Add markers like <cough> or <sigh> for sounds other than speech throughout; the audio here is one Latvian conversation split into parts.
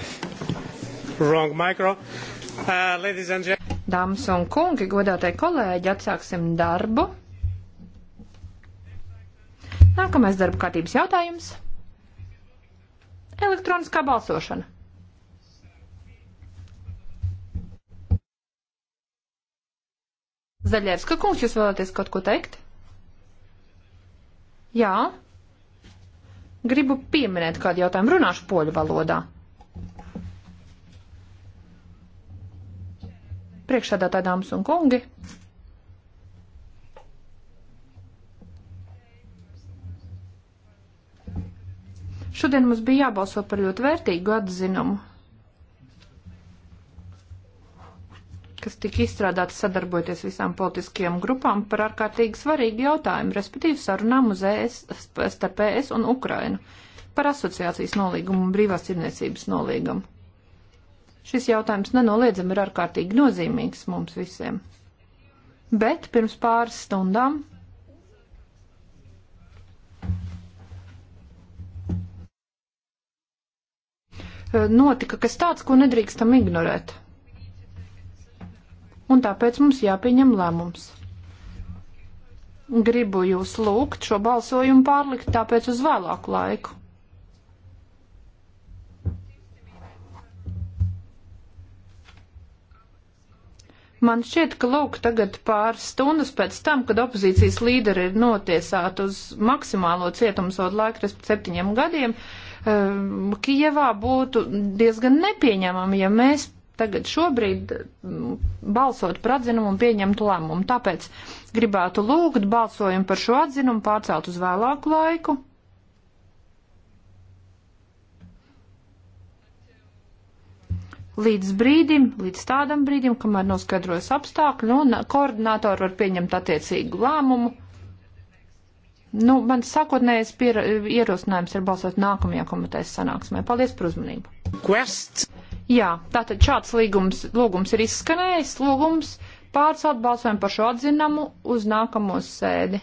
<laughs> Wrong micro. Uh, ladies and gentlemen. Dāmas un kungi, godātie kolēģi, atsāksim darbu. Nākamais darba kārtības jautājums. Elektroniskā balsošana. Zaļevska kungs, jūs vēlaties kaut ko teikt? Jā. Gribu pieminēt kādu jautājumu. Runāšu poļu valodā. Priekšsēdētāji dāmas un kungi. Šodien mums bija jābalso par ļoti vērtīgu atzinumu, kas tika izstrādāts sadarbojoties visām politiskajām grupām par ārkārtīgi svarīgu jautājumu, respektīvi sarunām uz ES, starp ES un Ukrainu par asociācijas nolīgumu un brīvās tirniecības nolīgumu. Šis jautājums nenoliedzami ir ārkārtīgi nozīmīgs mums visiem. Bet pirms pāris stundām notika kas tāds, ko nedrīkstam ignorēt. Un tāpēc mums jāpieņem lēmums. Gribu jūs lūgt šo balsojumu pārlikt tāpēc uz vēlāku laiku. Man šķiet, ka lūk tagad pāris stundas pēc tam, kad opozīcijas līderi ir notiesāti uz maksimālo cietumsodu laiku, respektīvi septiņiem gadiem, ehm, Kijevā būtu diezgan nepieņemami, ja mēs tagad šobrīd mm, balsot par atzinumu un pieņemtu lēmumu. Tāpēc gribētu lūgt balsojumu par šo atzinumu pārcelt uz vēlāku laiku. līdz brīdim, līdz tādam brīdim, kamēr noskaidrojas apstākļi un koordinātori var pieņemt attiecīgu lēmumu. Nu, man sākotnējais ierosinājums ir balsot nākamajā komitejas sanāksmē. Paldies par uzmanību. Quest. Jā, tātad šāds līgums, lūgums ir izskanējis, lūgums pārcelt balsojumu par šo atzinamu uz nākamo sēdi.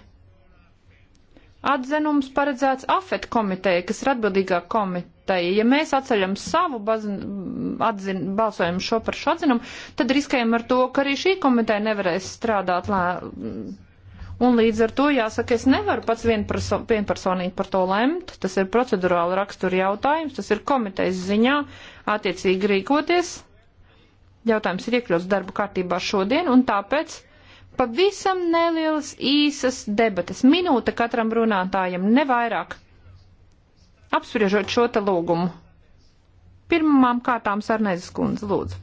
Atzinums paredzēts AFET komiteja, kas ir atbildīgā komiteja. Ja mēs atceļam savu bazin, atzin, balsojumu šo par šo atzinumu, tad riskējam ar to, ka arī šī komiteja nevarēs strādāt. Lē, Un līdz ar to jāsaka, es nevaru pats vienperso, vienpersonīgi par to lemt. Tas ir procedurāla rakstura jautājums, tas ir komitejas ziņā attiecīgi rīkoties. Jautājums ir iekļauts darba kārtībā šodien, un tāpēc Pavisam nelielas īsas debatas, minūte katram runātājam, ne vairāk. Apspriežot šo te lūgumu. Pirmām kārtām Sarnēzes kundze, lūdzu.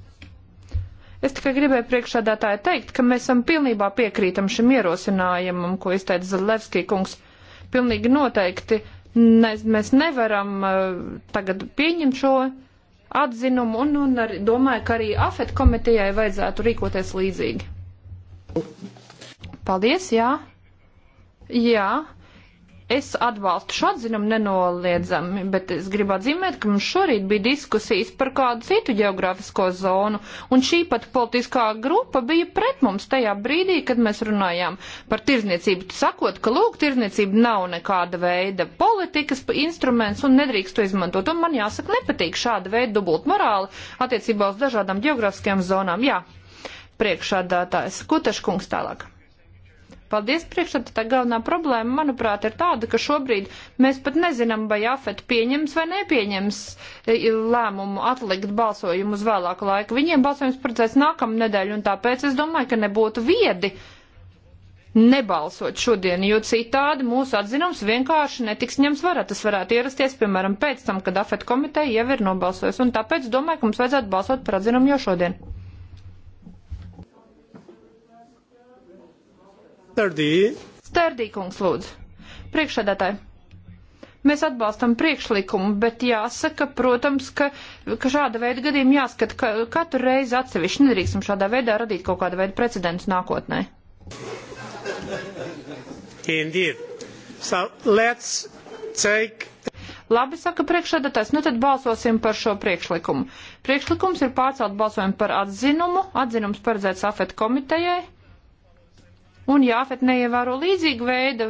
Es tikai gribēju priekšādātāju teikt, ka mēs esam pilnībā piekrītam šim ierosinājumam, ko izteica Zalevskī kungs. Pilnīgi noteikti ne, mēs nevaram uh, tagad pieņemt šo atzinumu un, un ar, domāju, ka arī AFET komitejai vajadzētu rīkoties līdzīgi. Paldies, jā. Jā. Es atbalstu šo atzinumu nenoliedzami, bet es gribu atzīmēt, ka mums šorīt bija diskusijas par kādu citu geogrāfisko zonu, un šī pat politiskā grupa bija pret mums tajā brīdī, kad mēs runājām par tirzniecību, sakot, ka lūk, tirzniecība nav nekāda veida politikas instruments un nedrīkst to izmantot, un man jāsaka, nepatīk šāda veida dubult morāli attiecībā uz dažādām geogrāfiskajām zonām. Jā, priekšādātājs. Kutaškungs tālāk. Paldies priekšādātāji. Galvenā problēma, manuprāt, ir tāda, ka šobrīd mēs pat nezinām, vai AFET pieņems vai nepieņems e, lēmumu atlikt balsojumu uz vēlāku laiku. Viņiem balsojums paredzēts nākamnedēļ, un tāpēc es domāju, ka nebūtu viedi nebalsot šodien, jo citādi mūsu atzinums vienkārši netiks ņems vērā. Tas varētu ierasties, piemēram, pēc tam, kad afet komiteja jau ir nobalsojusi, un tāpēc domāju, ka mums vajadzētu balsot par atzinumu jau šodien. Stardī. Stardī, kungs, lūdzu. Priekšsēdētāji. Mēs atbalstam priekšlikumu, bet jāsaka, protams, ka, ka šāda veida gadījumi jāskat ka, katru reizi atsevišķi. Nedrīkstam šādā veidā radīt kaut kādu veidu precedentus nākotnē. Indeed. So let's take Labi, saka priekšsēdētājs, nu tad balsosim par šo priekšlikumu. Priekšlikums ir pārcelt balsojumu par atzinumu, atzinums paredzēts afet komitejai un jāfet neievēro līdzīgu veidu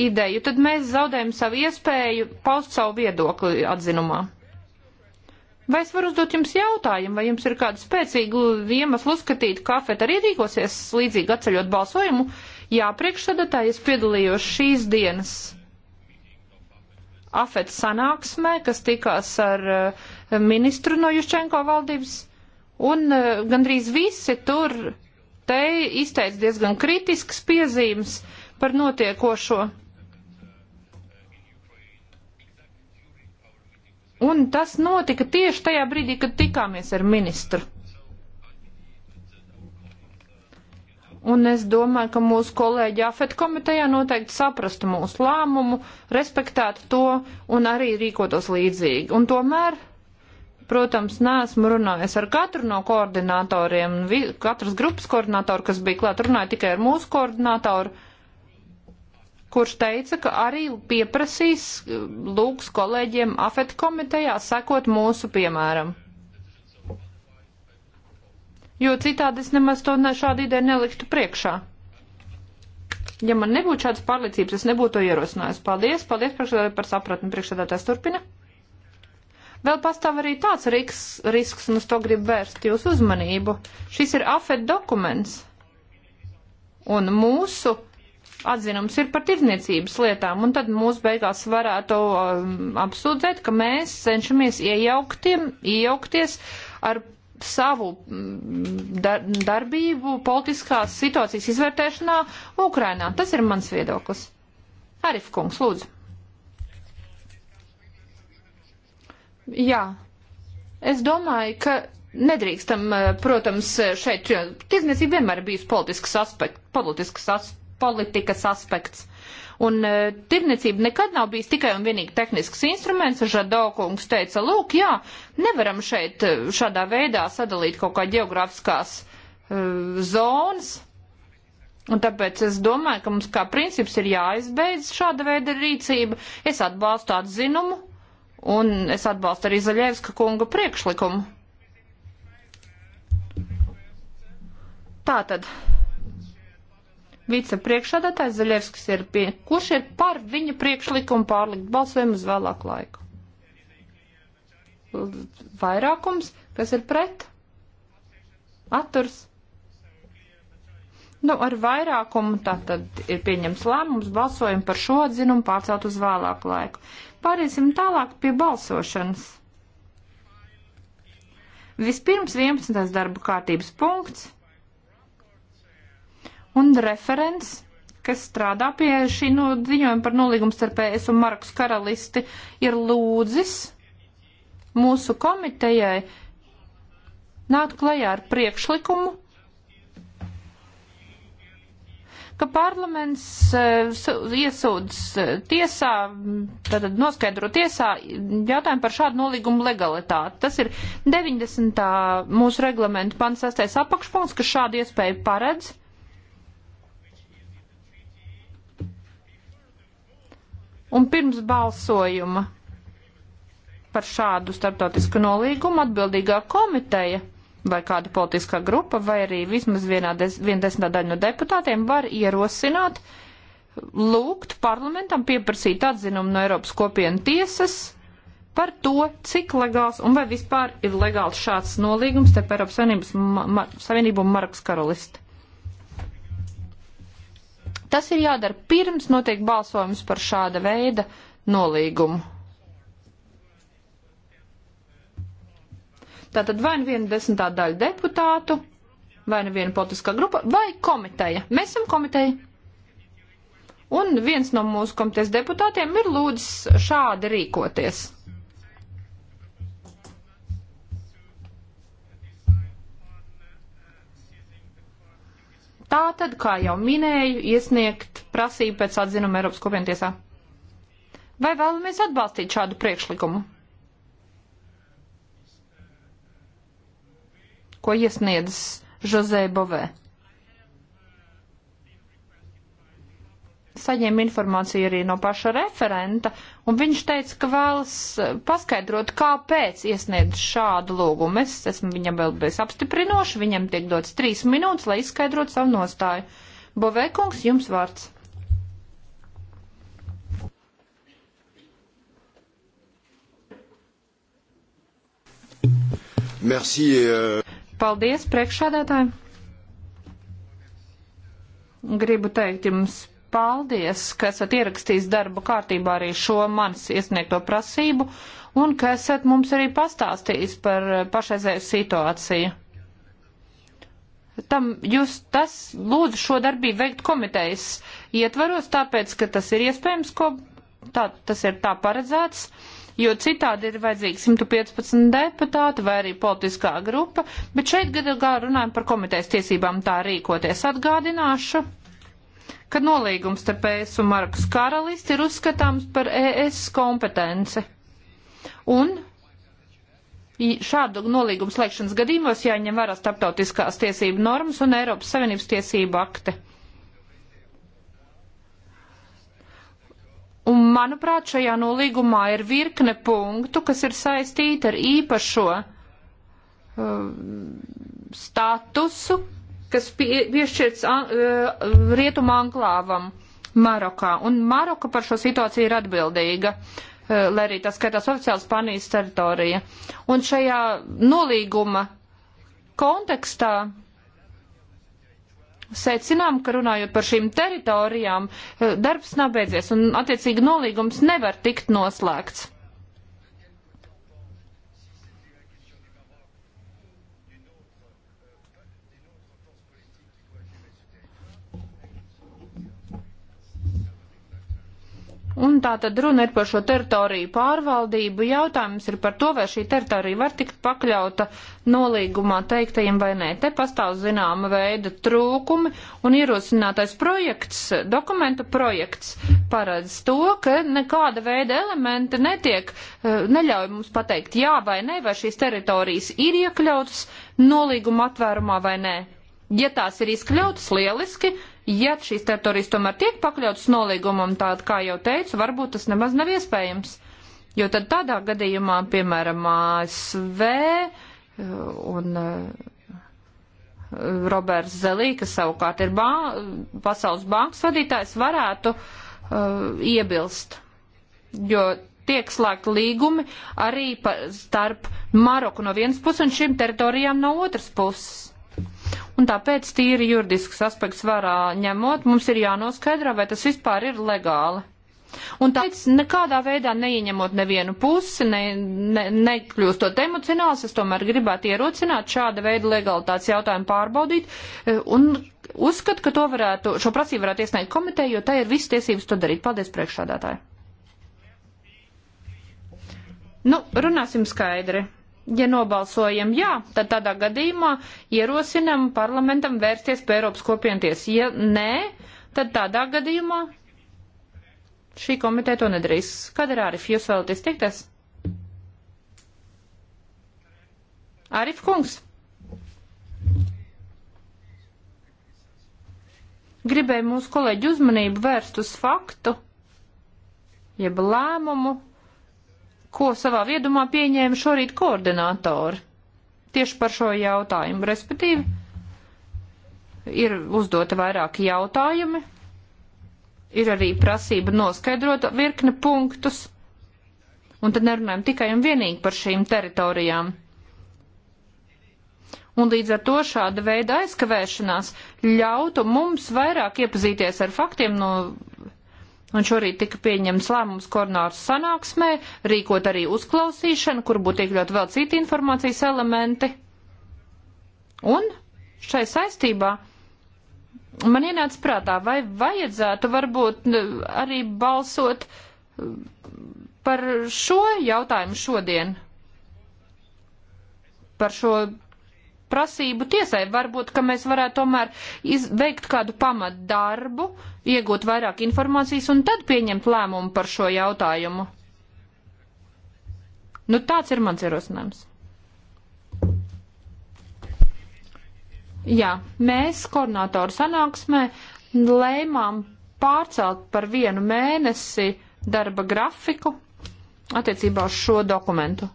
ideju, tad mēs zaudējam savu iespēju paust savu viedokli atzinumā. Vai es varu uzdot jums jautājumu, vai jums ir kāda spēcīga iemesla uzskatīt, ka afet arī rīkosies līdzīgi atceļot balsojumu? Jā, priekšsēdētāji, es piedalījos šīs dienas afet sanāksmē, kas tikās ar eh, ministru no Juščenko valdības, un eh, gandrīz visi tur te izteica diezgan kritisks piezīmes par notiekošo. Un tas notika tieši tajā brīdī, kad tikāmies ar ministru. Un es domāju, ka mūsu kolēģi AFET komitejā noteikti saprastu mūsu lēmumu, respektētu to un arī rīkotos līdzīgi. Un tomēr Protams, neesmu runājis ar katru no koordinatoriem, katras grupas koordinatoru, kas bija klāt, runāju tikai ar mūsu koordinatoru, kurš teica, ka arī pieprasīs lūgs kolēģiem afet komitejā sekot mūsu piemēram. Jo citādi es nemaz to ne, šādu ideju neliktu priekšā. Ja man nebūtu šādas pārliecības, es nebūtu to ierosinājis. Paldies, paldies priekšsēdētāji par sapratni. Priekšsēdētājs turpina. Vēl pastāv arī tāds riks, risks, un uz to gribu vērst jūsu uzmanību. Šis ir AFED dokuments, un mūsu atzinums ir par tirdzniecības lietām, un tad mūs beigās varētu um, apsūdzēt, ka mēs cenšamies iejaukties ar savu mm, dar darbību politiskās situācijas izvērtēšanā Ukrainā. Tas ir mans viedoklis. Arif kungs, lūdzu. Jā, es domāju, ka nedrīkstam, eh, protams, šeit, jo tirdzniecība vienmēr ir bijusi politisks aspekts, politisks as, politikas aspekts. Un uh, eh, tirniecība nekad nav bijis tikai un vienīgi tehnisks instruments. Žadokungs teica, lūk, jā, nevaram šeit eh, šādā veidā sadalīt kaut kā geogrāfiskās uh, zonas. Un tāpēc es domāju, ka mums kā princips ir jāizbeidz šāda veida rīcība. Es atbalstu atzinumu, un es atbalstu arī Zaļevska kunga priekšlikumu. Tātad, vicepriekšādātājs Zaļevskis ir pie, kurš ir par viņa priekšlikumu pārlikt balsojumu uz vēlāku laiku? Vairākums, kas ir pret? Atturs Nu, ar vairākumu tā tad ir pieņems lēmums, balsojam par šo atzinumu pārcelt uz vēlāku laiku. Pāriesim tālāk pie balsošanas. Vispirms 11. darba kārtības punkts un referents kas strādā pie šī nu, ziņojuma par nolīgumu starp ES un Markus karalisti, ir lūdzis mūsu komitejai nākt klajā ar priekšlikumu ka parlaments eh, iesūdz eh, tiesā, tātad noskaidro tiesā jautājumu par šādu nolīgumu legalitāti. Tas ir 90. mūsu reglamentu pants 6. apakšpunkts, kas šādu iespēju paredz. Un pirms balsojuma par šādu starptautisku nolīgumu atbildīgā komiteja vai kāda politiskā grupa, vai arī vismaz vienā des, viena desmitā daļa no deputātiem var ierosināt, lūgt parlamentam pieprasīt atzinumu no Eiropas kopienu tiesas par to, cik legāls un vai vispār ir legāls šāds nolīgums starp Eiropas Savienības, ma, Savienību un Marakas karalisti. Tas ir jādara pirms notiek balsojums par šāda veida nolīgumu. Tātad vai nu viena desmitā daļa deputātu, vai nu viena politiskā grupa, vai komiteja. Mēs esam komiteja. Un viens no mūsu komitejas deputātiem ir lūdzis šādi rīkoties. Tātad, kā jau minēju, iesniegt prasību pēc atzinuma Eiropas kopienu tiesā. Vai vēlamies atbalstīt šādu priekšlikumu? ko iesniedz Žozē Bovē. Saņēma informāciju arī no paša referenta, un viņš teica, ka vēlas eh, paskaidrot, kāpēc iesniedz šādu lūgumu. Es esmu viņam vēl bez apstiprinoši, viņam tiek dots trīs minūtes, lai izskaidrotu savu nostāju. Bovē kungs, jums vārds. Merci. Et, euh... Paldies priekšādātājiem! Gribu teikt jums paldies, ka esat ierakstījis darba kārtībā arī šo manis iesniegto prasību un ka esat mums arī pastāstījis par pašreizēju situāciju. Tam jūs tas lūdzu šo darbību veikt komitejas ietvaros, tāpēc, ka tas ir iespējams, ko tā, tas ir tā paredzēts. Uh, jo citādi ir vajadzīgi 115 deputāti vai arī politiskā grupa, bet šeit gadā runājam par komitejas tiesībām tā rīkoties. Atgādināšu, ka nolīgums starp ES un Markas karalisti ir uzskatāms par ES kompetenci. Un šādu nolīgumu slēgšanas gadījumos jāņem vērā starptautiskās tiesību normas un Eiropas Savienības tiesību akti. Un, manuprāt, šajā nolīgumā ir virkne punktu, kas ir saistīti ar īpašo uh, statusu, kas pie, piešķirts uh, rietumu anklāvam Marokā. Un Maroka par šo situāciju ir atbildīga. Uh, lai arī tas skaitās oficiāli Spānijas teritorija. Un šajā nolīguma kontekstā secinām, ka runājot par šīm teritorijām, eh, darbs nav beidzies un attiecīgi nolīgums nevar tikt noslēgts. Un tā tad runa ir par šo teritoriju pārvaldību. Jautājums ir par to, vai šī teritorija var tikt pakļauta nolīgumā teiktajiem vai nē. Te pastāv zināma veida trūkumi un ierosinātais projekts, dokumenta projekts paredz to, ka nekāda veida elementi netiek, eh, neļauj mums pateikt jā vai nē, vai šīs teritorijas ir iekļautas nolīguma atvērumā vai nē. Ja tās ir izkļautas, lieliski, Ja šīs teritorijas tomēr tiek pakļautas nolīgumam, tād, kā jau teicu, varbūt tas nemaz nav iespējams. Jo tad tādā gadījumā, piemēram, ASV eh, un eh, Roberts Zelī, kas savukārt ir ba Pasaules bankas vadītājs, varētu uh, iebilst. Jo tiek slēgti līgumi arī pa, starp Maroku no vienas puses un šīm teritorijām no otras puses un tāpēc tīri juridisks aspekts varā ņemot, mums ir jānoskaidro, vai tas vispār ir legāli. Un tāpēc nekādā veidā neieņemot nevienu pusi, ne, ne, nekļūstot emocionāls, es tomēr gribētu ierocināt šāda veida legalitātes jautājumu pārbaudīt e, un uzskatu, ka to varētu, šo prasību varētu iesniegt komiteju, jo tai ir visas tiesības to darīt. Paldies priekšādātāji. Nu, runāsim skaidri. Ja nobalsojam jā, tad tādā gadījumā ierosinam parlamentam vērsties pie Eiropas kopienties. Ja nē, tad tādā gadījumā šī komiteja to nedarīs. Kad ir Arif, jūs vēlaties tikties? Arif kungs. Gribēju mūsu kolēģi uzmanību vērst uz faktu, jeb lēmumu, ko savā viedumā pieņēma šorīt koordinātori tieši par šo jautājumu. Respektīvi, ir uzdota vairāki jautājumi, ir arī prasība noskaidrot virkni punktus, un tad nerunājam tikai un vienīgi par šīm teritorijām. Un līdz ar to šāda veida aizkavēšanās ļautu mums vairāk iepazīties ar faktiem no Un šorīt tika pieņemts lēmums koordināru sanāksmē, rīkot arī uzklausīšanu, kur būtu iekļaut vēl citi informācijas elementi. Un šai saistībā man ienāca prātā, vai vajadzētu varbūt arī balsot mm, par šo jautājumu šodien, par šo prasību tiesai. Varbūt, ka mēs varētu tomēr veikt kādu pamatdarbu, darbu iegūt vairāk informācijas un tad pieņemt lēmumu par šo jautājumu. Nu, tāds ir mans ierosinājums. Jā, mēs koordinātoru sanāksmē lēmām pārcelt par vienu mēnesi darba grafiku attiecībā uz šo dokumentu.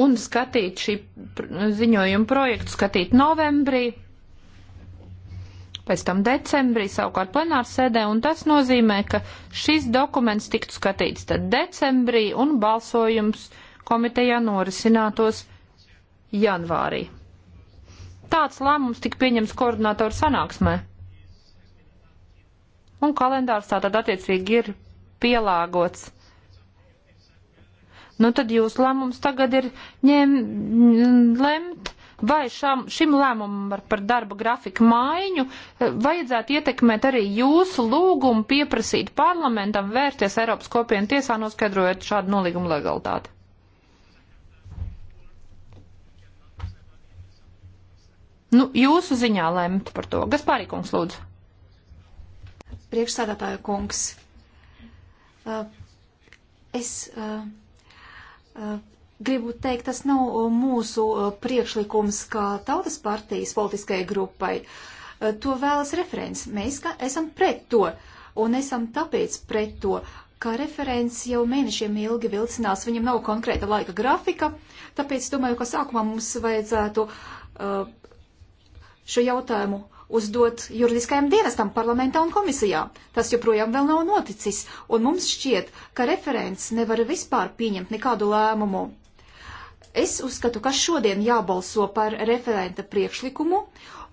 un skatīt šī ziņojuma projektu, skatīt novembrī, pēc tam decembrī, savukārt plenārsēdē, un tas nozīmē, ka šis dokuments tiktu skatīts tad decembrī un balsojums komitejā norisinātos janvārī. Tāds lēmums tika pieņems koordinātoru sanāksmē. Un kalendārs tātad attiecīgi ir pielāgots nu tad jūs lēmums tagad ir ņem, lemt, vai šam, šim lēmumam par, par darba grafiku maiņu eh, vajadzētu ietekmēt arī jūsu lūgumu pieprasīt parlamentam vērsties Eiropas kopienu tiesā, noskaidrojot šādu nolīgumu legalitāti. Nu, jūsu ziņā lemt par to. Gaspārī kungs, lūdzu. Priekšsādātāja kungs. Uh, es. Uh Eh, gribu teikt, tas nav eh, mūsu eh, priekšlikums kā tautas partijas politiskajai grupai. To vēlas referents. Mēs ka, esam pret to un esam tāpēc pret to, ka referents jau mēnešiem ilgi vilcinās, viņam nav konkrēta laika grafika, tāpēc domāju, ka sākumā mums vajadzētu šo jautājumu uzdot juridiskajam dienestam parlamentā un komisijā. Tas joprojām vēl nav noticis, un mums šķiet, ka referents nevar vispār pieņemt nekādu lēmumu. Es uzskatu, ka šodien jābalso par referenta priekšlikumu,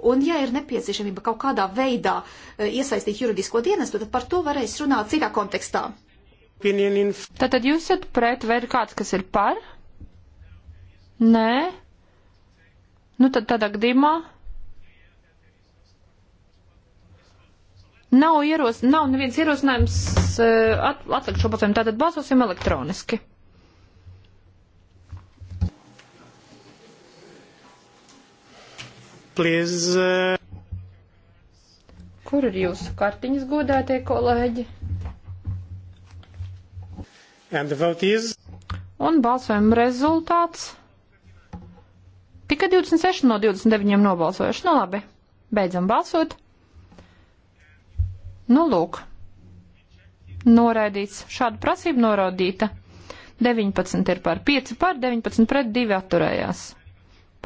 un ja ir nepieciešamība kaut kādā veidā e, iesaistīt juridisko dienestu, tad par to varēs runāt citā kontekstā. Tātad jūs esat pret, vai ir kāds, kas ir par? Nē? Nu tad tādā gadījumā Nav, ieros, nav neviens ierosinājums e, at, atlikt šo balsojumu, tātad balsosim elektroniski. Please. E. Kur ir jūsu kartiņas godātie kolēģi? And the vote is. Un balsojuma rezultāts. Tikai 26 no 29 nobalsojuši. Nu labi, beidzam balsot. Nu, lūk, noraidīts. Šāda prasība noraidīta. 19 ir par 5 par 19 pret 2 atturējās.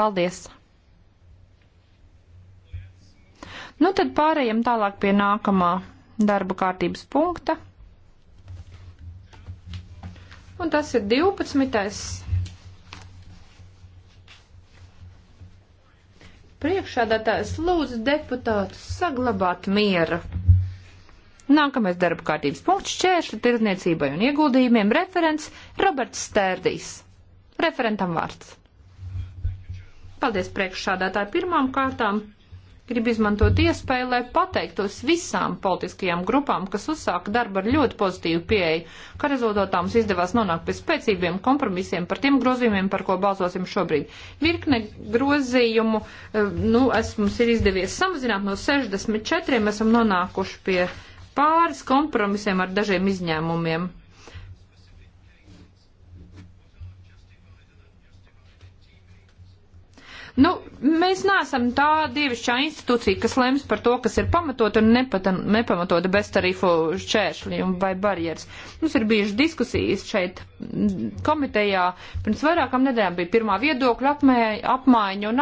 Paldies! Nu, tad pārējiem tālāk pie nākamā darba kārtības punkta. Un tas ir 12. Priekšādātājs lūdzu deputātus saglabāt mieru. Nākamais darba kārtības punkts šķēršļu tirdzniecībai un ieguldījumiem referents Roberts Stērdīs. Referentam vārds. Paldies priekšsādātāji pirmām kārtām. Gribu izmantot iespēju, lai pateiktos visām politiskajām grupām, kas uzsāka darbu ar ļoti pozitīvu pieeju, ka rezultātā mums izdevās nonākt pie spēcīgiem kompromisiem par tiem grozījumiem, par ko balsosim šobrīd. Virkne grozījumu, eh, nu, es, mums ir izdevies samazināt no 64, esam nonākuši pie pāris kompromisiem ar dažiem izņēmumiem. Nu, mēs neesam tā dievišķā institūcija, kas lems par to, kas ir pamatot un nepatan, nepamatota beztarifu šķēršļi vai barjeras. Mums ir bijušas diskusijas šeit komitejā. Pirms vairākam nedēļām bija pirmā viedokļa apmaiņa un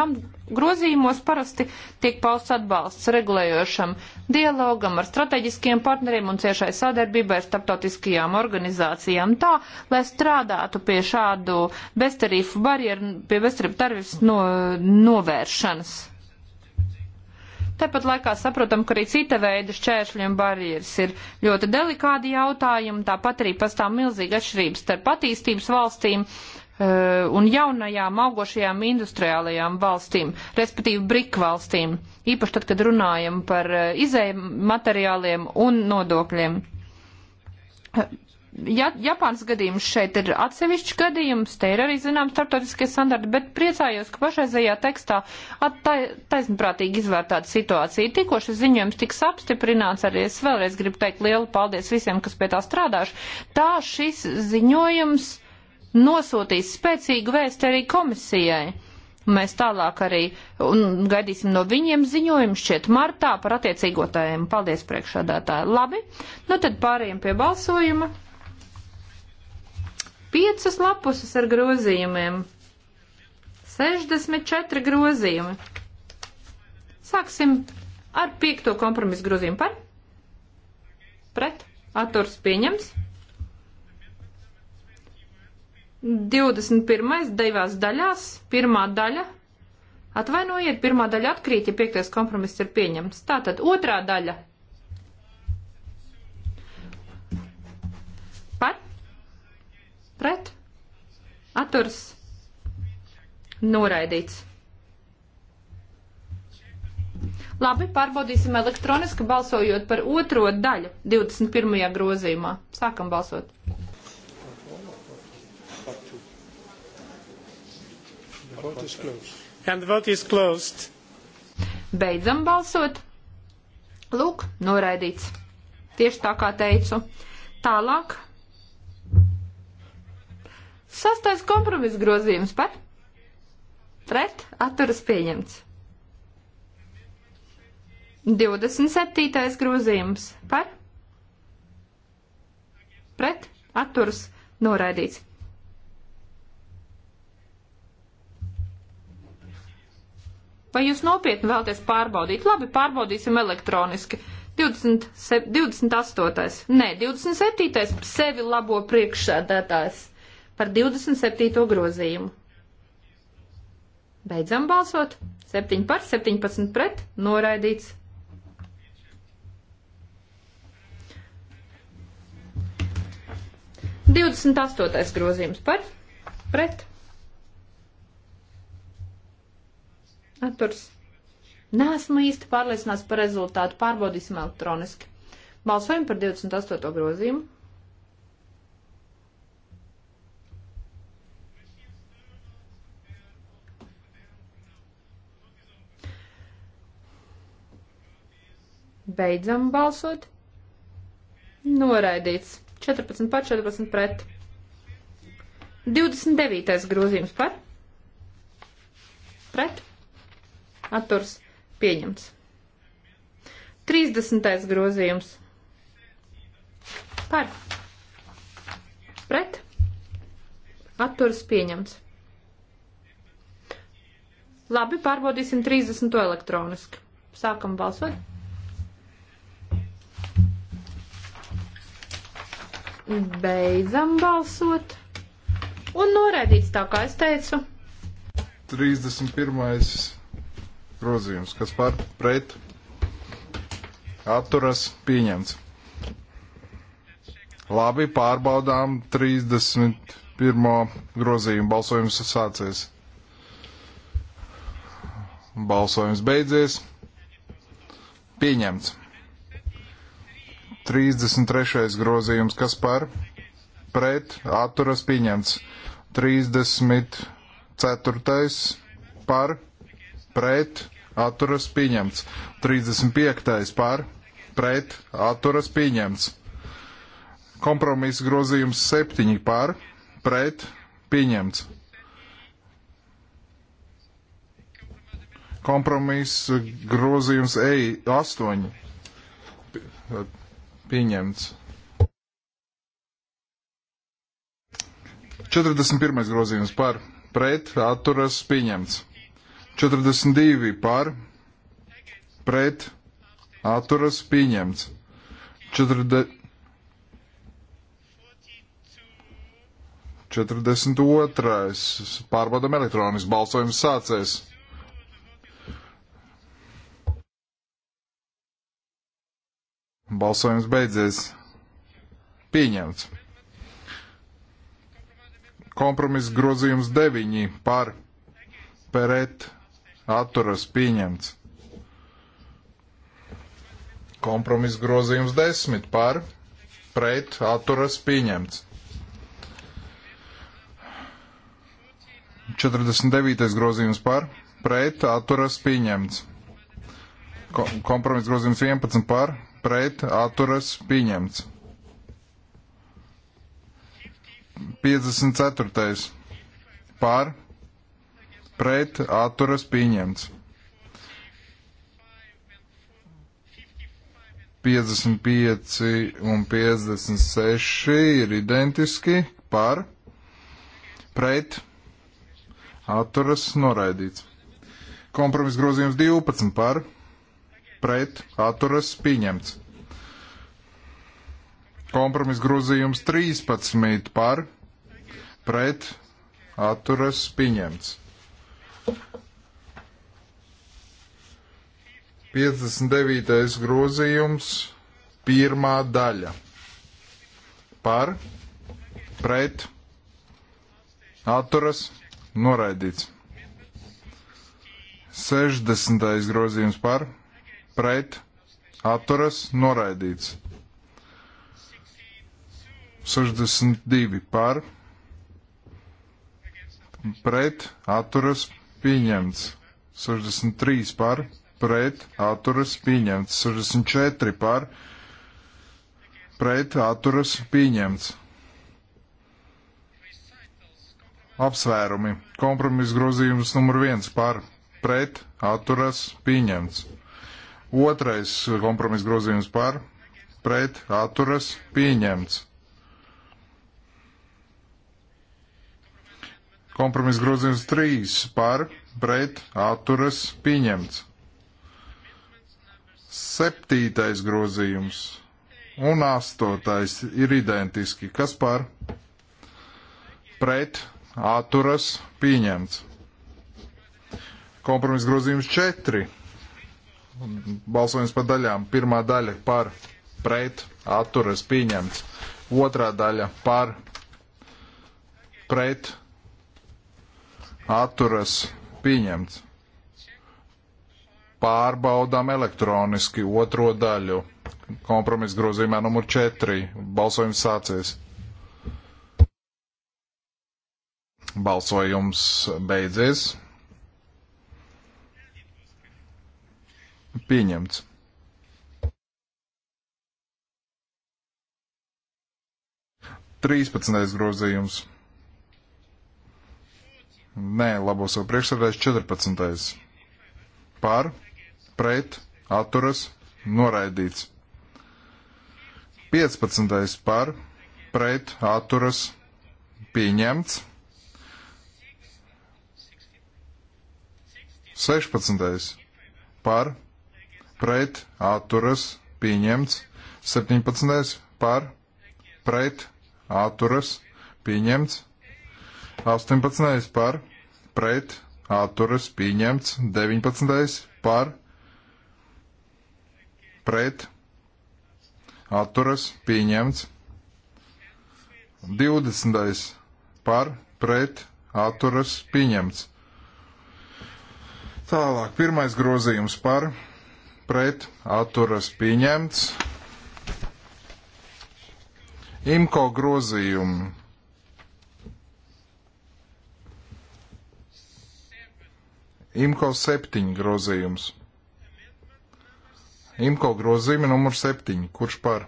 grozījumos parasti tiek pausts atbalsts regulējošam dialogam ar strateģiskiem partneriem un ciešai sadarbībai ar starptautiskajām organizācijām tā, lai strādātu pie šādu beztarifu barjeru, pie beztarifu tarifs no, novēršanas. Tāpat laikā saprotam, ka arī cita veida šķēršļi un barjeras ir ļoti delikāti jautājumi, tāpat arī pastāv milzīga atšķirības starp attīstības valstīm Uh, un jaunajām augošajām industriālajām valstīm, respektīvi brika valstīm, īpaši tad, kad runājam par uh, izējiem materiāliem un nodokļiem. Uh, ja, Japāns gadījums šeit ir atsevišķs gadījums, te ir arī zinām starptautiskie standarti, bet priecājos, ka pašreizējā tekstā taisnprātīgi izvērtāta situācija. Tikko šis ziņojums tiks apstiprināts, arī es vēlreiz gribu teikt lielu paldies visiem, kas pie tā strādājuši. Tā šis ziņojums nosūtīs spēcīgu vēstu arī komisijai. Mēs tālāk arī gaidīsim no viņiem ziņojumu šķiet martā par attiecīgo tēmu. Paldies priekšādātāji. Labi, nu tad pārējiem pie balsojuma. Piecas lapuses ar grozījumiem. 64 grozījumi. Sāksim ar piekto kompromisu grozījumu par. Pret. Atturs pieņems. 21. divās daļās, pirmā daļa. Atvainojiet, pirmā daļa atkrīt, ja piektais kompromiss ir pieņemts. Tātad otrā daļa. Par, pret, aturs, noraidīts. Labi, pārbaudīsim elektroniski balsojot par otro daļu 21. grozījumā. Sākam balsot. And the vote is closed. Beidzam balsot. Lūk, noraidīts. Tieši tā kā teicu. Tālāk. Sastais kompromiss grozījums par. Pret atturas pieņemts. 27. grozījums par. Pret atturas noraidīts. Vai jūs nopietni vēlaties pārbaudīt? Labi, pārbaudīsim elektroniski. 20, 28. Nē, 27. sevi labo priekšsēdētājs par 27. grozījumu. Beidzam balsot. 7 par, 17 pret, noraidīts. Divdesmit astotais grozījums par, pret, Atturs. Nēsmu īsti pārliecināts par rezultātu. Pārbaudīsim elektroniski. Balsojam par 28. grozījumu. Beidzam balsot. Noraidīts. 14 par 14 pret. 29. grozījums par. Pret atturs pieņemts. 30. grozījums par pret atturs pieņemts. Labi, pārbaudīsim 30. elektroniski. Sākam balsot. Beidzam balsot. Un noraidīts tā, kā es teicu. 31 grozījums, kas par pret atturas pieņemts. Labi, pārbaudām 31. grozījumu. Balsojums sācies. Balsojums beidzies. Pieņemts. 33. grozījums, kas par pret atturas pieņemts. 34. par pret atturas pieņemts. 35. par pret atturas pieņemts. Kompromisa grozījums 7 par pret pieņemts. Kompromisa grozījums EI 8 pieņemts. 41. grozījums par pret atturas pieņemts. 42 par, pret, atturas pieņemts. 40, 42. Pārbaudam elektronisku balsojumu sācies. Balsojums beidzies. Pieņemts. Kompromiss grozījums 9 par pret atturas pieņemts. Kompromiss grozījums 10 par pret atturas pieņemts. 49. grozījums par pret atturas pieņemts. Ko, kompromiss grozījums 11 par pret atturas pieņemts. 54. par pret atturas pieņemts. 55 un 56 ir identiski par, pret, atturas noraidīts. Kompromiss grozījums 12 par, pret, atturas pieņemts. Kompromiss grozījums 13 par, pret, atturas pieņemts. 59. grozījums, pirmā daļa. Par, pret, atturas, noraidīts. 60. grozījums par, pret, atturas, noraidīts. 62 par, pret, atturas, pieņemts. 63 par, pret pret atturas pieņemts. 64 par pret atturas pieņemts. Apsvērumi. Kompromis grozījums numur 1 par pret atturas pieņemts. Otrais kompromis grozījums par pret atturas pieņemts. Kompromiss grozījums 3 par pret atturas pieņemts. Septītais grozījums un astotais ir identiski. Kas par? Pret, atturas, pieņemts. Kompromiss grozījums 4. Balsojums par daļām. Pirmā daļa par, pret, atturas, pieņemts. Otrā daļa par, pret, atturas, pieņemts pārbaudām elektroniski otro daļu. Kompromisa grozījumā numur 4. Balsojums sācies. Balsojums beidzies. Pieņemts. Trīspadsmitais grozījums. Nē, labos jau priekšsēdājs 14. Par, pret atturas noraidīts. 15. par pret atturas pieņemts. 16. par pret atturas pieņemts. 17. par pret atturas pieņemts. 18. par pret atturas pieņemts. 19. par pret, atturas, pieņemts. 20. par, pret, atturas, pieņemts. Tālāk, pirmais grozījums par, pret, atturas, pieņemts. Imko grozījumi. Imko septiņu grozījums. Imko grozījumi numur 7. Kurš par?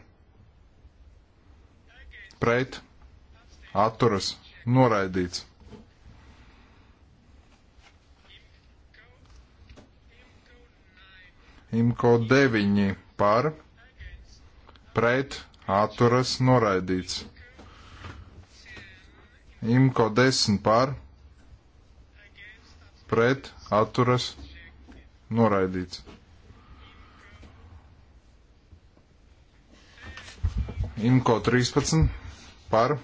Pret. Atturas. Noraidīts. Imko 9 par. Pret. Atturas. Noraidīts. Imko 10 par. Pret. Atturas. Noraidīts. Imko 13 par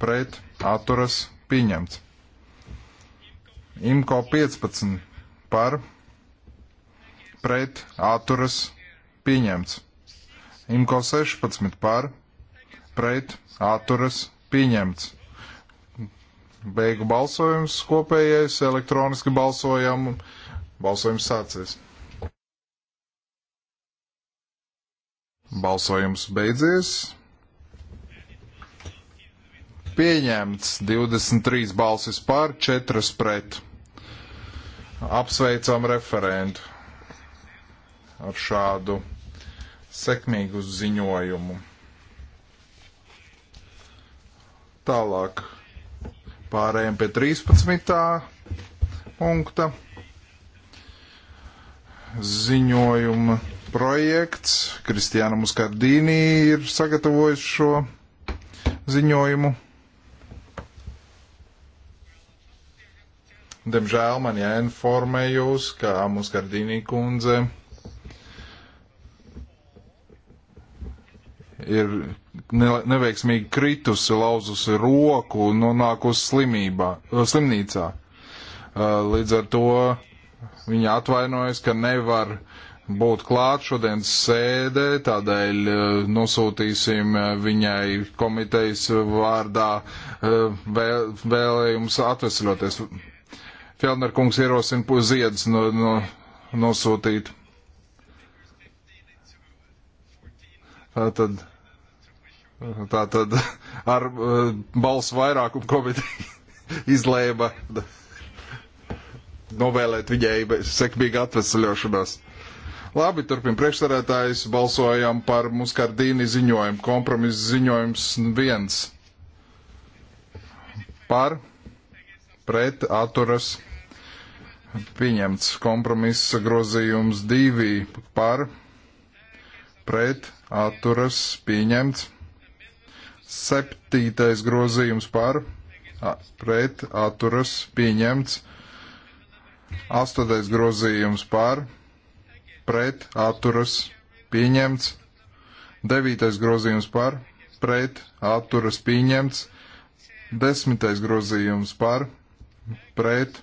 pret atturas pieņemts. Imko 15 par pret atturas pieņemts. Imko 16 par pret atturas pieņemts. Beigu balsojums kopējais, elektroniski balsojam, balsojums sācies. Balsojums beidzies. Pieņemts 23 balsis pār, 4 pret. Apsveicam referentu ar šādu sekmīgu ziņojumu. Tālāk pārējiem pie 13. punkta ziņojuma projekts. Kristiāna Muskardīnī ir sagatavojis šo ziņojumu. Diemžēl man jāinformē jūs, ka Muskardīnī kundze ir neveiksmīgi kritusi, lauzusi roku un nonākusi slimībā, slimnīcā. Līdz ar to viņa atvainojas, ka nevar uh, būt klāt šodienas sēdē, tādēļ eh, nosūtīsim eh, viņai komitejas vārdā eh, vēl, vēlējums atvesļoties. Fjellner kungs ierosina ziedus no, no, nosūtīt. Tātad, tātad <laughs> ar balsu vairākumu komiteja <laughs> izlēma novēlēt viņai sekmīgu atvesļošanos. Labi, turpin priekšsarētājs balsojam par Muskardīni ziņojumu. Kompromiss ziņojums viens. Par, pret, atturas. Pieņemts kompromiss grozījums divi. Par, pret, atturas. Pieņemts. Septītais grozījums par, pret, atturas. Pieņemts. Astotais grozījums par, pret pret, atturas, pieņemts. Devītais grozījums par, pret, atturas, pieņemts. Desmitais grozījums par, pret,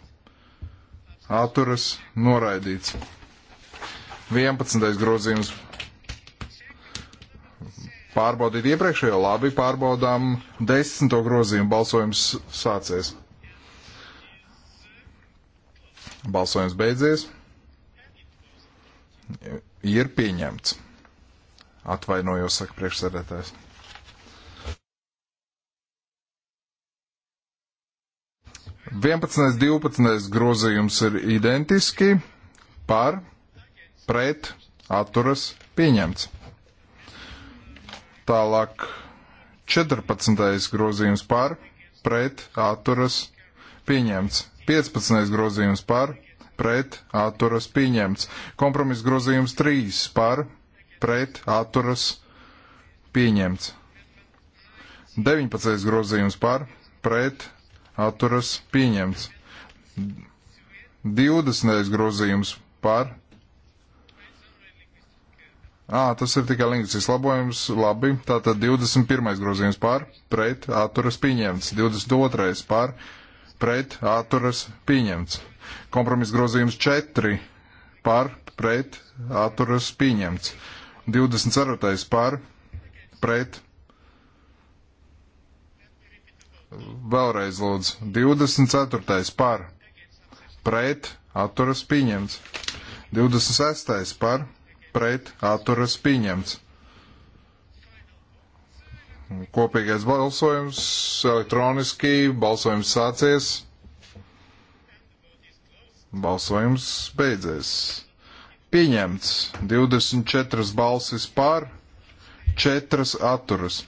atturas, noraidīts. Vienpadsmitais grozījums pārbaudīt iepriekšējo labi, pārbaudām desmito grozījumu balsojums sācies. Balsojums beidzies ir pieņemts. Atvainojos, saka priekšsēdētājs. Vienpadsmitais, divpadsmitais grozījums ir identiski par, pret, atturas, pieņemts. Tālāk 14. grozījums par, pret, atturas, pieņemts. 15. grozījums par, pret atturas pieņemts. Kompromis grozījums 3 par pret atturas pieņemts. 19. grozījums par pret atturas pieņemts. 20. grozījums par. Ā, tas ir tikai lingvistisks labojums. Labi, tātad 21. grozījums par, pret, atturas pieņemts. 22. par, pret, atturas pieņemts. Kompromis grozījums 4 par pret atturas pieņemts. 24. par pret. Vēlreiz lūdzu. 24. par pret atturas pieņemts. 26. par pret atturas pieņemts. Kopīgais balsojums elektroniski, balsojums sācies. Balsojums beidzies. Pieņemts 24 balsis par, 4 atturas.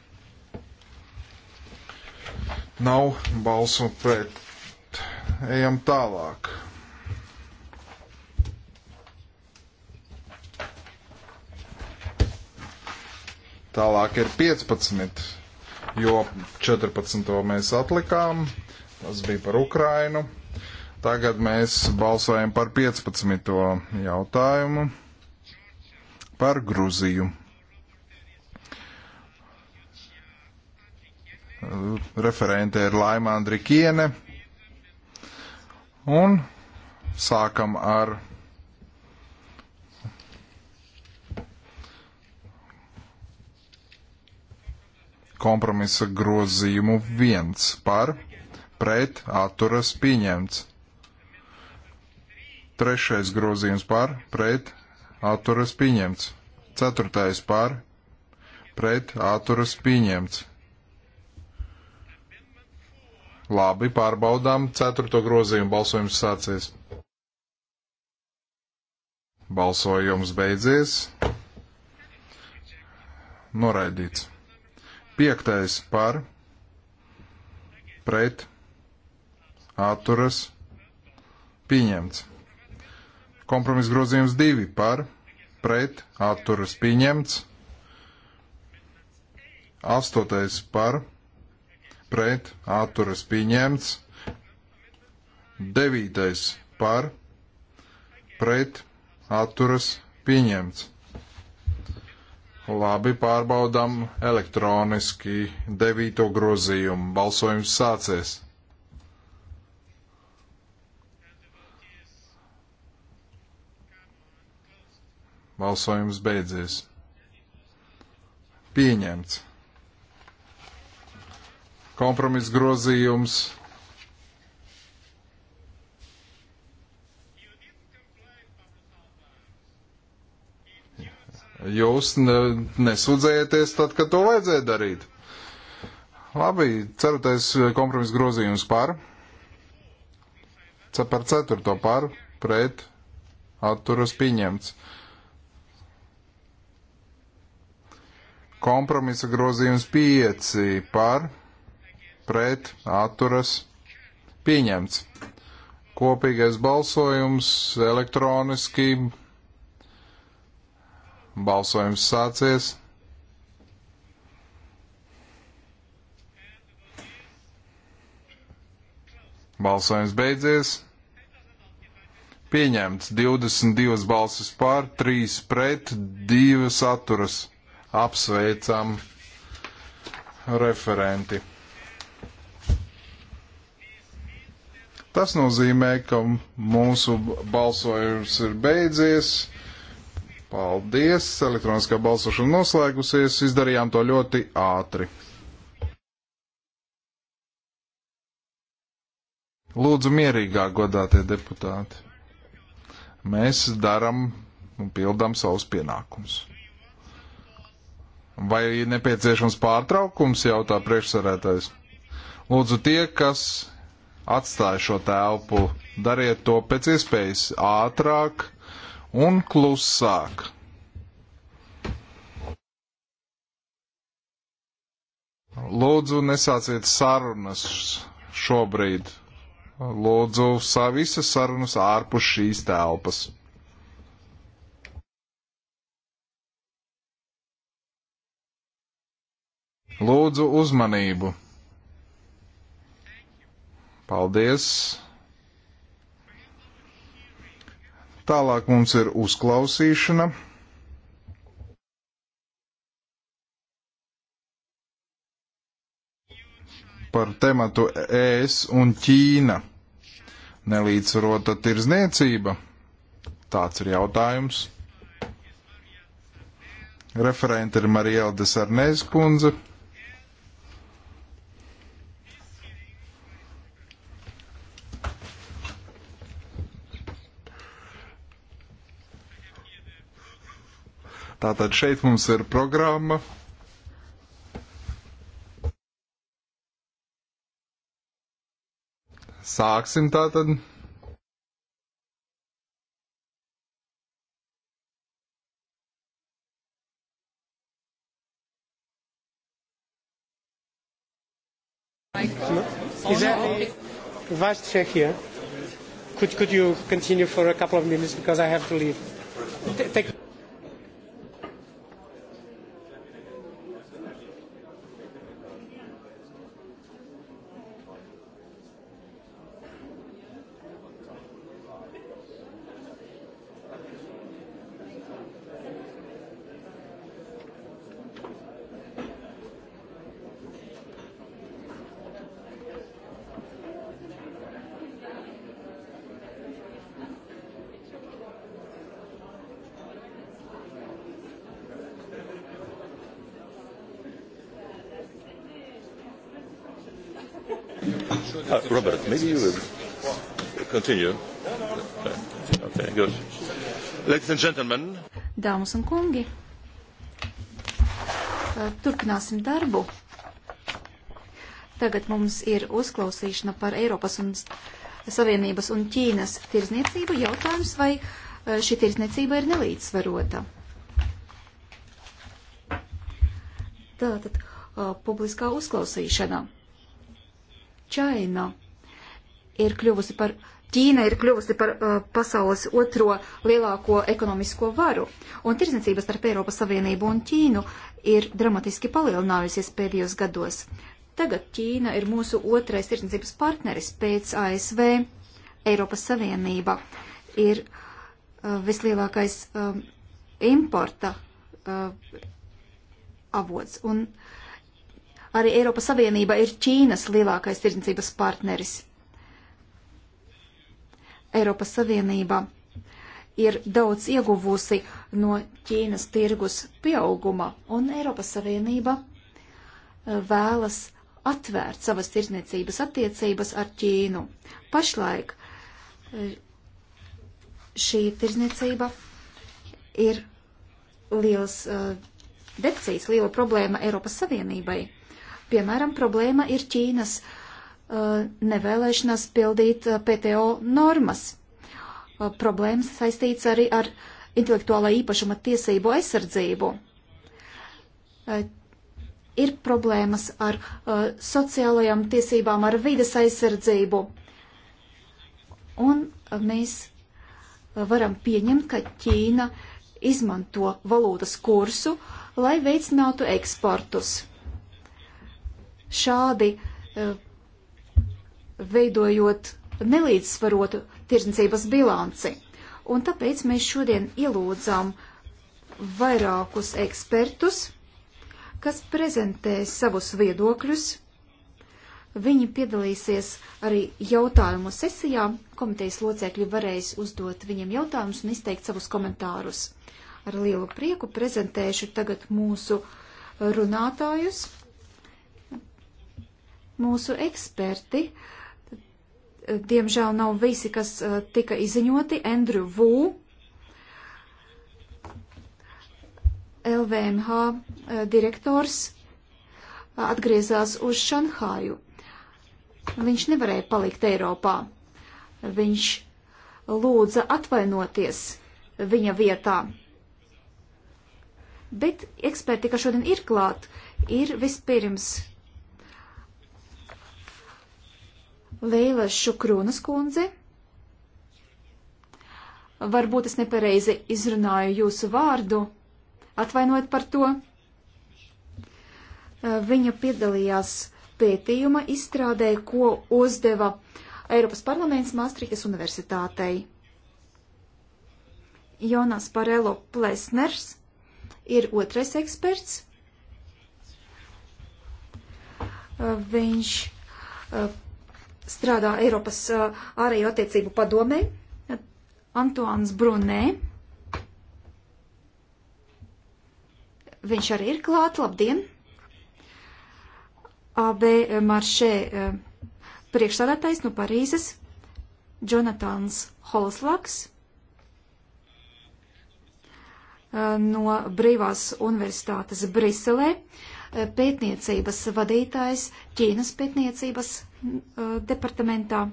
Nav balsu pret. Ejam tālāk. Tālāk ir 15, jo 14. mēs atlikām. Tas bija par Ukrainu. Tagad mēs balsojam par 15. jautājumu par Gruziju. Referente ir Laima Andrikiene. Un sākam ar kompromisa grozījumu viens par pret atturas pieņemts. Trešais grozījums par, pret, atturas pieņemts. Ceturtais par, pret, atturas pieņemts. Labi, pārbaudām. Ceturto grozījumu balsojums sācies. Balsojums beidzies. Noraidīts. Piektais par, pret, atturas pieņemts. Kompromiss grozījums 2 par pret atturas pieņemts. 8 par pret atturas pieņemts. 9 par pret atturas pieņemts. Labi, pārbaudām elektroniski devīto grozījumu. Balsojums sācies. Balsojums beidzies. Pieņemts. Kompromiss grozījums. Jūs ne, nesūdzējieties tad, kad to vajadzēja darīt. Labi, cerutais kompromiss grozījums par. Par ceturto par, pret, atturas pieņemts. Kompromisa grozījums 5 par, pret, atturas, pieņemts. Kopīgais balsojums elektroniski. Balsojums sācies. Balsojums beidzies. Pieņemts 22 balsis pār, 3 pret, 2 saturas. Apsveicam referenti. Tas nozīmē, ka mūsu balsojums ir beidzies. Paldies! Elektroniskā balsošana noslēgusies. Izdarījām to ļoti ātri. Lūdzu, mierīgāk, godātie deputāti. Mēs darām un pildām savus pienākumus. Vai nepieciešams pārtraukums, jautā priekšsarētais. Lūdzu, tie, kas atstāja šo telpu, dariet to pēc iespējas ātrāk un klusāk. Lūdzu, nesāciet sarunas šobrīd. Lūdzu, visas sarunas ārpus šīs telpas. Lūdzu uzmanību. Paldies. Tālāk mums ir uzklausīšana. par tematu ES un Ķīna. Nelīdzsvarota tirzniecība. Tāds ir jautājums. Referente ir Mariela Desarnēs kundze. Tātad šeit mums ir programma. Sāksim tātad. Is that Vice Chair here? Could, could you continue for a couple of minutes because I have to leave? Take continue? Okay, good. Ladies and gentlemen. Dāmas un kungi, turpināsim darbu. Tagad mums ir uzklausīšana par Eiropas un Savienības un Ķīnas tirzniecību. Jautājums, vai šī tirzniecība ir nelīdzsvarota? Tātad publiskā uzklausīšana. Čaina ir kļuvusi par, Ķīna ir kļuvusi par uh, pasaules otro lielāko ekonomisko varu, un tirzniecības starp Eiropas Savienību un Ķīnu ir dramatiski palielinājusies pēdējos gados. Tagad Ķīna ir mūsu otrais tirzniecības partneris pēc ASV. Eiropas Savienība ir uh, vislielākais um, importa uh, avots, un arī Eiropas Savienība ir Ķīnas lielākais tirzniecības partneris. Eiropas Savienība ir daudz ieguvusi no Ķīnas tirgus pieauguma, un Eiropas Savienība eh, vēlas atvērt savas tirzniecības attiecības ar Ķīnu. Pašlaik eh, šī tirzniecība ir liels eh, deficīts, liela problēma Eiropas Savienībai. Piemēram, problēma ir Ķīnas uh, Uh, nevēlēšanās pildīt uh, PTO normas. Uh, problēmas saistīts arī ar intelektuālā īpašuma tiesību aizsardzību. Ir problēmas ar sociālajām tiesībām, ar vides aizsardzību. Un mēs varam pieņemt, ka Ķīna izmanto valūtas kursu, lai veicinātu eksportus. Šādi veidojot nelīdzsvarotu tirdzniecības bilanci. Un tāpēc mēs šodien ielūdzām vairākus ekspertus, kas prezentēs savus viedokļus. Viņi piedalīsies arī jautājumu sesijā. Komitejas locekļi varēs uzdot viņiem jautājumus un izteikt savus komentārus. Ar lielu prieku prezentēšu tagad mūsu runātājus. Mūsu eksperti uh, diemžēl nav visi, kas eh, tika izziņoti. Andrew Wu, LVMH eh, direktors, eh, atgriezās uz Šanhāju. Viņš nevarēja palikt Eiropā. Viņš lūdza atvainoties viņa vietā. Bet eksperti, kas šodien ir klāt, ir vispirms Leila Šukrūnas kundzi. Varbūt es nepareizi izrunāju jūsu vārdu. Atvainojiet par to. Viņa piedalījās pētījuma izstrādē, ko uzdeva Eiropas parlaments Maastrichtas universitātei. Jonas Parelo Plesners ir otrais eksperts. Viņš strādā Eiropas uh, ārējo attiecību padomē, Antoans Brunē. Viņš arī ir klāt, labdien! AB Maršē uh, priekšsādātais no Parīzes, Jonatans Holoslaks uh, no Brīvās universitātes Briselē. Uh, pētniecības vadītājs Ķīnas pētniecības uh, departamentā.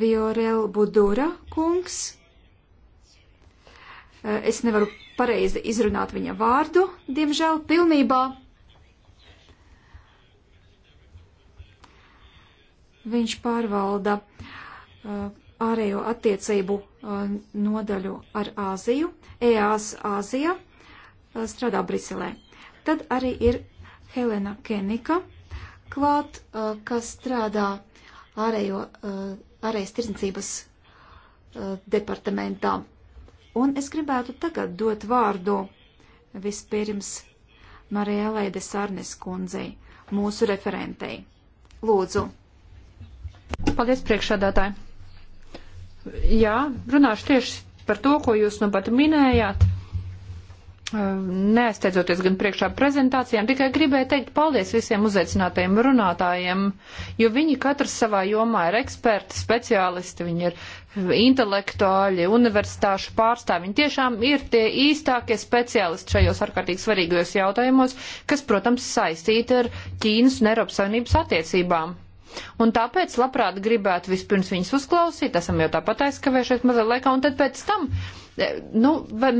Viorel Budura kungs. Uh, es nevaru pareizi izrunāt viņa vārdu, diemžēl, pilnībā. Viņš pārvalda uh, ārējo attiecību uh, nodaļu ar Āziju, EAS Āzija, Eh, strādā Briselē. Tad arī ir Helena Kenika klāt, eh, kas strādā ārējo, eh, ārējas tirdzniecības departamentā. Un es gribētu tagad dot vārdu vispirms Marijālai de Sarnes kundzei, mūsu referentei. Lūdzu. Paldies, priekšādātāji. Jā, runāšu tieši par to, ko jūs nu pat minējāt. Neaizsteidzoties gan priekšā prezentācijām, tikai gribēju teikt paldies visiem uzaicinātajiem runātājiem, jo viņi katrs savā jomā ir eksperti, speciālisti, viņi ir intelektuāļi, universitāšu pārstāvji. Viņi tiešām ir tie īstākie speciālisti šajos ārkārtīgi svarīgajos jautājumos, kas, protams, saistīti ar Ķīnas un Eiropas Savienības attiecībām. Un tāpēc labprāt gribētu vispirms viņus uzklausīt, esam jau tāpat aizkavējušies mazliet laikā, un tad pēc tam E, nu,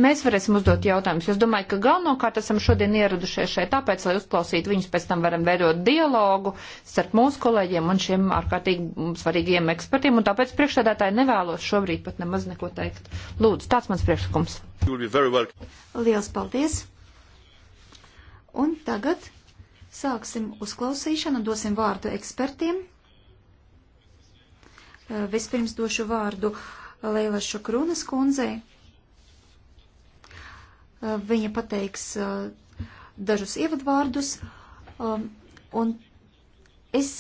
mēs varēsim uzdot jautājumus. Es domāju, ka galvenokārt esam šodien ieradušies šeit tāpēc, lai uzklausītu viņus, pēc tam varam veidot dialogu starp mūsu kolēģiem un šiem ārkārtīgi svarīgiem ekspertiem, un tāpēc priekšsēdētāji nevēlos šobrīd pat nemaz neko teikt. Lūdzu, tāds mans priekšlikums. Liels paldies! Un tagad sāksim uzklausīšanu, dosim vārdu ekspertiem. E, vispirms došu vārdu Leila Šukrūnas kundzei, Eh, viņa pateiks eh, dažus ievadvārdus, um, un es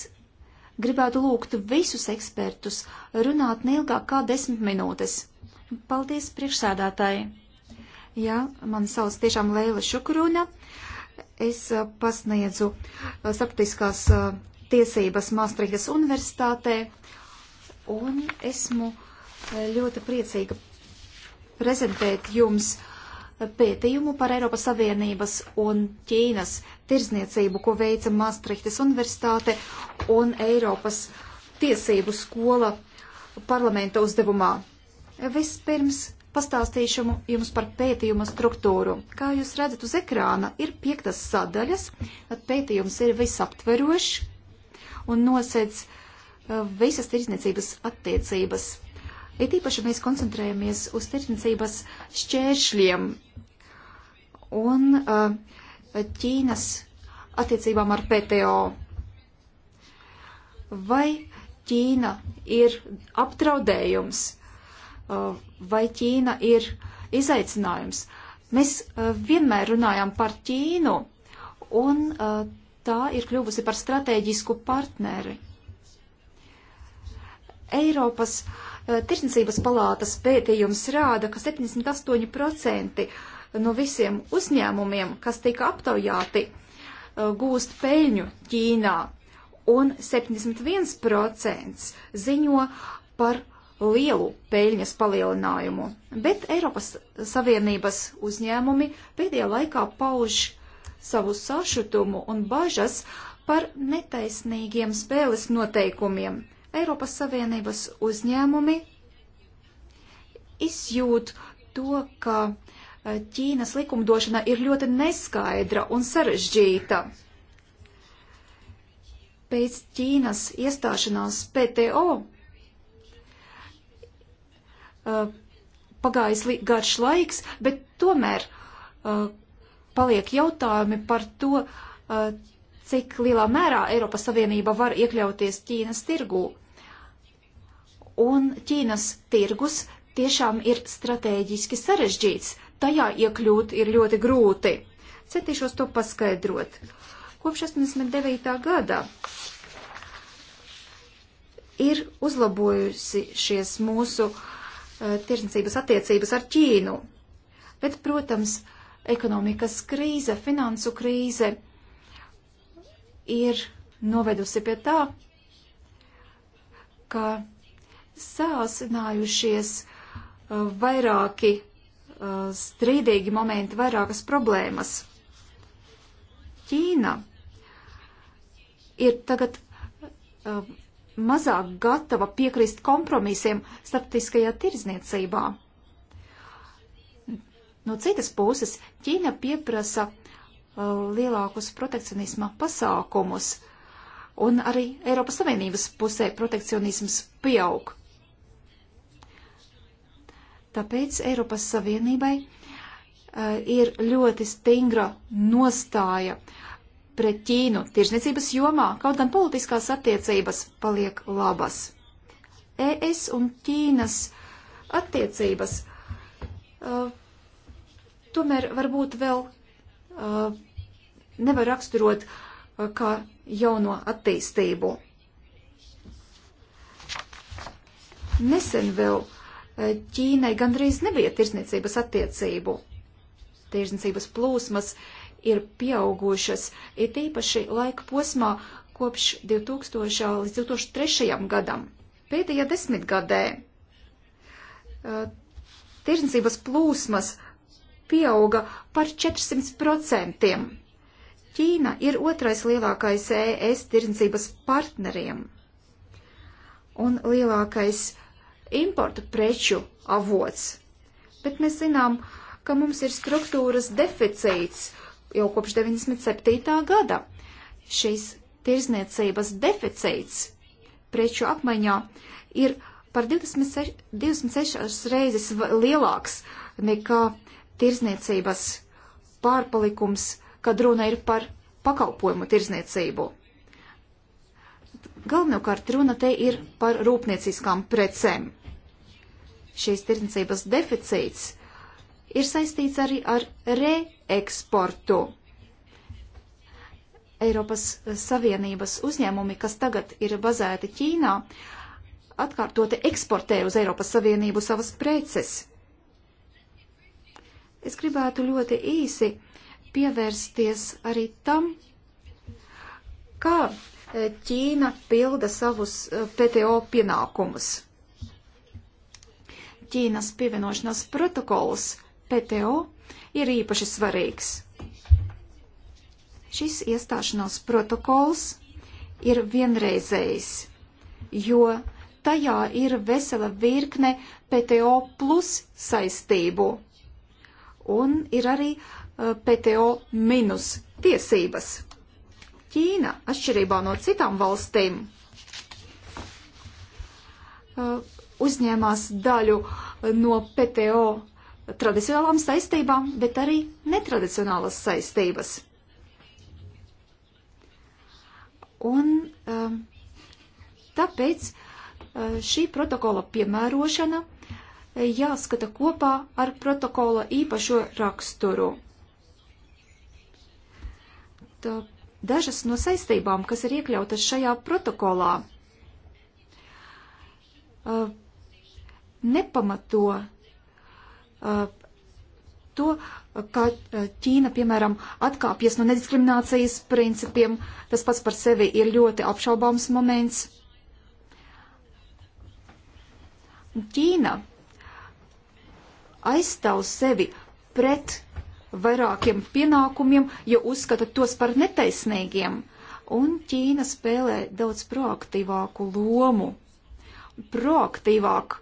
gribētu lūgt visus ekspertus runāt neilgāk kā desmit minūtes. Paldies priekšsēdātāji! Jā, man sauc tiešām Leila Šukurūna. Es eh, pasniedzu starptautiskās tiesības Māstrihtas universitātē, un esmu ļoti priecīga prezentēt jums uh, pētījumu par Eiropas Savienības un Ķīnas tirzniecību, ko veica Maastrichtas Universitāte un Eiropas tiesību skola parlamenta uzdevumā. Vispirms pastāstīšu jums par pētījuma struktūru. Kā jūs redzat uz ekrāna, ir piektas sadaļas, tad pētījums ir visaptverošs un nosēc eh, visas tirzniecības attiecības It īpaši mēs koncentrējamies uz tirdzniecības šķēršļiem un uh, Ķīnas attiecībām ar PTO. Vai Ķīna ir apdraudējums, uh, vai Ķīna ir izaicinājums? Mēs uh, vienmēr runājam par Ķīnu, un tā ir kļuvusi par strateģisku partneri. Eiropas uh, Eh, Tirsniecības palātas pētījums rāda, ka 78% no visiem uzņēmumiem, kas tika aptaujāti, eh, gūst peļņu Ķīnā, un 71% ziņo par lielu peļņas palielinājumu. Bet Eiropas Savienības uzņēmumi pēdējā laikā pauž savu sašutumu un bažas par netaisnīgiem spēles noteikumiem Eiropas Savienības uzņēmumi izjūt to, ka eh, Ķīnas likumdošana ir ļoti neskaidra un sarežģīta. Pēc Ķīnas iestāšanās PTO eh, pagājis garš laiks, bet tomēr eh, paliek jautājumi par to, cik lielā mērā Eiropas Savienība var iekļauties Ķīnas tirgū. Un Ķīnas tirgus tiešām ir strateģiski sarežģīts. Tajā iekļūt ir ļoti grūti. Centīšos to paskaidrot. Kopš 89. gada ir uzlabojusies mūsu uh, eh, tirsniecības attiecības ar Ķīnu. Bet, protams, ekonomikas krīze, finansu krīze ir novedusi pie tā, ka sāsinājušies uh, vairāki uh, strīdīgi momenti, vairākas problēmas. Ķīna ir tagad uh, mazāk gatava piekrist kompromisiem starptiskajā tirzniecībā. No citas puses, Ķīna pieprasa uh, Uh, lielākus protekcionisma pasākumus, un arī Eiropas Savienības pusē protekcionisms pieaug. Tāpēc Eiropas Savienībai uh, ir ļoti stingra nostāja pret Ķīnu tirzniecības jomā, kaut gan politiskās attiecības paliek labas. ES un Ķīnas attiecības uh, tomēr varbūt vēl uh, nevar raksturot uh, kā jauno attīstību. Nesen vēl uh, Ķīnai gandrīz nebija tirsniecības attiecību. Tirsniecības plūsmas ir pieaugušas, ir tīpaši laika posmā kopš 2000. līdz 2003. gadam. Pēdējā desmitgadē uh, tirsniecības plūsmas pieauga par 400%. Ķīna ir otrais lielākais ES tirdzniecības partneriem un lielākais importu preču avots. Bet mēs zinām, ka mums ir struktūras deficīts jau kopš 97. gada. Šīs tirzniecības deficīts preču apmaiņā ir par 26, 26 reizes lielāks nekā tirzniecības pārpalikums kad runa ir par pakalpojumu tirzniecību. Galvenokārt runa te ir par rūpnieciskām precēm. Šīs tirzniecības deficīts ir saistīts arī ar reeksportu. Eiropas Savienības uzņēmumi, kas tagad ir bazēti Ķīnā, atkārtoti eksportē uz Eiropas Savienību savas preces. Es gribētu ļoti īsi pievērsties arī tam, kā e, Ķīna pilda savus e, PTO pienākumus. Ķīnas pievienošanās protokols PTO ir īpaši svarīgs. Šis iestāšanās protokols ir vienreizējs, jo tajā ir vesela virkne PTO plus saistību. Un ir arī PTO minus tiesības. Ķīna, atšķirībā no citām valstīm, uzņēmās daļu no PTO tradicionālām saistībām, bet arī netradicionālas saistības. Un tāpēc šī protokola piemērošana jāskata kopā ar protokola īpašo raksturu dažas no saistībām, kas ir iekļautas šajā protokolā, nepamato to, ka Ķīna, piemēram, atkāpjas no nediskriminācijas principiem, tas pats par sevi ir ļoti apšaubāms moments. Ķīna aizstāv sevi pret vairākiem pienākumiem, jo uzskata tos par netaisnīgiem, un Ķīna spēlē daudz proaktīvāku lomu. Proaktīvāk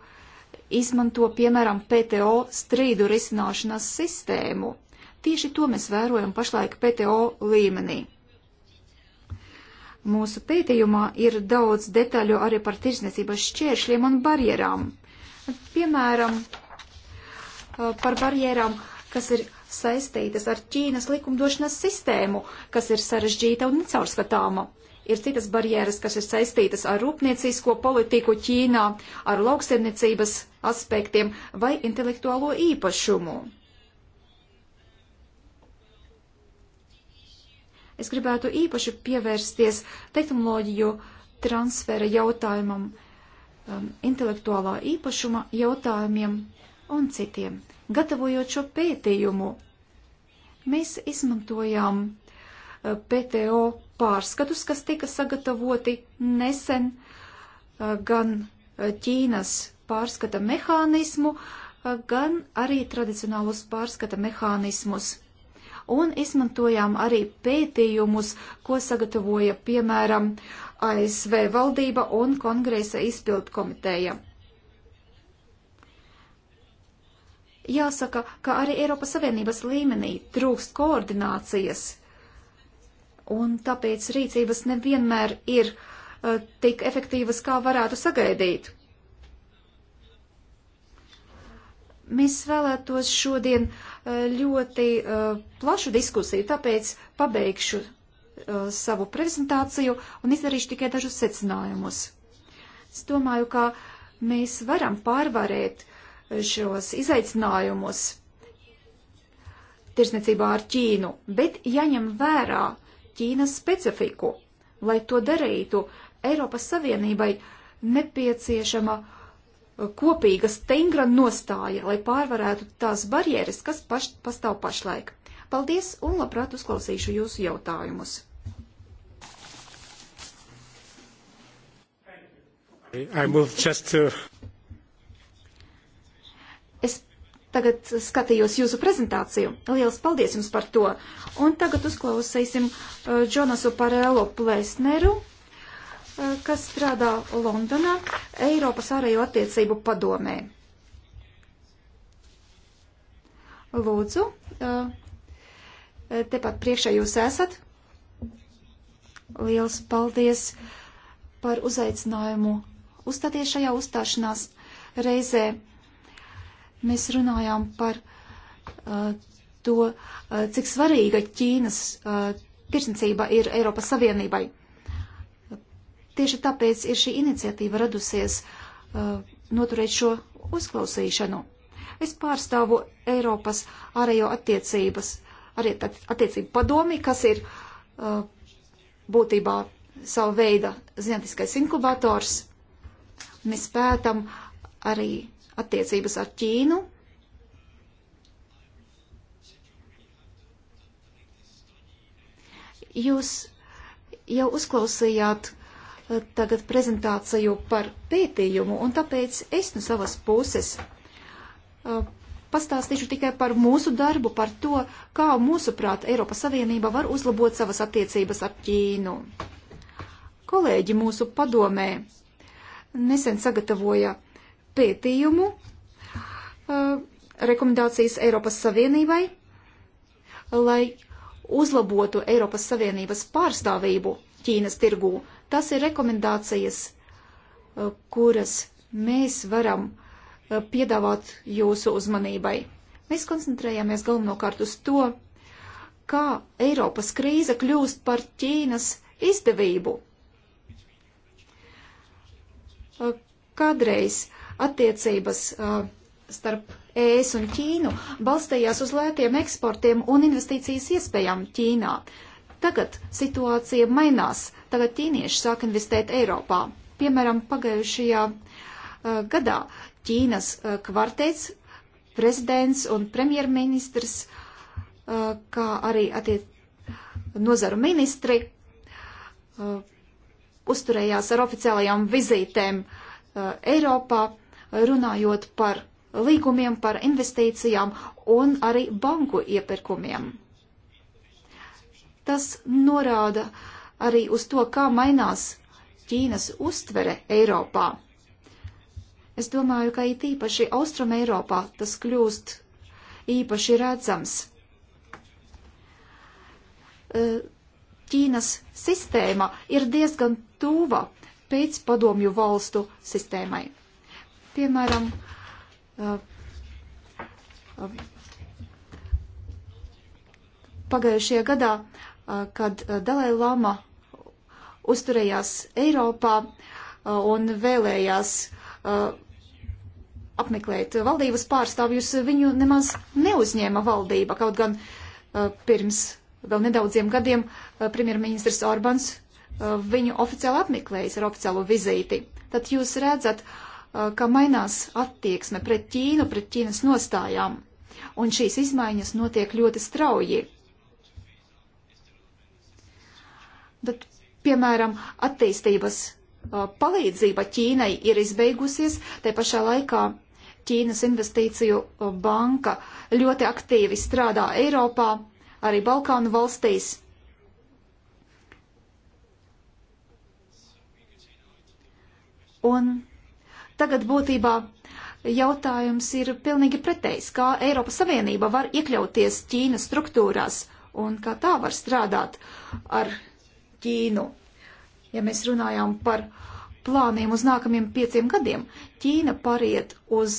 izmanto, piemēram, PTO strīdu risināšanas sistēmu. Tieši to mēs vērojam pašlaik PTO līmenī. Mūsu pētījumā ir daudz detaļu arī par tirsniecības šķēršļiem un barjerām. Piemēram, par barjerām, kas ir saistītas ar Ķīnas likumdošanas sistēmu, kas ir sarežģīta un necaurskatāma. Ir citas barjeras, kas ir saistītas ar rūpniecisko politiku Ķīnā, ar lauksaimniecības aspektiem vai intelektuālo īpašumu. Es gribētu īpaši pievērsties tehnoloģiju transfera jautājumam, um, intelektuālā īpašuma jautājumiem un citiem. Gatavojot šo pētījumu, mēs izmantojām eh, PTO pārskatus, kas tika sagatavoti nesen eh, gan eh, Ķīnas pārskata mehānismu, gan arī tradicionālus pārskata mehānismus. Un izmantojām arī pētījumus, ko sagatavoja piemēram ASV valdība un kongresa izpildu komiteja. Jāsaka, ka arī Eiropas Savienības līmenī trūkst koordinācijas, un tāpēc rīcības nevienmēr ir uh, tik efektīvas, kā varētu sagaidīt. Mēs vēlētos šodien eh, ļoti uh, plašu diskusiju, tāpēc pabeigšu uh, savu prezentāciju un izdarīšu tikai dažus secinājumus. Es domāju, ka mēs varam pārvarēt uh, šos izaicinājumus tirsniecībā ar Ķīnu, bet jaņem vērā Ķīnas specifiku. Lai to darītu, Eiropas Savienībai nepieciešama kopīga stingra nostāja, lai pārvarētu tās barjeras, kas paš, pastāv pašlaik. Paldies un labprāt uzklausīšu jūsu jautājumus. To... Tagad skatījos jūsu prezentāciju. Lielas paldies jums par to. Un tagad uzklausīsim uh, Džonasu Parelo Plesneru, uh, kas strādā Londonā Eiropas ārējo attiecību padomē. Lūdzu, uh, tepat priekšā jūs esat. Lielas paldies par uzaicinājumu uzstāties šajā uzstāšanās reizē Mēs runājām par uh, to, uh, cik svarīga Ķīnas uh, tirsniecība ir Eiropas Savienībai. Tieši tāpēc ir šī iniciatīva radusies uh, noturēt šo uzklausīšanu. Es pārstāvu Eiropas ārējo attiecības, arī attiecību padomi, kas ir uh, būtībā savu veidu zinātniskais inkubators. Mēs pētam arī attiecības ar Ķīnu. Jūs jau uzklausījāt eh, tagad prezentāciju par pētījumu, un tāpēc es no savas puses eh, pastāstīšu tikai par mūsu darbu, par to, kā mūsuprāt Eiropas Savienība var uzlabot savas attiecības ar Ķīnu. Kolēģi mūsu padomē nesen sagatavoja pētījumu rekomendācijas Eiropas Savienībai, lai uzlabotu Eiropas Savienības pārstāvību Ķīnas tirgū. Tas ir rekomendācijas, kuras mēs varam piedāvāt jūsu uzmanībai. Mēs koncentrējāmies galvenokārt uz to, kā Eiropas krīze kļūst par Ķīnas izdevību. Kādreiz uh, attiecības uh, starp ES un Ķīnu balstījās uz lētiem eksportiem un investīcijas iespējām Ķīnā. Tagad situācija mainās, tagad ķīnieši sāk investēt Eiropā. Piemēram, pagājušajā uh, gadā Ķīnas uh, kvartets, prezidents un premjerministrs, uh, kā arī attiec nozaru ministri, uzturējās ar oficiālajām vizītēm Eiropā runājot par līgumiem, par investīcijām un arī banku iepirkumiem. Tas norāda arī uz to, kā mainās Ķīnas uztvere Eiropā. Es domāju, ka it īpaši Austrum Eiropā tas kļūst īpaši redzams. E, Ķīnas sistēma ir diezgan tuva pēc padomju valstu sistēmai. Piemēram, pagājušajā gadā, kad Dalai Lama uzturējās Eiropā un vēlējās apmeklēt valdības pārstāvjus, viņu nemaz neuzņēma valdība. Kaut gan pirms vēl nedaudziem gadiem premjerministrs Orbans viņu oficiāli apmeklējis ar oficiālu vizīti. Tad jūs redzat, uh, Uh, ka mainās attieksme pret Ķīnu, pret Ķīnas nostājām, un šīs izmaiņas notiek ļoti strauji. Bet, piemēram, attīstības uh, palīdzība Ķīnai ir izbeigusies, te pašā laikā Ķīnas investīciju uh, banka ļoti aktīvi strādā Eiropā, arī Balkānu valstīs. Un Tagad būtībā jautājums ir pilnīgi pretējs, kā Eiropas Savienība var iekļauties Ķīnas struktūrās un kā tā var strādāt ar Ķīnu. Ja mēs runājām par plāniem uz nākamiem pieciem gadiem, Ķīna pariet uz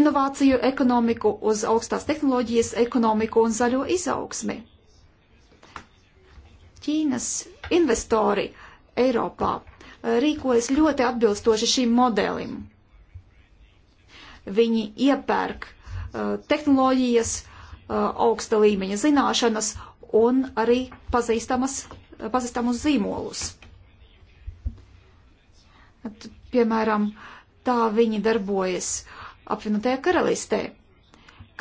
inovāciju ekonomiku, uz augstās tehnoloģijas ekonomiku un zaļo izaugsmi. Ķīnas investori Eiropā rīkojas ļoti atbilstoši šīm modelim. Viņi iepērk uh, tehnoloģijas, uh, augsta līmeņa zināšanas un arī pazīstamas, uh, pazīstamus zīmolus. At, piemēram, tā viņi darbojas apvienotajā karalistē.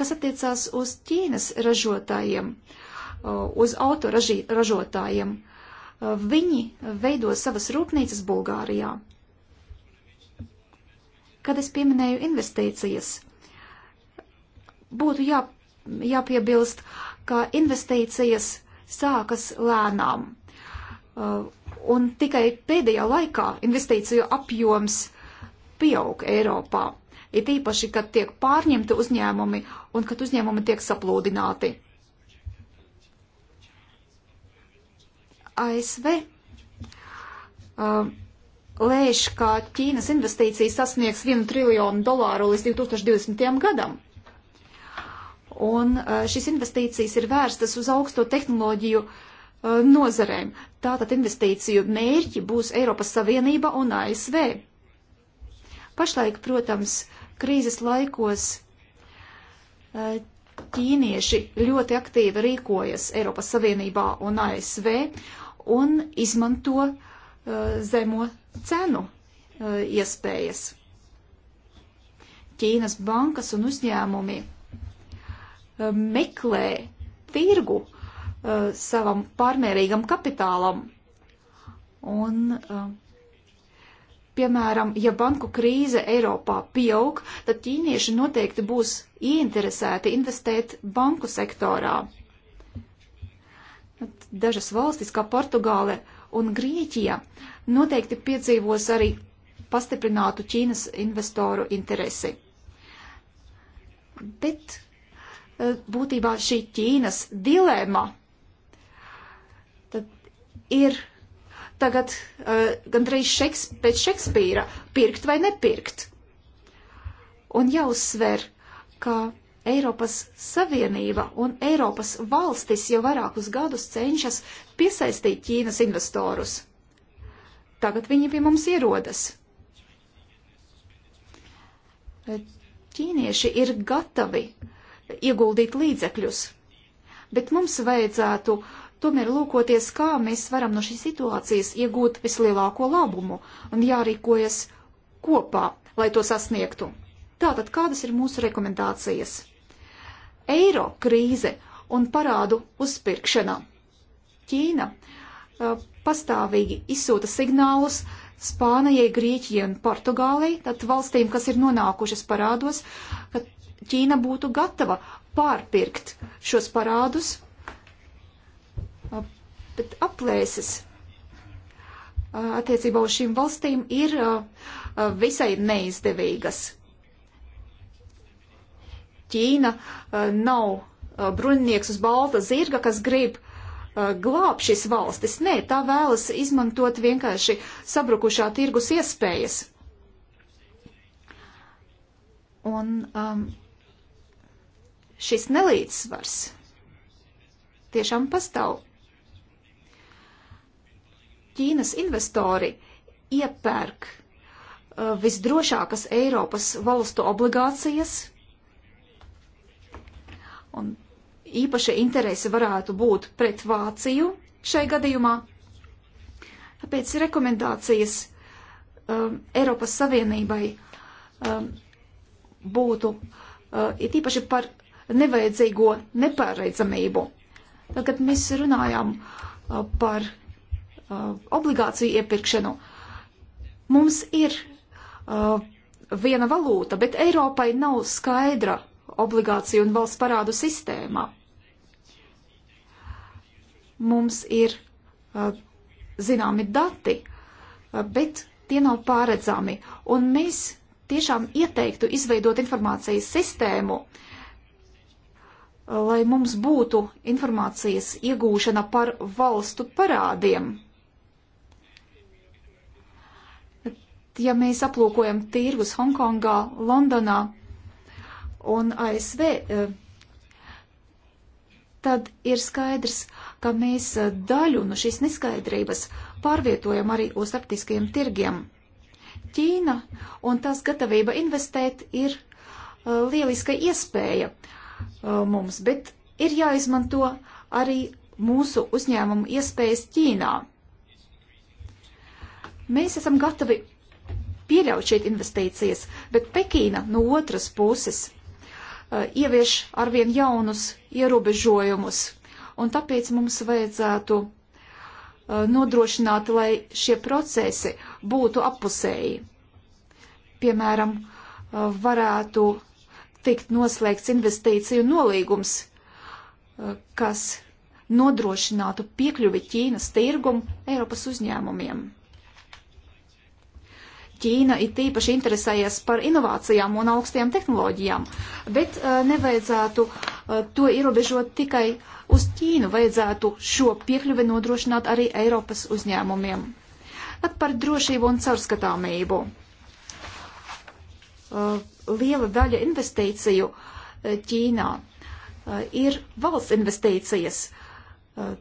Kas attiecās uz Ķīnas ražotājiem, uh, uz autoražotājiem, uh, viņi veido savas rūpnīcas Bulgārijā. Kad es pieminēju investīcijas, būtu jā, jāpiebilst, ka investīcijas sākas lēnām. Uh, un tikai pēdējā laikā investīciju apjoms pieaug Eiropā. It īpaši, kad tiek pārņemti uzņēmumi un kad uzņēmumi tiek saplūdināti. ASV uh, lēš, ka Ķīnas investīcijas sasniegs 1 triljonu dolāru līdz 2020. gadam. Un e, šīs investīcijas ir vērstas uz augsto tehnoloģiju e, nozarēm. Tātad investīciju mērķi būs Eiropas Savienība un ASV. Pašlaik, protams, krīzes laikos e, ķīnieši ļoti aktīvi rīkojas Eiropas Savienībā un ASV un izmanto zemo cenu eh, iespējas. Ķīnas bankas un uzņēmumi eh, meklē tirgu eh, savam pārmērīgam kapitālam. Un, piemēram, ja banku krīze Eiropā pieaug, tad ķīnieši noteikti būs ieinteresēti investēt banku sektorā. Dažas valstis, kā Portugāle un Grieķija, uh, noteikti piedzīvos arī pastiprinātu Ķīnas investoru interesi. Bet eh, būtībā šī Ķīnas dilēma ir tagad eh, gandrīz šeks, pēc Šekspīra pirkt vai nepirkt. Un jāuzsver, ka Eiropas Savienība un Eiropas valstis jau vairākus gadus cenšas piesaistīt Ķīnas investorus tagad viņi pie mums ierodas. Ķīnieši ir gatavi ieguldīt līdzekļus, bet mums vajadzētu tomēr lūkoties, kā mēs varam no šīs situācijas iegūt vislielāko labumu un jārīkojas kopā, lai to sasniegtu. Tātad, kādas ir mūsu rekomendācijas? Eiro krīze un parādu uzpirkšana. Ķīna pastāvīgi izsūta signālus Spānijai, Grieķijai un Portugālijai, tad valstīm, kas ir nonākušas parādos, ka Ķīna būtu gatava pārpirkt šos parādus, bet aplēses attiecībā uz šīm valstīm ir visai neizdevīgas. Ķīna nav bruņinieks uz balta zirga, kas grib Uh, glāb šīs valstis. Nē, tā vēlas izmantot vienkārši sabrukušā tirgus iespējas. Un um, šis nelīdzsvars tiešām pastāv. Ķīnas investori iepērk uh, visdrošākas Eiropas valstu obligācijas, un īpaša interese varētu būt pret Vāciju šai gadījumā. Tāpēc rekomendācijas um, Eiropas Savienībai um, būtu uh, it īpaši par nevajadzīgo nepārredzamību. Tad, kad mēs runājām uh, par uh, obligāciju iepirkšanu, mums ir uh, viena valūta, bet Eiropai nav skaidra obligāciju un valsts parādu sistēmā. Mums ir zināmi dati, bet tie nav pārredzami, un mēs tiešām ieteiktu izveidot informācijas sistēmu, lai mums būtu informācijas iegūšana par valstu parādiem. Ja mēs aplūkojam tirgus Hongkongā, Londonā, un ASV, eh, tad ir skaidrs, ka mēs eh, daļu no šīs neskaidrības pārvietojam arī uz starptiskajiem tirgiem. Ķīna un tās gatavība investēt ir eh, lieliska iespēja mums, bet ir jāizmanto arī mūsu uzņēmumu iespējas Ķīnā. Mēs esam gatavi pieļaut šeit investīcijas, bet Pekīna no otras puses Uh, ievieš arvien jaunus ierobežojumus, un tāpēc mums vajadzētu uh, nodrošināt, lai šie procesi būtu apusēji. Piemēram, uh, varētu tikt noslēgts investīciju nolīgums, kas nodrošinātu piekļuvi Ķīnas tirgumu Eiropas uzņēmumiem. Ķīna ir tīpaši interesējies par inovācijām un augstiem tehnoloģijām, bet uh, nevajadzētu uh, to ierobežot tikai uz Ķīnu, vajadzētu šo piekļuvi nodrošināt arī Eiropas uzņēmumiem. At par drošību un caurskatāmību. Uh, liela daļa investīciju uh, Ķīnā uh, ir valsts investīcijas. Uh,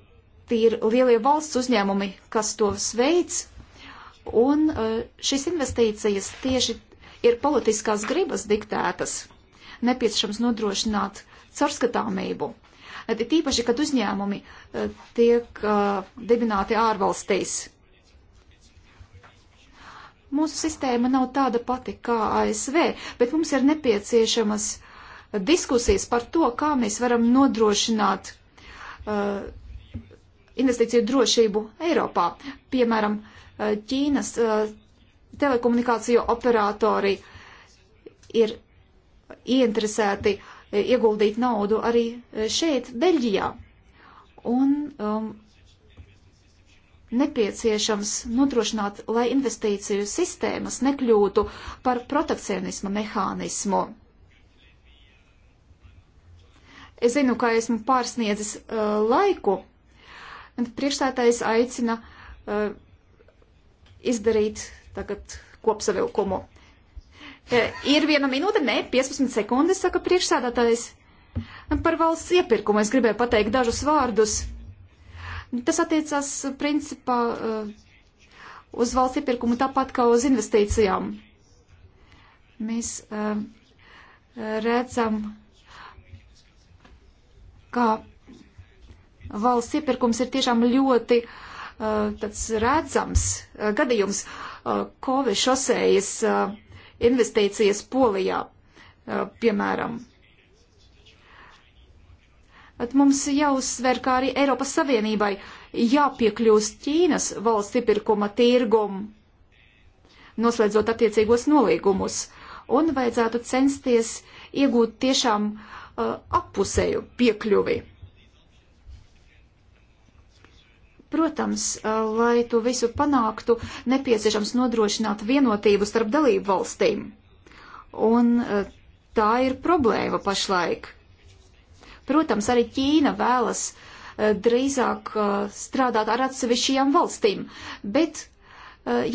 tie ir lielie valsts uzņēmumi, kas to sveic Un e, šīs investīcijas tieši ir politiskās gribas diktētas. Nepieciešams nodrošināt caurskatāmību. E, tīpaši, kad uzņēmumi e, tiek dibināti ārvalstīs. Mūsu sistēma nav tāda pati kā ASV, bet mums ir nepieciešamas diskusijas par to, kā mēs varam nodrošināt uh, investīciju drošību Eiropā. Piemēram, uh, Eh, Ķīnas eh, telekomunikāciju operatori ir ieinteresēti eh, ieguldīt naudu arī šeit, Beļģijā. Un um, nepieciešams nodrošināt, lai investīciju sistēmas nekļūtu par protekcionisma mehānismu. Es zinu, ka esmu pārsniedzis uh, laiku, un priekšstādājs aicina uh, izdarīt tagad kopsavilkumu. E, ir viena minūte, ne, 15 sekundes, saka priekšsādātājs. Par valsts iepirkumu es gribēju pateikt dažus vārdus. Tas attiecas principā e, uz valsts iepirkumu tāpat kā uz investīcijām. Mēs e, redzam, ka valsts iepirkums ir tiešām ļoti uh, Uh, tāds redzams uh, gadījums uh, Kove šosejas investīcijas Polijā, piemēram. At mums jāuzsver, kā arī Eiropas Savienībai jāpiekļūst Ķīnas valsts iepirkuma tirgumu, noslēdzot attiecīgos nolīgumus, un vajadzētu censties iegūt tiešām uh, apusēju piekļuvi. Protams, lai to visu panāktu, nepieciešams nodrošināt vienotību starp dalību valstīm. Un tā ir problēma pašlaik. Protams, arī Ķīna vēlas drīzāk strādāt ar atsevišķajām valstīm, bet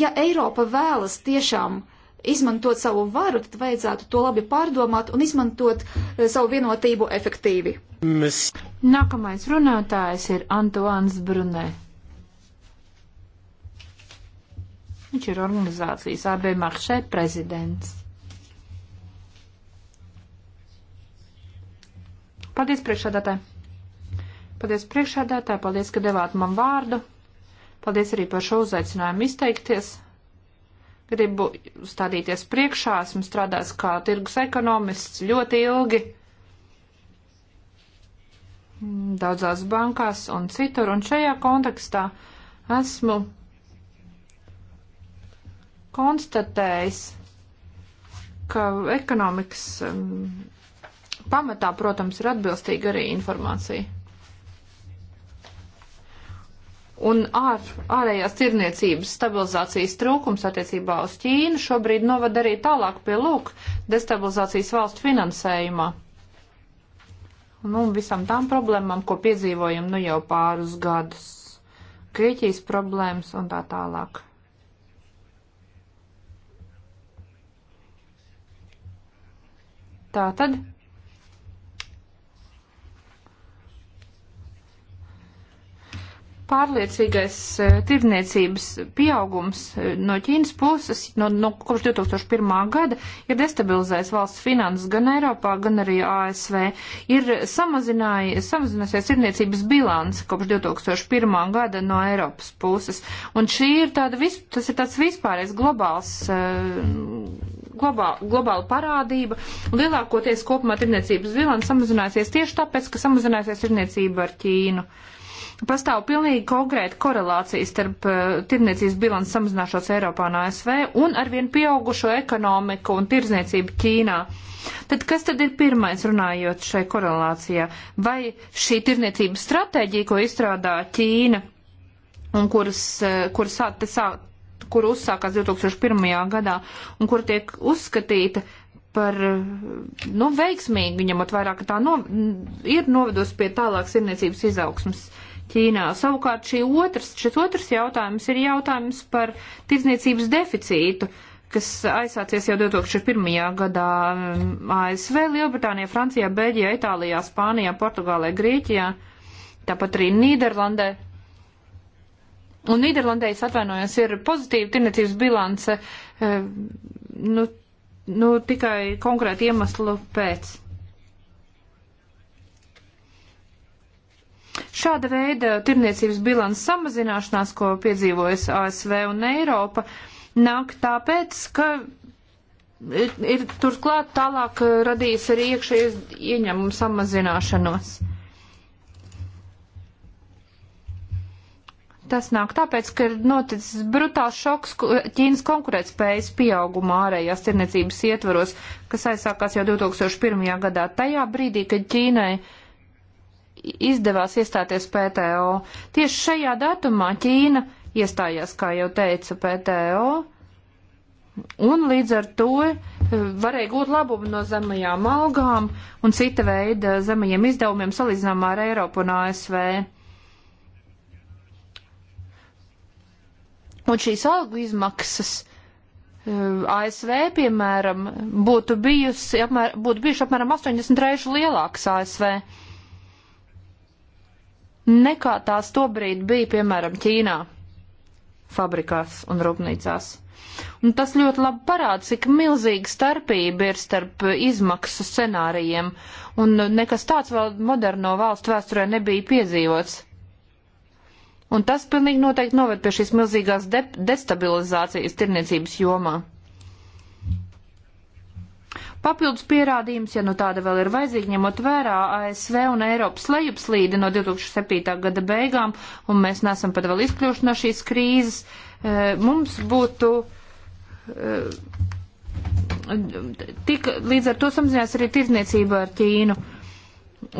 ja Eiropa vēlas tiešām izmantot savu varu, tad vajadzētu to labi pārdomāt un izmantot eh, savu vienotību efektīvi. Mēs... Nākamais runātājs ir Antoans Brunē. Viņš ir organizācijas AB Maršē prezidents. Paldies priekšādātāji. Paldies priekšādātāji, paldies, ka devāt man vārdu. Paldies arī par šo uzaicinājumu izteikties gribu stādīties priekšā, esmu strādājis kā tirgus ekonomists ļoti ilgi daudzās bankās un citur, un šajā kontekstā esmu konstatējis, ka ekonomikas um, pamatā, protams, ir atbilstīga arī informācija un ār, ārējās tirniecības stabilizācijas trūkums attiecībā uz Ķīnu šobrīd novad arī tālāk pie lūk destabilizācijas valstu finansējumā. Nu, visam tām problēmām, ko piedzīvojam nu jau pārus gadus. Grieķijas problēmas un tā tālāk. Tā tad pārliecīgais e, tirdzniecības pieaugums e, no Ķīnas puses no, no kopš 2001. gada ir destabilizējis valsts finanses gan Eiropā, gan arī ASV. Ir samazinājusies tirdzniecības bilance kopš 2001. gada no Eiropas puses. Un šī ir tāda, vis, tas ir tāds vispārējais globāls. Uh, e, globāla, globāla parādība. Lielākoties kopumā tirniecības bilants samazināsies tieši tāpēc, ka samazināsies tirniecība ar Ķīnu. Uh, pastāv pilnīgi konkrēta korelācija starp uh, tirdzniecības bilanci samazināšos Eiropā un ASV un ar vien pieaugušo ekonomiku un tirdzniecību Ķīnā. Tad kas tad ir pirmais runājot šai korelācijā? Vai šī tirdzniecības stratēģija, ko izstrādā Ķīna un kuras, eh, kuras sāk, sāk, kur uzsākās 2001. gadā un kur tiek uzskatīta par eh, nu, veiksmīgu, ņemot vairāk, ka tā no, ir novedusi pie tālākas irniecības izaugsmas. Uh, Ķīnā. Savukārt šī otrs, šis otrs jautājums ir jautājums par tirdzniecības deficītu, kas aizsācies jau 2001. gadā mm, ASV, Lielbritānijā, Francijā, Beļģijā, Itālijā, Spānijā, Portugālē, Grieķijā, tāpat arī Nīderlandē. Un Nīderlandē, es atvainojos, ir pozitīva tirdzniecības bilance, eh, nu, nu, tikai konkrēti iemeslu pēc. Šāda veida tirniecības bilans samazināšanās, ko piedzīvojas ASV un Eiropa, nāk tāpēc, ka ir, ir turklāt tālāk radījis arī iekšējas ieņēmumu samazināšanos. Tas nāk tāpēc, ka ir noticis brutāls šoks Ķīnas konkurētspējas pieaugumā ārējās tirniecības ietvaros, kas aizsākās jau 2001. gadā, tajā brīdī, kad Ķīnai izdevās iestāties PTO. Tieši šajā datumā Ķīna iestājās, kā jau teicu, PTO. Un līdz ar to eh, varēja gūt labumu no zemajām algām un cita veida zemajiem izdevumiem salīdzinām ar Eiropu un ASV. Un šīs algu izmaksas eh, ASV, piemēram, būtu, bijusi, apmēr, būtu bijuši apmēram 80 reižu lielākas ASV nekā tās tobrīd bija, piemēram, Ķīnā fabrikās un rūpnīcās. Un tas ļoti labi parāda, cik milzīga starpība ir starp izmaksu scenārijiem, un nekas tāds vēl moderno valstu vēsturē nebija piedzīvots. Un tas pilnīgi noteikti noved pie šīs milzīgās de destabilizācijas tirniecības jomā. Papildus pierādījums, ja nu tāda vēl ir vajadzīga, ņemot vērā ASV un Eiropas lejupslīdi no 2007. gada beigām, un mēs nesam pat vēl izkļuvuši no šīs krīzes, eh, mums būtu. Eh, tik, līdz ar to samazinās arī tirdzniecība ar Ķīnu.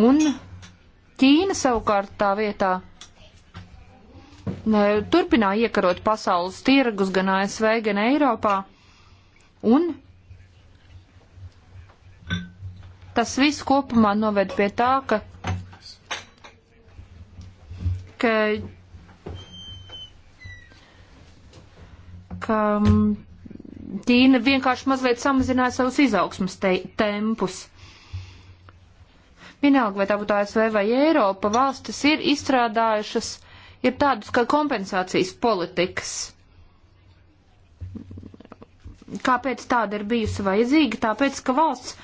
Un Ķīna savukārt tā vietā eh, turpināja iekarot pasaules tirgus gan ASV, gan Eiropā. Un Tas viss kopumā noved pie tā, ka, ka, ka mm, Ķīna vienkārši mazliet samazināja savus izaugsmus te, tempus. Vienalga, vai tā būtu ASV vai Eiropa, valstis ir izstrādājušas, ir tādas kā kompensācijas politikas. Kāpēc tāda ir bijusi vajadzīga? Tāpēc, ka valsts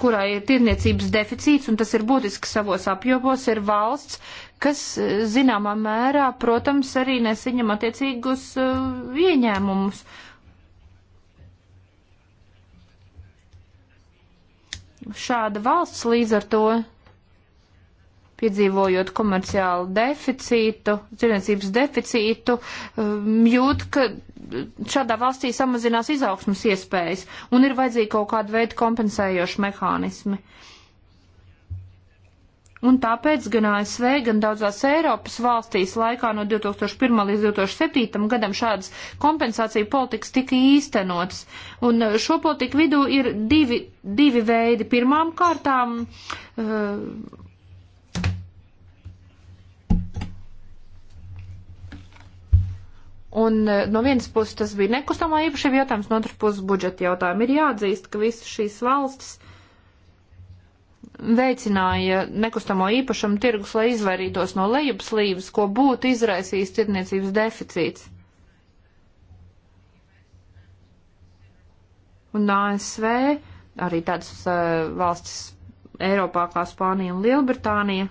kurā ir tirniecības deficīts, un tas ir būtiski savos apjomos, ir valsts, kas e, zināmā mērā, protams, arī nesaņem attiecīgus uh, ieņēmumus. Šāda valsts līdz ar to piedzīvojot komerciālu deficītu, tirniecības deficītu, jūt, ka šādā valstī samazinās izaugsmas iespējas un ir vajadzīgi kaut kādu veidu kompensējoši mehānismi. Un tāpēc gan ASV, gan daudzās Eiropas valstīs laikā no 2001 līdz 2007 gadam šādas kompensāciju politikas tika īstenotas. Un uh, šo politiku vidū ir divi, divi veidi. Pirmām kārtām uh, Un e, no vienas puses tas bija nekustamā īpašība jautājums, no otras puses budžeta jautājumi. Ir jāatzīst, ka visas šīs valstis veicināja nekustamo īpašumu tirgus, lai izvairītos no lejupslīdes, ko būtu izraisījis tirniecības deficīts. Un ASV arī tādas uh, valstis Eiropā kā Spānija un Lielbritānija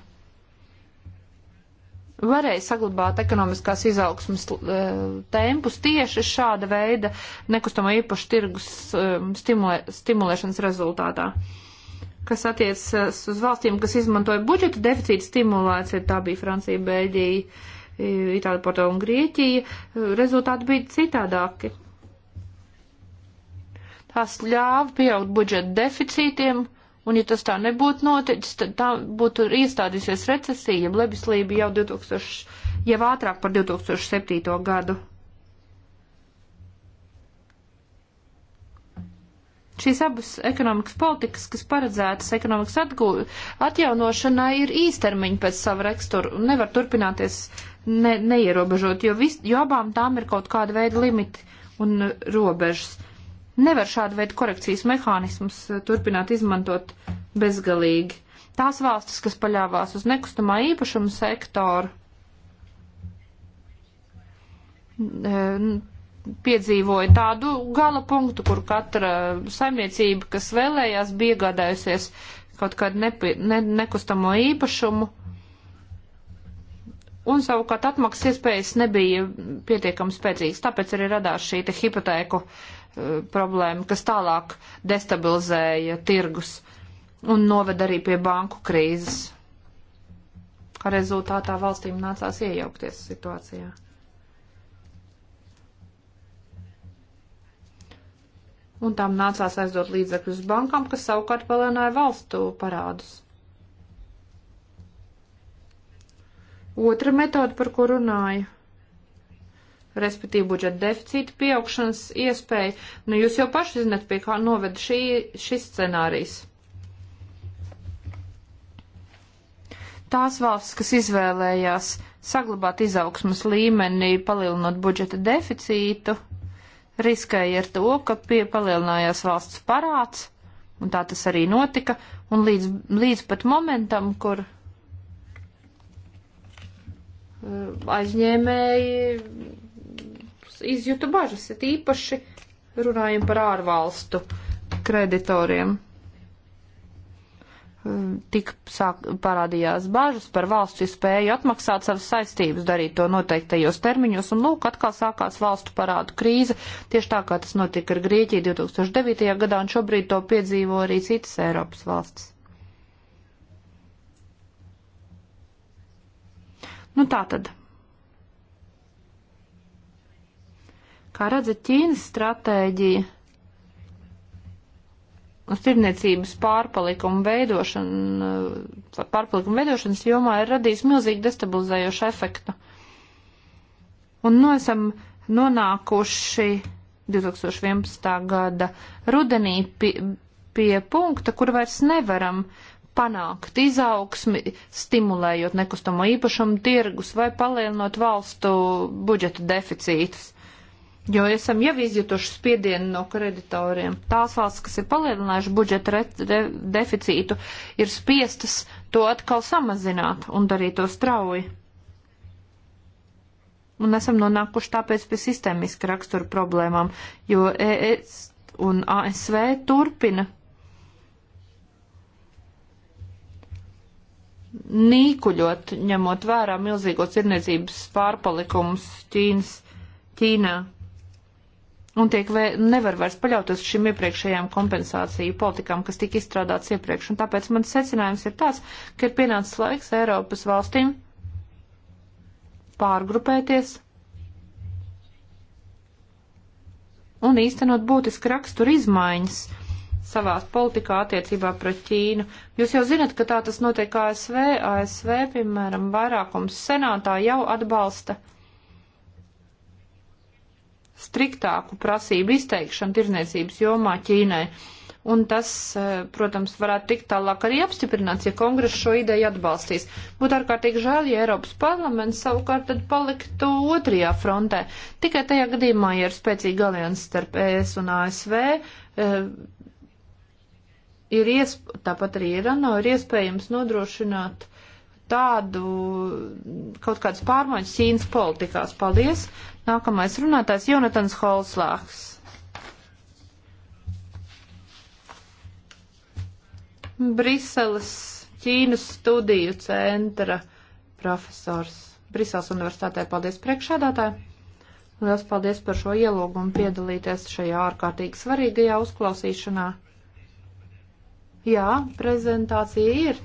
varēja saglabāt ekonomiskās izaugsmas eh, tempus tieši šāda veida nekustamo īpašu tirgus eh, stimulē, stimulēšanas rezultātā. Kas attiecas uz valstīm, kas izmantoja budžeta deficīta stimulāciju, tā bija Francija, Bēļģija, Itālija, Portugāla un Grieķija, eh, rezultāti bija citādāki. Tās ļāva pieaugt budžeta deficītiem. Uh, Un ja tas tā nebūtu noticis, tad tā būtu iestādīsies recesija, jeb lebislība jau 2000, jau ātrāk par 2007. gadu. Šīs abas ekonomikas politikas, kas paredzētas ekonomikas atgū, atjaunošanai, ir īstermiņa pēc sava rakstura un nevar turpināties ne, neierobežot, jo, vis, jo abām tām ir kaut kāda veida limiti un robežas. Nevar šādu veidu korekcijas mehānismus eh, turpināt izmantot bezgalīgi. Tās valstis, kas paļāvās uz nekustamā īpašuma sektoru, eh, piedzīvoja tādu gala punktu, kur katra saimniecība, kas vēlējās, bija iegādājusies kaut kādu nepie, ne, nekustamo īpašumu, un savukārt atmaksas iespējas nebija pietiekami spēcīgas, tāpēc arī radās šī hipotēku uh, Eh, problēma, kas tālāk destabilizēja tirgus un noved arī pie banku krīzes. Kā rezultātā valstīm nācās iejaukties situācijā. Un tām nācās aizdot līdzekļus bankām, kas savukārt palēnāja valstu parādus. Otra metode, par ko runāju respektīvi budžeta deficīta pieaugšanas iespēja. Nu, jūs jau paši zinat, pie kā noved šī, šis scenārijs. Tās valsts, kas izvēlējās saglabāt izaugsmas līmeni, palielinot budžeta deficītu, riskēja ar to, ka pie palielinājās valsts parāds, un tā tas arī notika, un līdz, līdz pat momentam, kur eh, aizņēmēji izjūtu bažas, it īpaši runājam par ārvalstu kreditoriem. Tik sāk, parādījās bažas par valsts spēju atmaksāt savas saistības, darīt to noteiktajos termiņos, un lūk, atkal sākās valstu parādu krīze, tieši tā kā tas notika ar Grieķiju 2009. gadā, un šobrīd to piedzīvo arī citas Eiropas valstis. Nu tā tad. Kā redzat, Ķīnas stratēģija uz tirniecības pārpalikumu veidošanu, eh, pārpalikumu veidošanas jomā ir radījis milzīgi destabilizējošu efektu. Un no esam nonākuši 2011. gada rudenī pie, pie punkta, kur vairs nevaram panākt izaugsmi, stimulējot nekustamo īpašumu tirgus vai palielinot valstu budžeta deficītus jo esam jau izjutuši spiedienu no kreditoriem. Tās valsts, kas ir palielinājuši budžeta re, re, deficītu, ir spiestas to atkal samazināt un darīt to strauji. Un esam nonākuši tāpēc pie sistēmiska rakstura problēmām, jo ES un ASV turpina nīkuļot, ņemot vērā milzīgos irniecības pārpalikums Ķīnas, Ķīnā un tiek vē, nevar vairs paļauties uz šīm iepriekšējām kompensāciju politikām, kas tika izstrādāts iepriekš. Un tāpēc mans secinājums ir tāds, ka ir pienācis laiks Eiropas valstīm pārgrupēties un īstenot būtiski raksturu izmaiņas savās politikā attiecībā pret Ķīnu. Jūs jau zinat, ka tā tas notiek ASV. ASV, piemēram, vairākums senātā jau atbalsta uh, striktāku prasību izteikšanu tirzniecības jomā Ķīnai. Un tas, eh, protams, varētu tikt tālāk arī apstiprināts, ja kongress šo ideju atbalstīs. Būtu ārkārtīgi žēl, ja Eiropas parlaments savukārt tad paliktu otrajā frontē. Tikai tajā gadījumā, ja ir spēcīga alianses starp ES un ASV, eh, ir iesp tāpat arī ir ANO, ir iespējams nodrošināt tādu kaut kādas pārmaiņas Ķīnas politikās. Paldies! Nākamais runātājs Jonatans Holslāks. Briseles Ķīnas studiju centra profesors Briseles universitātē. Paldies priekšādātāji! Lielas paldies par šo ielūgumu piedalīties šajā ārkārtīgi svarīgajā uzklausīšanā. Jā, prezentācija ir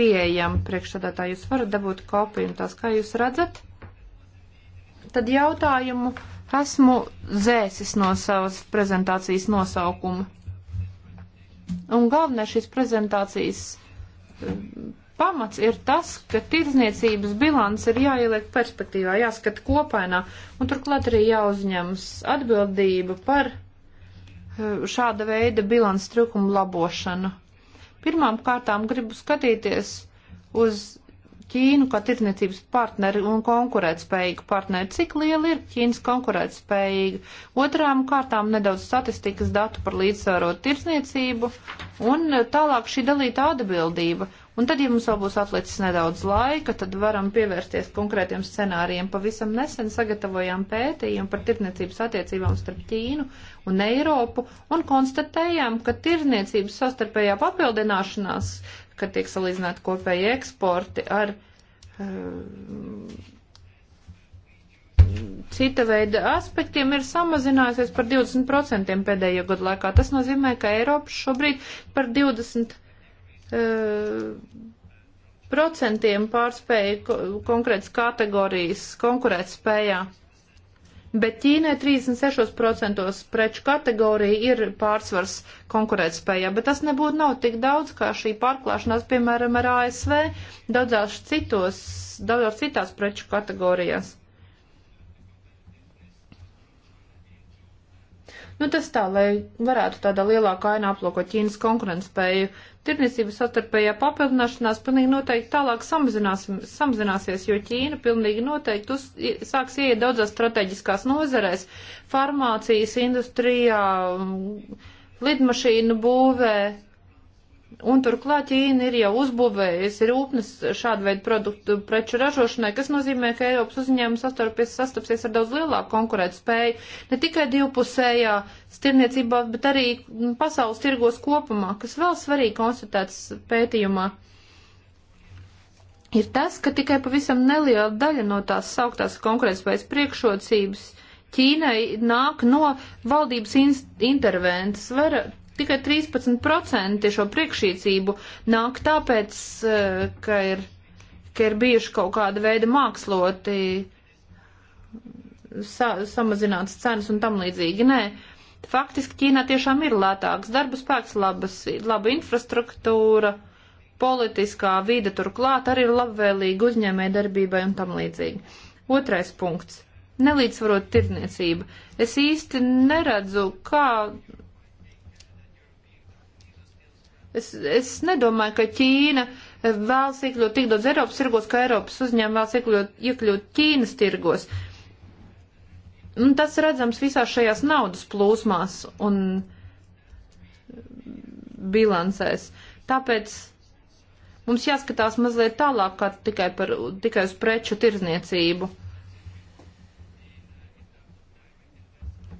pieejama priekšādātāji. Jūs varat dabūt kopiju un tās, kā jūs redzat tad jautājumu esmu zēsis no savas prezentācijas nosaukuma. Un galvenais šīs prezentācijas eh, pamats ir tas, ka tirdzniecības bilants ir jāieliek perspektīvā, jāskata kopainā, un turklāt arī jāuzņems atbildība par eh, šāda veida bilants trūkumu labošanu. Pirmām kārtām gribu skatīties uz Ķīnu kā tirdzniecības partneri un konkurētspējīgu partneri. Cik liela ir Ķīnas konkurētspējīga? Otrām kārtām nedaudz statistikas datu par līdzsvarot tirdzniecību un tālāk šī dalīta atbildība. Un tad, ja mums vēl būs atlicis nedaudz laika, tad varam pievērsties konkrētiem scenārijiem. Pavisam nesen sagatavojām pētījumu par tirdzniecības attiecībām starp Ķīnu un Eiropu un konstatējām, ka tirdzniecības sastarpējā papildināšanās uh, kad tiek salīdzināti kopēji eksporti ar uh, cita veida aspektiem ir samazinājusies par 20% pēdējo gadu laikā. Tas nozīmē, ka Eiropa šobrīd par 20% uh, eh, pārspēja konkrētas kategorijas konkurētspējā. spējā bet Ķīnai 36% preču kategorija ir pārsvars konkurētspējā, bet tas nebūtu nav tik daudz, kā šī pārklāšanās, piemēram, ar ASV daudzās citos, daudzās citās preču kategorijās. Nu, tas tā, lai varētu tādā lielākā ainā aplūkot Ķīnas konkurentspēju. Tirniecības sastarpējā papildināšanās pilnīgi noteikti tālāk samazinās, samazināsies, jo Ķīna pilnīgi noteikti uz, sāks ieiet daudzās strateģiskās nozerēs - farmācijas industrijā, mm, lidmašīnu būvē, Un turklāt Ķīna ir jau uzbūvējusi rūpnes šādu veidu produktu preču ražošanai, kas nozīmē, ka Eiropas uzņēmums sastapsies ar daudz lielāku konkurētu spēju ne tikai divpusējā stirniecībā, bet arī mm, pasaules tirgos kopumā, kas vēl svarīgi konstatēts pētījumā. Ir tas, ka tikai pavisam neliela daļa no tās sauktās konkurētspējas priekšrocības Ķīnai nāk no valdības intervences. Var, Tikai 13% šo priekšrocību nāk tāpēc, eh, ka ir, ka ir bijuši kaut kāda veida māksloti sa samazināts cenas un tam līdzīgi. Nē, faktiski Ķīnā tiešām ir lētāks darba spēks, labas, laba infrastruktūra, politiskā vide turklāt arī ir labvēlīga uzņēmē darbībai un tam līdzīgi. Otrais punkts nelīdzsvarot tirdzniecība. Es īsti neredzu, kā Es, es nedomāju, ka Ķīna vēlas iekļūt tik daudz Eiropas tirgos, ka Eiropas uzņēmumi vēlas iekļūt, iekļūt Ķīnas tirgos. Un tas redzams visās šajās naudas plūsmās un bilancēs. Tāpēc mums jāskatās mazliet tālāk kā tikai, par, tikai uz preču tirzniecību.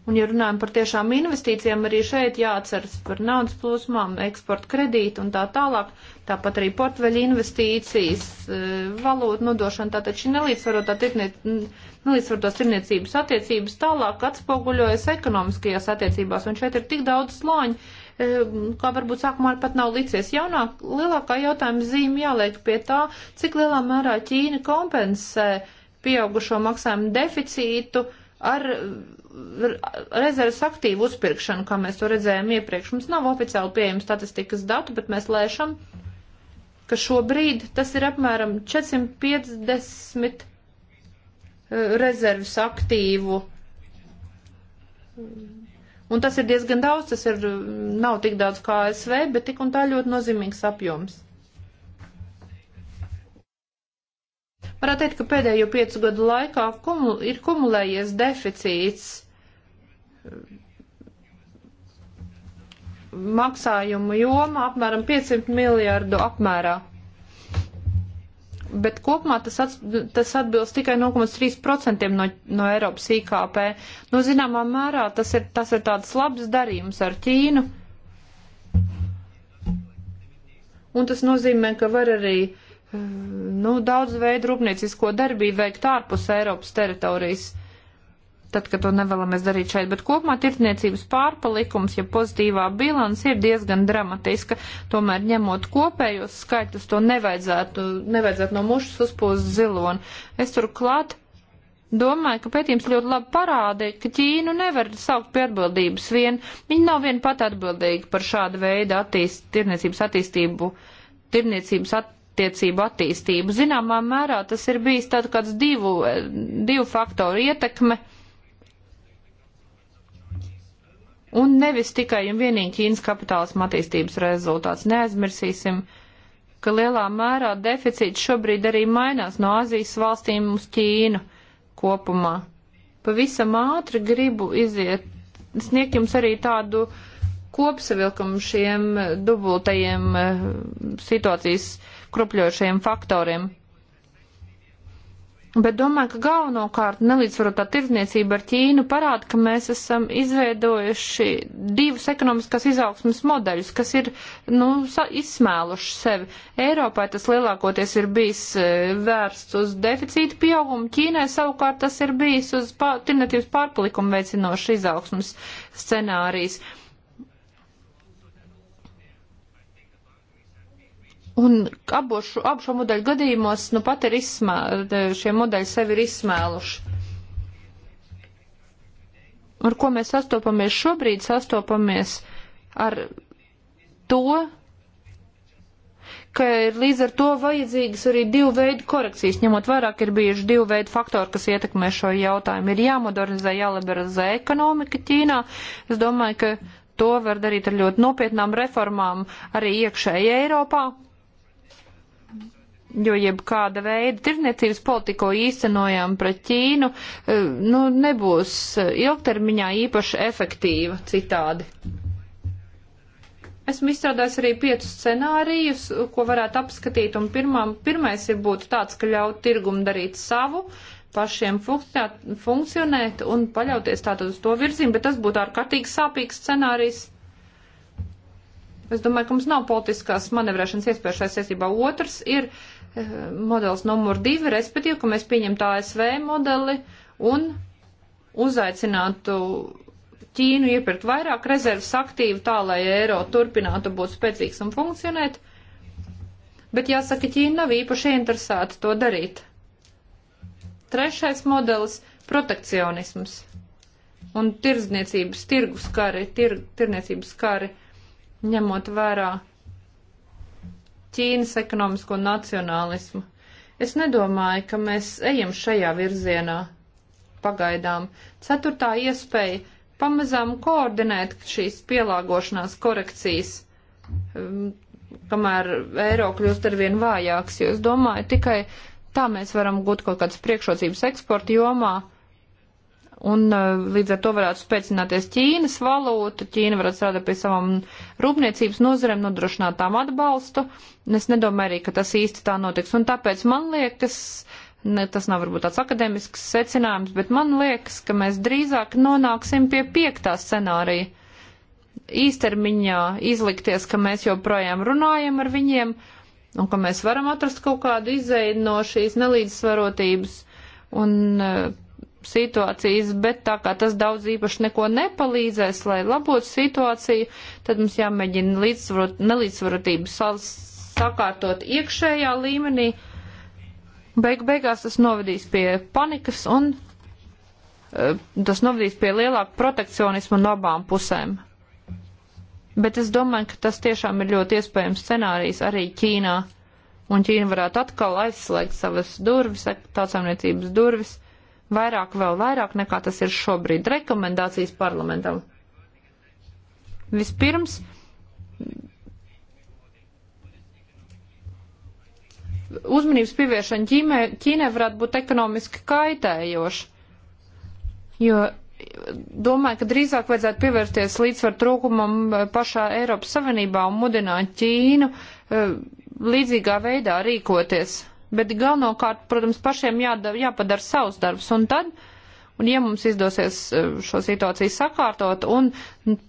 Un, ja runājam par tiešām investīcijām, arī šeit jāatceras par naudas plūsmām, eksporta kredītu un tā tālāk, tāpat arī portveļa investīcijas, e, valūtu nodošana, tātad šī nelīdzsvarotā nelīdzsvarotās tirniecības attiecības tālāk atspoguļojas ekonomiskajās attiecībās, un šeit ir tik daudz slāņu, e, kā varbūt sākumā pat nav licies. Jaunāk, lielākā jautājuma zīme jāliek pie tā, cik lielā mērā Ķīna kompensē pieaugušo maksājumu deficītu ar rezerves aktīvu uzpirkšanu, kā mēs to redzējām iepriekš. Mums nav oficiāli pieejams statistikas datu, bet mēs lēšam, ka šobrīd tas ir apmēram 450 e, rezerves aktīvu. Un tas ir diezgan daudz, tas ir, mm, nav tik daudz kā ASV, bet tik un tā ļoti nozīmīgs apjoms. Varētu teikt, ka pēdējo piecu gadu laikā kumu, ir kumulējies deficīts maksājumu joma apmēram 500 miljārdu apmērā. Bet kopumā tas, at, tas atbilst tikai 0,3% no, no Eiropas IKP. Nu, zināmā mērā tas ir, tas ir tāds labs darījums ar Ķīnu. Un tas nozīmē, ka var arī eh, nu, daudz veidu rūpniecisko darbību veikt ārpus Eiropas teritorijas. Uh, tad, kad to nevēlamies darīt šeit, bet kopumā tirdzniecības pārpalikums, ja pozitīvā bilans ir diezgan dramatiska, tomēr ņemot kopējos skaitļus, to nevajadzētu, nevajadzētu no mušas uzpūst ziloni. Es turklāt domāju, ka pētījums ļoti labi parādīja, ka Ķīnu nevar saukt pie atbildības vien. Viņi nav vien pat atbildīgi par šādu veidu attīst, tirniecības attīstību, tirniecības attiecību attīstību. Zināmā mērā tas ir bijis tāds kāds divu, divu faktoru ietekme un nevis tikai un vienīgi Ķīnas kapitālisma attīstības rezultāts. Neaizmirsīsim, ka lielā mērā deficīts šobrīd arī mainās no Azijas valstīm uz Ķīnu kopumā. Pavisam ātri gribu iziet, sniegt jums arī tādu kopsavilkumu šiem dubultajiem eh, situācijas krupļošajiem faktoriem. Bet domāju, ka galvenokārt nelīdzsvarotā tirdzniecība ar Ķīnu parāda, ka mēs esam izveidojuši divus ekonomiskās izaugsmas modeļus, kas ir nu, izsmēluši sevi. Eiropai tas lielākoties ir bijis e, vērsts uz deficīta pieaugumu, Ķīnai savukārt tas ir bijis uz pār, tirnatības pārpalikumu veicinošu izaugsmas scenārijas. Uh, Un abos, abu šo modeļu gadījumos, nu pat ir izsmē, šie modeļi sevi ir izsmēluši. Ar ko mēs sastopamies šobrīd? Sastopamies ar to, ka ir līdz ar to vajadzīgas arī divu veidu korekcijas, ņemot vairāk ir bijuši divu veidu faktori, kas ietekmē šo jautājumu. Ir jāmodernizē, jāliberalizē ekonomika Ķīnā. Es domāju, ka to var darīt ar ļoti nopietnām reformām arī iekšēji Eiropā jo jebkāda veida tirniecības politiko īstenojam pret Ķīnu, eh, nu, nebūs eh, ilgtermiņā īpaši efektīva citādi. Esmu izstrādājis arī piecus scenārijus, ko varētu apskatīt, un pirmām, pirmais ir būtu tāds, ka ļaut tirgumu darīt savu, pašiem funkcionēt, funkcionēt un paļauties tātad uz to virzību, bet tas būtu ārkārtīgi sāpīgs scenārijs. Es domāju, ka mums nav politiskās manevrēšanas iespējas šajā saistībā. Otrs ir uh, modelis numur divi, respektīvi, ka mēs pieņemtu ASV modeli un uzaicinātu Ķīnu iepirkt vairāk rezerves aktīvu tā, lai eiro turpinātu būt spēcīgs un funkcionēt. Bet jāsaka, Ķīna nav īpaši interesēta to darīt. Trešais modelis - protekcionisms un tirdzniecības tirgus kari, tir, tirniecības kari, ņemot vērā Ķīnas ekonomisko nacionālismu. Es nedomāju, ka mēs ejam šajā virzienā pagaidām. Ceturtā iespēja pamazām koordinēt šīs pielāgošanās korekcijas, um, kamēr eiro kļūst arvien vājāks, jo es domāju, tikai tā mēs varam gūt kaut kādas priekšrocības eksporta jomā Un uh, līdz ar to varētu spēcināties Ķīnas valūta, Ķīna varētu strādāt pie savām rūpniecības nozarēm, nodrošināt tām atbalstu. Es nedomāju arī, ka tas īsti tā notiks. Un tāpēc man liekas, ne, tas nav varbūt tāds akadēmisks secinājums, bet man liekas, ka mēs drīzāk nonāksim pie piektā scenārija. Īstermiņā izlikties, ka mēs joprojām runājam ar viņiem un ka mēs varam atrast kaut kādu izēju no šīs nelīdzsvarotības. Un uh, situācijas, bet tā kā tas daudz īpaši neko nepalīdzēs, lai labotu situāciju, tad mums jāmēģina līdzsvarot, nelīdzsvarotību sakārtot iekšējā līmenī. Beig beigās tas novedīs pie panikas un eh, tas novadīs pie lielāka protekcionisma no abām pusēm. Bet es domāju, ka tas tiešām ir ļoti iespējams scenārijs arī Ķīnā. Un Ķīna varētu atkal aizslēgt savas durvis, tautsāmniecības durvis, vairāk, vēl vairāk nekā tas ir šobrīd. Rekomendācijas parlamentam. Vispirms uzmanības pievēršana ģimē, Ķīnai varētu būt ekonomiski kaitējoša, jo domāju, ka drīzāk vajadzētu pievērsties līdzsvaru trūkumam eh, pašā Eiropas Savienībā un mudināt Ķīnu eh, līdzīgā veidā rīkoties bet galvenokārt, protams, pašiem jādara, jāpadara savs darbs. Un tad, un ja mums izdosies eh, šo situāciju sakārtot un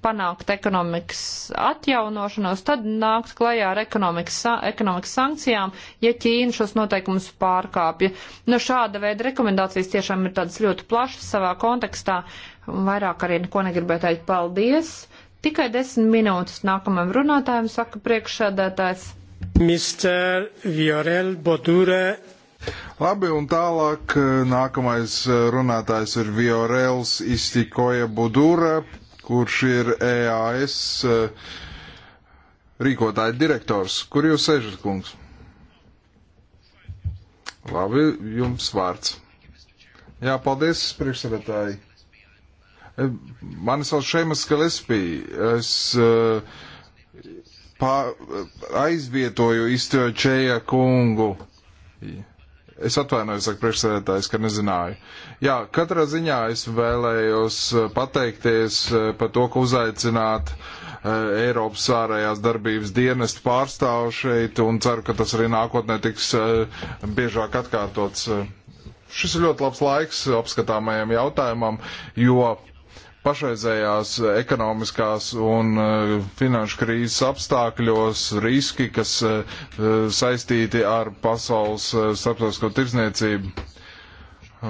panākt ekonomikas atjaunošanos, tad nākt klajā ar ekonomikas, ekonomikas sankcijām, ja Ķīna šos noteikumus pārkāpja. Nu, šāda veida rekomendācijas tiešām ir tādas ļoti plašas savā kontekstā, un vairāk arī neko negribētu teikt paldies. Tikai desmit minūtes nākamajam runātājam saka priekšsēdētājs. Mr. Viorel Bodure. Labi, un tālāk eh, nākamais eh, runātājs ir Viorels Istikoja Budura, kurš ir EAS eh, rīkotāja direktors. Kur jūs sežat, kungs? Labi, jums vārds. Jā, paldies, priekšsēdētāji. Mani sauc Šeimas Kalespī. Es uh, pā, aizvietoju Istiočēja kungu. Es atvainojos, saka priekšsēdētājs, ka nezināju. Jā, katrā ziņā es vēlējos eh, pateikties eh, par to, ka uzaicināt eh, Eiropas ārējās darbības dienestu pārstāvu šeit un ceru, ka tas arī nākotnē tiks biežāk atkārtots. Šis ir ļoti labs laiks apskatāmajam jautājumam, jo pašreizējās ekonomiskās un eh, finanšu krīzes apstākļos riski, kas eh, saistīti ar pasaules eh, starptautisko tirzniecību.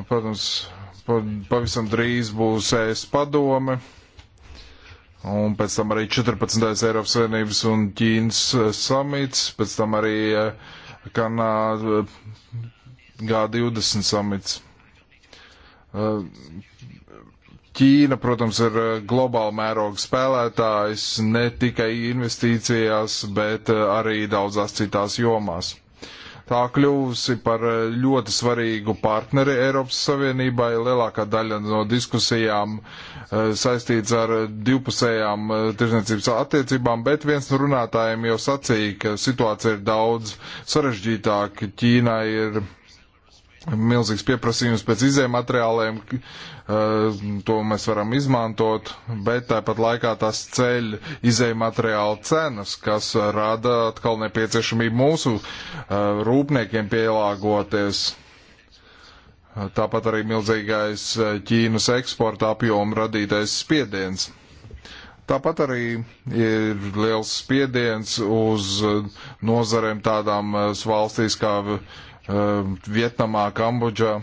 Protams, pavisam drīz būs ES padome. Un pēc tam arī 14. Eiropas Savienības un Ķīnas samits, pēc tam arī Kanāda G20 samits. Ķīna, protams, ir eh, globāla mēroga spēlētājs ne tikai investīcijās, bet eh, arī daudzās citās jomās. Tā kļuvusi par eh, ļoti svarīgu partneri Eiropas Savienībai. Lielākā daļa no diskusijām saistīts ar divpusējām tirzniecības attiecībām, bet viens no runātājiem jau sacīja, ka situācija ir daudz sarežģītāka. Ķīnai ir milzīgs pieprasījums pēc izējiem materiāliem, eh, to mēs varam izmantot, bet tāpat laikā tas ceļ izējiem materiālu cenas, kas rada atkal nepieciešamību mūsu eh, rūpniekiem pielāgoties. Tāpat arī milzīgais eh, Ķīnas eksporta apjoma radītais spiediens. Tāpat arī ir liels spiediens uz nozarēm tādām valstīs kā uh, Um, Vietnamā, Kambodžā.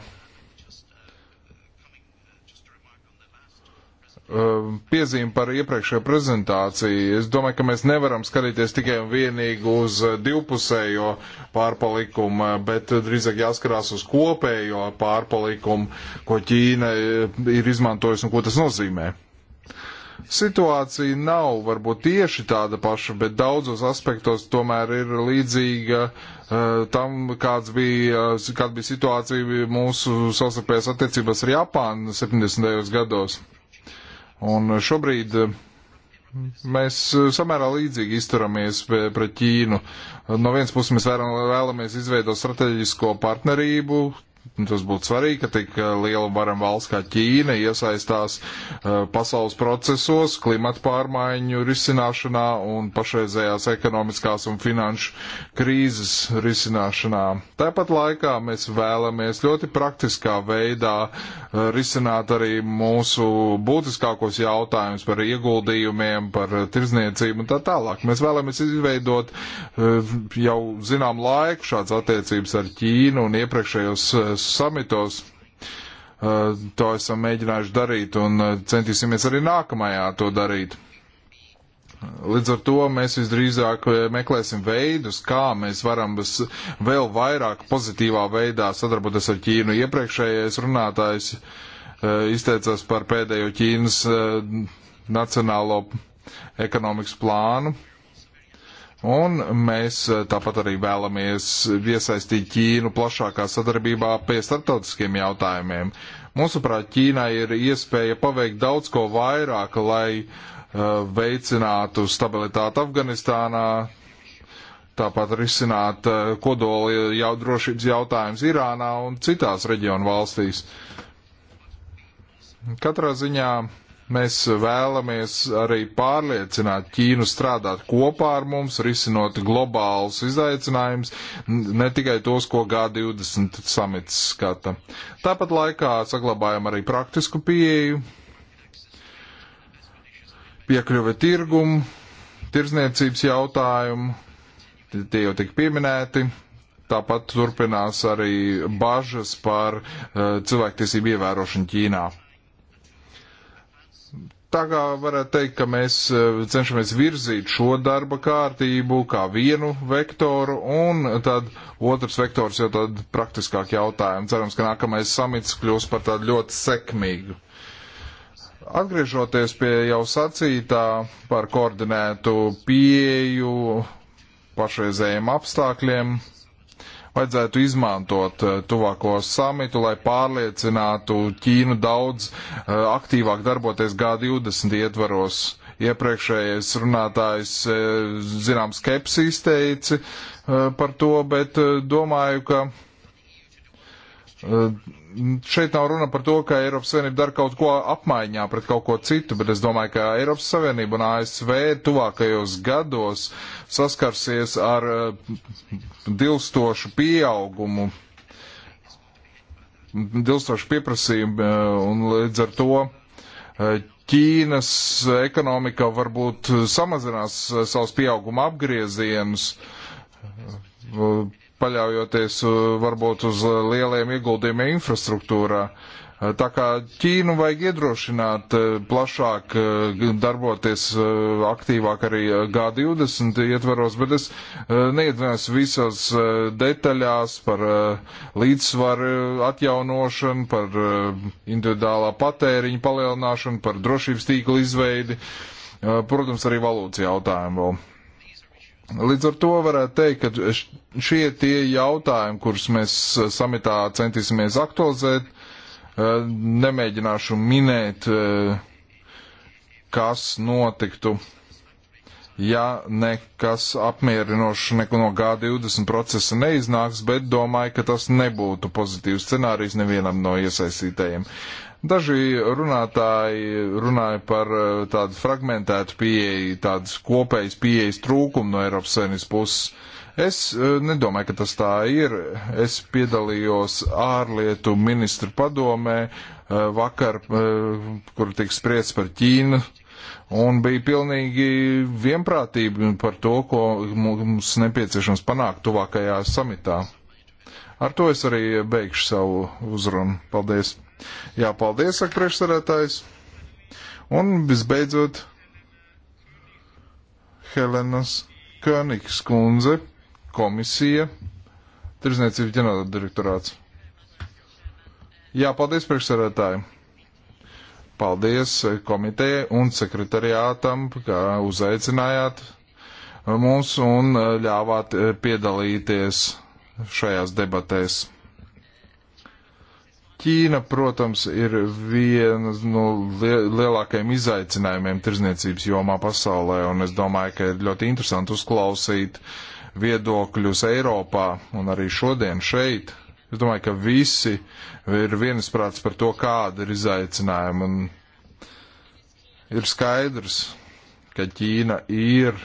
Um, piezīme par iepriekšējo prezentāciju. Es domāju, ka mēs nevaram skatīties tikai un vienīgi uz uh, divpusējo pārpalikumu, bet drīzāk jāskarās uz kopējo pārpalikumu, ko Ķīna uh, ir izmantojusi un ko tas nozīmē. Situācija nav varbūt tieši tāda paša, bet daudzos aspektos tomēr ir līdzīga uh, tam, kāds bija, eh, kāda bija situācija mūsu savstarpējās attiecībās ar Japānu 70. gados. Un šobrīd eh, Mēs samērā līdzīgi izturamies pret Ķīnu. No vienas puses mēs vēlamies izveidot strateģisko partnerību, tas būtu svarīgi, ka tik eh, liela varam valsts kā Ķīna iesaistās uh, pasaules procesos, klimata pārmaiņu risināšanā un pašreizējās ekonomiskās un finanšu krīzes risināšanā. Tāpat laikā mēs vēlamies ļoti praktiskā veidā uh, risināt arī mūsu būtiskākos jautājumus par ieguldījumiem, par tirzniecību un tā tālāk. Mēs vēlamies izveidot uh, jau zinām laiku šāds attiecības ar Ķīnu un iepriekšējos samitos. Eh, to esam mēģinājuši darīt un eh, centīsimies arī nākamajā to darīt. Līdz ar to mēs visdrīzāk eh, meklēsim veidus, kā mēs varam vēl vairāk pozitīvā veidā sadarboties ar Ķīnu. Iepriekšējais runātājs izteicās par pēdējo Ķīnas nacionālo ekonomikas plānu. Un mēs eh, tāpat arī vēlamies iesaistīt Ķīnu plašākā sadarbībā pie starptautiskiem jautājumiem. Mūsuprāt, Ķīnai ir iespēja paveikt daudz ko vairāk, lai uh, veicinātu stabilitāti Afganistānā, tāpat risināt uh, eh, kodoli jau drošības jautājums Irānā un citās reģionu valstīs. Katrā ziņā Mēs vēlamies arī pārliecināt Ķīnu strādāt kopā ar mums, risinot globālus izaicinājumus, ne tikai tos, ko G20 samits skata. Tāpat laikā saglabājam arī praktisku pieeju, piekļuve tirgumu, tirzniecības jautājumu, tie jau tik pieminēti. Tāpat turpinās arī bažas par uh, cilvēktiesību ievērošanu Ķīnā. Tā kā varētu teikt, ka mēs eh, cenšamies virzīt šo darba kārtību kā vienu vektoru, un tad otrs vektors jau tad praktiskāk jautājumu. Cerams, ka nākamais samits kļūs par tādu ļoti sekmīgu. Atgriežoties pie jau sacītā par koordinētu pieju pašreizējiem apstākļiem, vajadzētu izmantot eh, tuvāko samitu, lai pārliecinātu Ķīnu daudz eh, aktīvāk darboties G20 ietvaros. Iepriekšējais runātājs, eh, zinām, skepsi izteici par to, bet domāju, ka šeit nav runa par to, ka Eiropas Savienība dara kaut ko apmaiņā pret kaut ko citu, bet es domāju, ka Eiropas Savienība un ASV tuvākajos gados saskarsies ar eh, dilstošu pieaugumu, dilstošu pieprasījumu eh, un līdz ar to eh, Ķīnas ekonomika varbūt samazinās savus pieauguma apgriezienus paļaujoties uh, varbūt uz uh, lieliem ieguldījumiem infrastruktūrā. Uh, tā kā Ķīnu vajag iedrošināt plašāk darboties aktīvāk arī G20 ietvaros, bet es neiedzināšu visās detaļās par līdzsvaru atjaunošanu, par individuālā patēriņa palielināšanu, par drošības tīkla izveidi, protams, arī valūtas jautājumu vēl. Līdz ar to varētu teikt, ka šie tie jautājumi, kurus mēs eh, samitā centīsimies aktualizēt. Eh, nemēģināšu minēt, eh, kas notiktu, ja nekas apmierinošs neko no G20 procesa neiznāks, bet domāju, ka tas nebūtu pozitīvs scenārijs nevienam no iesaistītajiem. Daži runātāji runāja par tādu fragmentētu pieeju, tādas kopējas pieejas trūkumu no Eiropas Savienības puses. Es eh, nedomāju, ka tas tā ir. Es piedalījos ārlietu ministru padomē eh, vakar, eh, kur tiks spriests par Ķīnu. Un bija pilnīgi vienprātība par to, ko mums nepieciešams panākt tuvākajā samitā. Ar to es arī beigšu savu uzrunu. Paldies! Jā, paldies, saka priekšsarētājs. Un visbeidzot, Helenas Königs kundze komisija, Tirzniecības ģenerāla direktorāts. Jā, paldies priekšsarētāji. Paldies komitejai un sekretariātam, ka uzaicinājāt mūs un ļāvāt piedalīties šajās debatēs. Ķīna, protams, ir viens no lielākajiem izaicinājumiem tirzniecības jomā pasaulē, un es domāju, ka ir ļoti interesanti uzklausīt uh, viedokļus Eiropā un arī šodien šeit. Es domāju, ka visi ir viensprāts par to, kāda ir izaicinājuma. Un ir skaidrs, ka Ķīna ir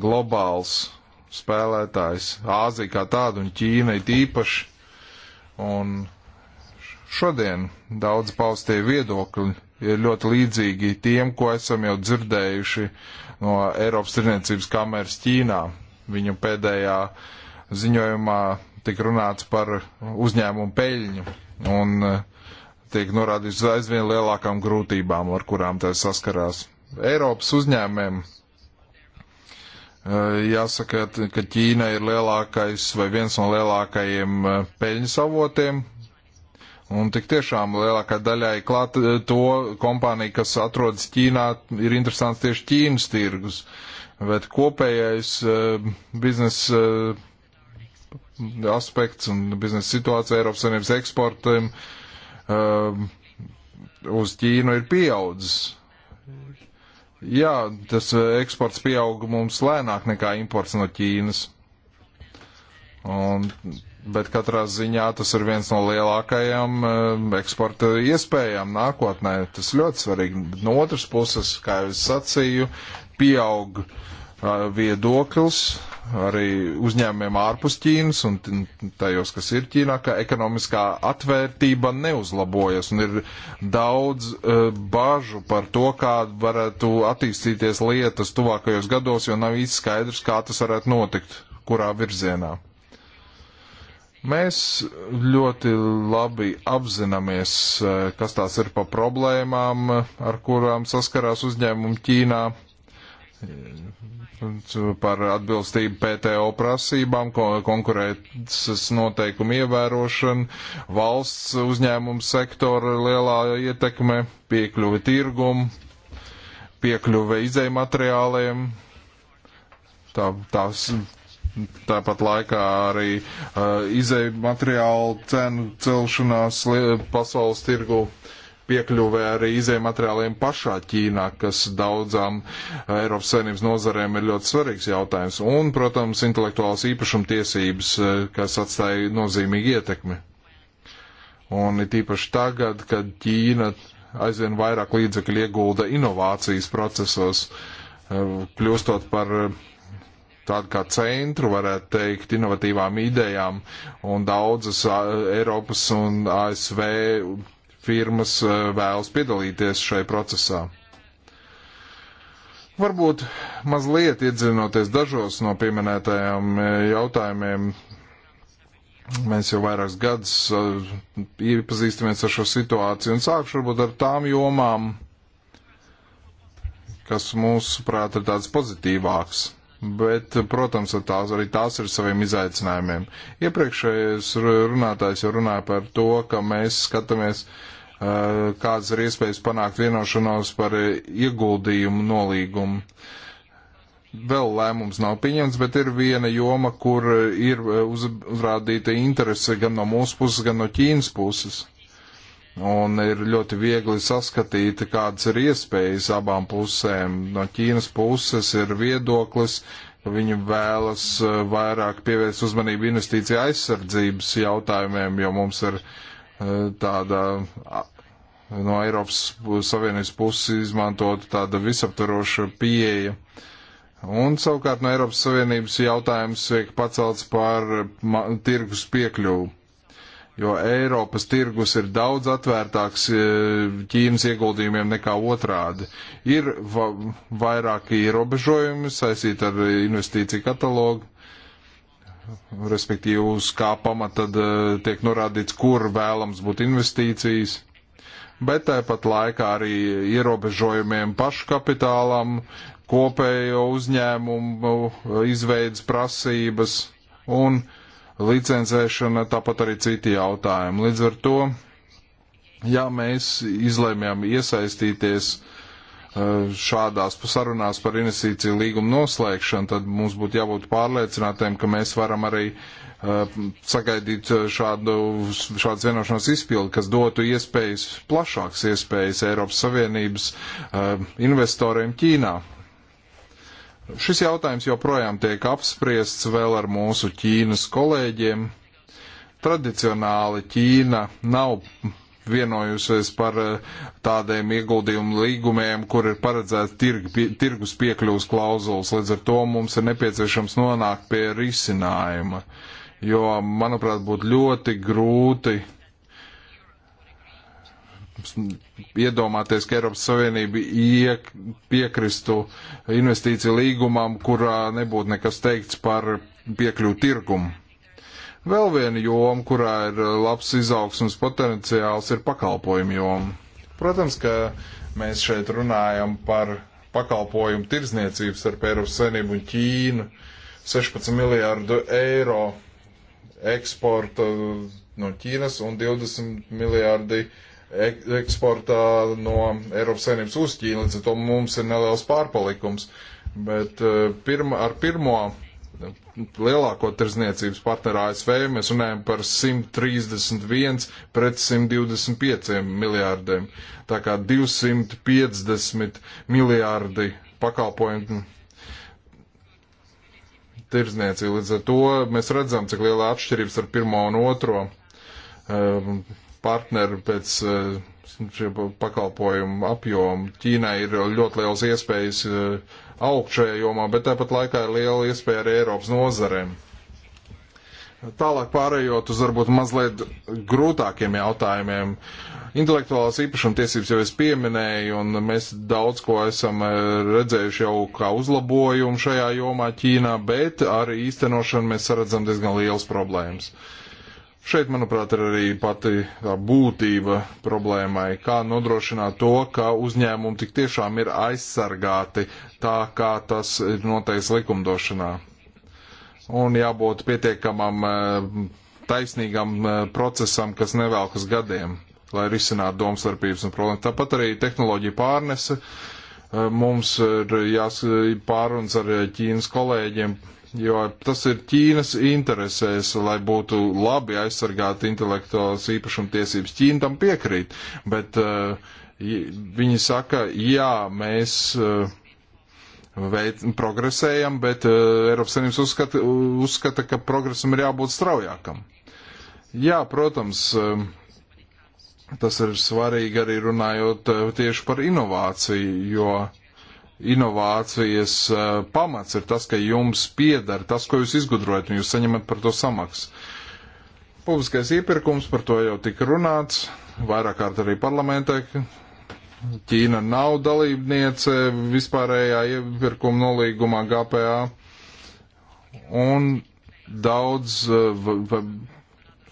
globāls spēlētājs. Āzija kā tāda un Ķīna ir īpaši. Un šodien daudz paustie viedokļi ir ļoti līdzīgi tiem, ko esam jau dzirdējuši no Eiropas Tirniecības kameras Ķīnā. Viņu pēdējā ziņojumā tik runāts par uzņēmumu peļņu un e, tiek norādīts aizvien lielākām grūtībām, ar kurām tā saskarās. Eiropas uzņēmēm e, jāsaka, ka Ķīna ir lielākais vai viens no lielākajiem e, peļņas avotiem. Un tik tiešām lielākā daļai klāt to kompāniju, kas atrodas Ķīnā, ir interesants tieši Ķīnas tirgus. Uh, bet kopējais eh, biznesa eh, aspekts un biznesa situācija Eiropas Savienības eksportiem eh, uz Ķīnu ir pieaudzis. Jā, tas eksports pieauga mums lēnāk nekā imports no Ķīnas. Un, bet katrā ziņā tas ir viens no lielākajiem eksporta iespējām nākotnē. Tas ļoti svarīgi. No otras puses, kā jau es sacīju, pieaug uh, viedoklis arī uzņēmumiem ārpus Ķīnas un tajos, kas ir Ķīnā, ka ekonomiskā atvērtība neuzlabojas un ir daudz uh, bažu par to, kā varētu attīstīties lietas tuvākajos gados, jo nav īsti skaidrs, kā tas varētu notikt, kurā virzienā. Mēs ļoti labi apzināmies, uh, kas tās ir pa problēmām, ar kurām saskarās uzņēmumi Ķīnā par atbilstību PTO prasībām, konkurētas noteikumu ievērošanu, valsts uzņēmumu sektora lielā ietekme, piekļuve tirgumu, piekļuve izēju materiāliem. Tā, tās, tāpat laikā arī uh, izēju materiālu cenu celšanās pasaules tirgu. Uh, piekļuvē arī izējai materiāliem pašā Ķīnā, kas daudzām eh, Eiropas saimnības nozarēm ir ļoti svarīgs jautājums. Un, protams, intelektuālas īpašuma tiesības, eh, kas atstāja nozīmīgi ietekmi. Un it īpaši tagad, kad Ķīna aizvien vairāk līdzekļu iegulda inovācijas procesos, eh, kļūstot par tādu kā centru, varētu teikt, inovatīvām idejām, un daudzas Eiropas un ASV firmas eh, vēlas piedalīties šai procesā. Varbūt mazliet iedzinoties dažos no pieminētajiem eh, jautājumiem, mēs jau vairākus gadus eh, iepazīstamies ar šo situāciju un sākšu varbūt ar tām jomām, kas mūsuprāt ir tāds pozitīvāks bet, protams, tās, arī tās ir saviem izaicinājumiem. Iepriekšējais runātājs jau runāja par to, ka mēs skatāmies, eh, kādas ir iespējas panākt vienošanos par eh, ieguldījumu nolīgumu. Vēl lēmums nav pieņemts, bet ir viena joma, kur eh, ir uz, uzrādīta interese gan no mūsu puses, gan no Ķīnas puses. Uh, Un ir ļoti viegli saskatīt, kādas ir iespējas abām pusēm. No Ķīnas puses ir viedoklis, ka viņi vēlas eh, vairāk pievērst uzmanību investīcija aizsardzības jautājumiem, jo mums ir eh, tāda no Eiropas Savienības puses izmantota tāda visaptvaroša pieeja. Un savukārt no Eiropas Savienības jautājums tiek pacelts par eh, tirgus piekļuvu jo Eiropas tirgus ir daudz atvērtāks e, Ķīnas ieguldījumiem nekā otrādi. Ir va vairāki ierobežojumi saistīti ar investīciju katalogu, respektīvi uz kā pamata tad e, tiek norādīts, kur vēlams būt investīcijas, bet tāpat laikā arī ierobežojumiem pašu kapitālam, kopējo uzņēmumu e, izveidas prasības un uh, licencēšana, tāpat arī citi jautājumi. Līdz ar to, ja mēs izlēmjam iesaistīties uh, šādās sarunās par investīciju līgumu noslēgšanu, tad mums būtu jābūt pārliecinātiem, ka mēs varam arī uh, sagaidīt uh, šādu, šādas vienošanās izpildi, kas dotu iespējas, plašākas iespējas Eiropas Savienības investoriem Ķīnā. Šis jautājums joprojām tiek apspriests vēl ar mūsu Ķīnas kolēģiem. Tradicionāli Ķīna nav vienojusies par eh, tādiem ieguldījumu līgumiem, kur ir paredzēts tirg, tirgus piekļuvs klauzulas. Līdz ar to mums ir nepieciešams nonākt pie risinājuma, jo, manuprāt, būtu ļoti grūti uh, iedomāties, ka Eiropas Savienība iek, piekristu investīciju līgumam, kurā nebūtu nekas teikts par piekļuvu tirgumu. Vēl viena joma, kurā ir labs izaugsmas potenciāls, ir pakalpojumu joma. Protams, ka mēs šeit runājam par pakalpojumu tirzniecības starp Eiropas Savienību un Ķīnu. 16 miljārdu eiro eksporta no Ķīnas un 20 miljārdi eiro eksportā no Eiropas Savienības uz Ķīnu, līdz ar to mums ir neliels pārpalikums. Bet eh, pirma, ar pirmo lielāko tirzniecības partneru ASV mēs runājam par 131 pret 125 miljārdiem. Tā kā 250 miljārdi pakalpojumu tirzniecību. Līdz ar to mēs redzam, cik liela atšķirības ar pirmo un otro um, partneri pēc eh, pakalpojumu apjomu. Ķīnai ir ļoti liels iespējas eh, augt šajā jomā, bet tāpat laikā ir liela iespēja arī Eiropas nozarēm. Tālāk pārējot uz varbūt mazliet grūtākiem jautājumiem. Intelektuālās īpašuma tiesības jau es pieminēju, un mēs daudz ko esam eh, redzējuši jau kā uzlabojumu šajā jomā Ķīnā, bet ar īstenošanu mēs saredzam diezgan liels problēmas. Uh, Šeit, manuprāt, ir arī pati būtība problēmai, kā nodrošināt to, ka uzņēmumi tik tiešām ir aizsargāti tā, kā tas ir noteikts likumdošanā. Un jābūt pietiekamam eh, taisnīgam eh, procesam, kas nevelkas gadiem, lai risinātu domstarpības un problēmas. Tāpat arī tehnoloģija pārnese. Eh, mums ir jāspārunas ar Ķīnas kolēģiem jo tas ir Ķīnas interesēs, lai būtu labi aizsargāti intelektuālas īpašuma tiesības. Ķīna tam piekrīt, bet uh, viņi saka, jā, mēs. Uh, eh, Veid, progresējam, bet uh, Eiropas Savienības uzskata, uzskata, ka progresam ir jābūt straujākam. Jā, protams, uh, tas ir svarīgi arī runājot uh, tieši par inovāciju, jo uh, inovācijas eh, pamats ir tas, ka jums pieder tas, ko jūs izgudrojat, un jūs saņemat par to samaksu. Publiskais iepirkums, par to jau tika runāts, vairāk kārt arī parlamentē. Ķīna nav dalībniece vispārējā iepirkuma nolīgumā GPA. Un daudz eh,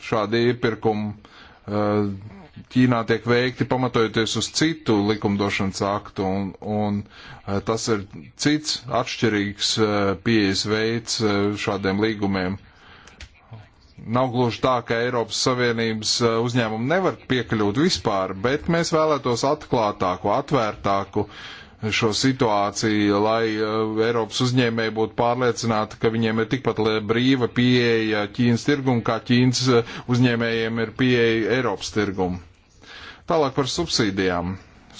šādi iepirkumi eh, Ķīnā tiek veikti pamatojoties uz citu likumdošanas aktu, un, un e, tas ir cits atšķirīgs e, pieejas veids e, šādiem līgumiem. Nav gluži tā, ka Eiropas Savienības uzņēmumi nevar piekļūt vispār, bet mēs vēlētos atklātāku, atvērtāku šo situāciju, lai Eiropas uzņēmēji būtu pārliecināti, ka viņiem ir tikpat brīva pieeja Ķīnas tirgumu, kā Ķīnas uzņēmējiem ir pieeja Eiropas tirgumu. Tālāk par subsīdijām.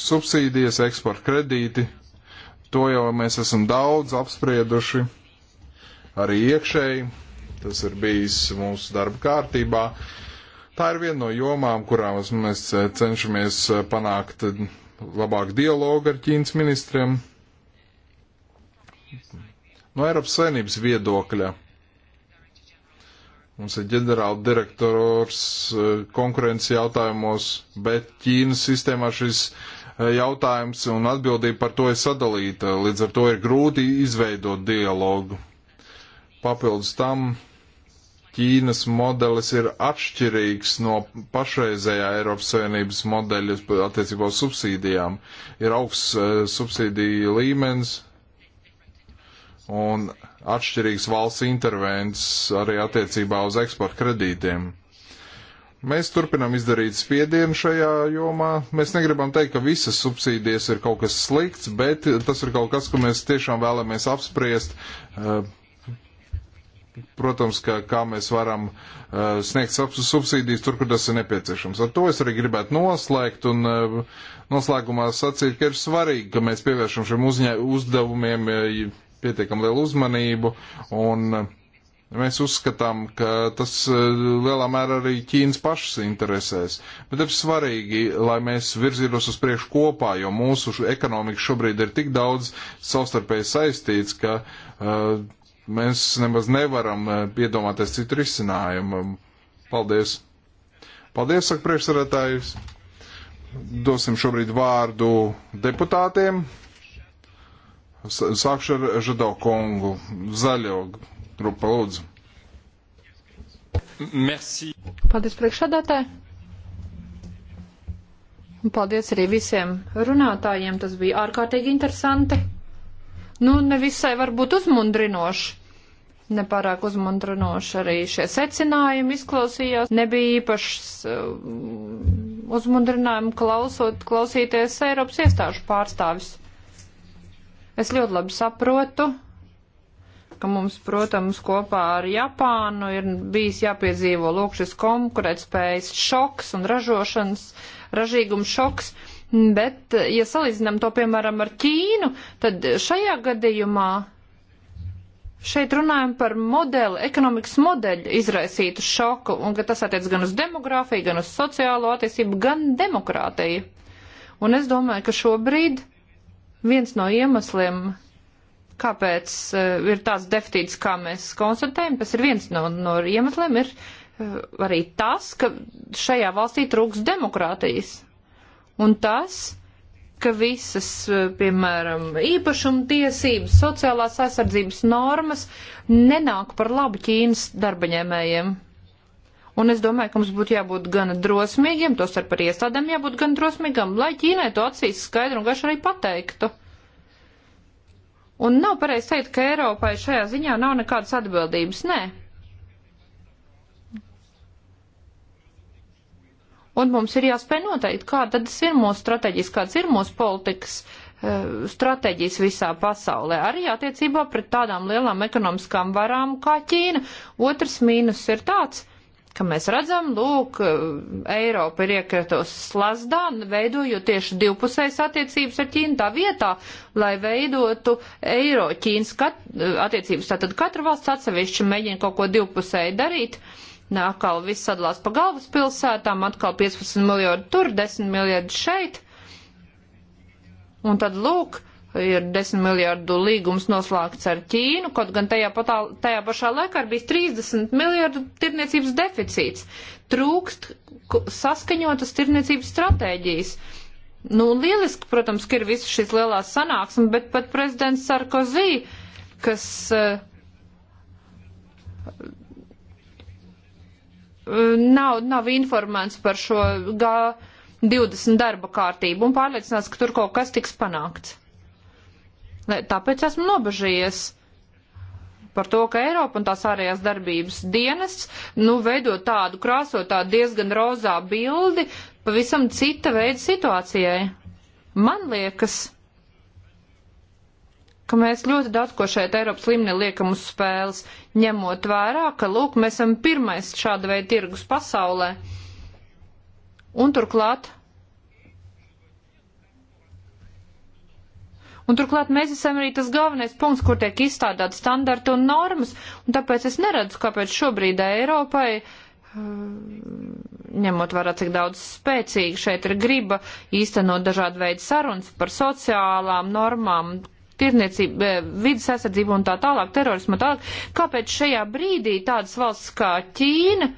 Subsīdijas, eksporta kredīti, to jau mēs esam daudz apsprieduši arī iekšēji. Tas ir bijis mūsu darba kārtībā. Tā ir viena no jomām, kurām mēs eh, cenšamies eh, panākt eh, labāku dialogu ar Ķīnas ministriem. No Eiropas saimnības viedokļa Mums ir ģenerāla direktors e, konkurences jautājumos, bet Ķīnas sistēmā šis e, jautājums un atbildība par to ir sadalīta. Līdz ar to ir grūti izveidot dialogu. Papildus tam Ķīnas modelis ir atšķirīgs no pašreizējā Eiropas Savienības modeļa attiecībā uz subsīdijām. Ir augsts e, subsīdiju līmenis un atšķirīgs valsts intervences arī attiecībā uz eksporta kredītiem. Mēs turpinām izdarīt spiedienu šajā jomā. Mēs negribam teikt, ka visas subsīdijas ir kaut kas slikts, bet tas ir kaut kas, ko mēs tiešām vēlamies apspriest. Eh, protams, ka kā mēs varam eh, sniegt subsīdijas tur, kur tas ir nepieciešams. Ar to es arī gribētu noslēgt un eh, noslēgumā sacīt, ka ir svarīgi, ka mēs pievēršam šiem uzdevumiem pietiekam lielu uzmanību, un mēs uzskatām, ka tas eh, lielā mērā arī Ķīnas pašas interesēs. Bet ir svarīgi, lai mēs virzītos uz priekšu kopā, jo mūsu ekonomika šobrīd ir tik daudz savstarpēji saistīts, ka uh, mēs nemaz nevaram eh, iedomāties citu risinājumu. Paldies! Paldies, saka priekšsarētājs! Dosim šobrīd vārdu deputātiem. Sākšu ar Žado kungu. Zaļo grupa lūdzu. Merci. Paldies priekšādātāji. Paldies arī visiem runātājiem. Tas bija ārkārtīgi interesanti. Nu, nevisai varbūt uzmundrinoši. Nepārāk uzmundrinoši arī šie secinājumi izklausījās. Nebija īpašs uh, uzmundrinājumu klausot, klausīties Eiropas iestāžu pārstāvis. Es ļoti labi saprotu, ka mums, protams, kopā ar Japānu ir bijis jāpiedzīvo lūk šis konkurētspējas šoks un ražošanas, ražīgums šoks, bet, ja salīdzinām to, piemēram, ar Ķīnu, tad šajā gadījumā šeit runājam par modeli, ekonomikas modeļu izraisītu šoku, un ka tas attiec gan uz demogrāfiju, gan uz sociālo attīstību, gan demokrātiju. Un es domāju, ka šobrīd Viens no iemesliem, kāpēc uh, ir tāds deficīts, kā mēs konstatējam, tas ir viens no, no iemesliem, ir uh, arī tas, ka šajā valstī trūks demokrātijas. Un tas, ka visas, eh, piemēram, īpašumtiesības, sociālās aizsardzības normas nenāk par labu Ķīnas darbaņēmējiem. Un es domāju, ka mums būtu jābūt gan drosmīgiem, tos ar par iestādēm jābūt gan drosmīgam, lai Ķīnai to acīs skaidru un gašu arī pateiktu. Un nav pareizi teikt, ka Eiropai šajā ziņā nav nekādas atbildības. Nē. Un mums ir jāspēj noteikt, kā tad ir mūsu strateģijas, kāds ir mūsu politikas uh, eh, stratēģijas visā pasaulē, arī attiecībā pret tādām lielām ekonomiskām varām kā Ķīna. Otrs mīnus ir tāds, uh, ka mēs redzam, lūk, Eiropa ir iekritos slazdā, veidojot tieši divpusējas attiecības ar Ķīnu tā vietā, lai veidotu Eiro-Ķīnas attiecības. Tātad katra valsts atsevišķi mēģina kaut ko divpusēji darīt. Nākal viss sadalās pa galvaspilsētām, atkal 15 miljardi tur, 10 miljardi šeit. Un tad lūk, ir 10 miljardu līgums noslēgts ar Ķīnu, kaut gan tajā, patā, tajā pašā laikā ir bijis 30 miljardu tirniecības deficīts. Trūkst saskaņotas tirniecības stratēģijas. Nu, lieliski, protams, ka ir visas šīs lielās sanāksmes, bet pat prezidents Sarkozī, kas uh, nav, nav informēts par šo G20 darba kārtību un pārliecināts, ka tur kaut kas tiks panākts. Tāpēc esmu nobežījies par to, ka Eiropa un tās ārējās darbības dienas, nu, veido tādu krāsotā diezgan rozā bildi pavisam cita veida situācijai. Man liekas, ka mēs ļoti daudz ko šeit Eiropas līmenī liekam uz spēles, ņemot vērā, ka, lūk, mēs esam pirmais šāda veida tirgus pasaulē. Un turklāt Un turklāt mēs esam arī tas galvenais punkts, kur tiek izstādāt standarti un normas, un tāpēc es neredzu, kāpēc šobrīd Eiropai, hm, ņemot vērā, cik daudz spēcīgi šeit ir griba īstenot dažādu veidu sarunas par sociālām normām, tirniecība, eh, vidas aizsardzība un tā tālāk, terorismu tālāk, kāpēc šajā brīdī tādas valsts kā Ķīna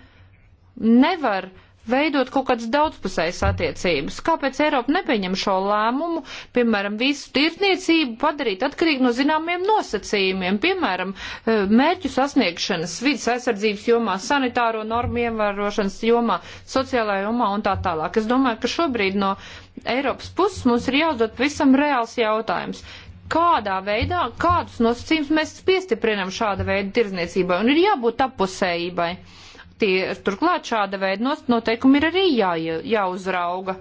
nevar uh, veidot kaut kādas daudzpusējas attiecības. Kāpēc Eiropa nepieņem šo lēmumu, piemēram, visu tirtniecību padarīt atkarīgu no zināmiem nosacījumiem, piemēram, eh, mērķu sasniegšanas, vidas aizsardzības jomā, sanitāro normu ievērošanas jomā, sociālajā jomā un tā tālāk. Es domāju, ka šobrīd no Eiropas puses mums ir jāuzdod visam reāls jautājums kādā veidā, kādus nosacījumus mēs piestiprinam šāda veida tirzniecībai, un ir jābūt apusējībai. Uh, Tie, turklāt šāda veida noteikumi ir arī jā, jāuzrauga.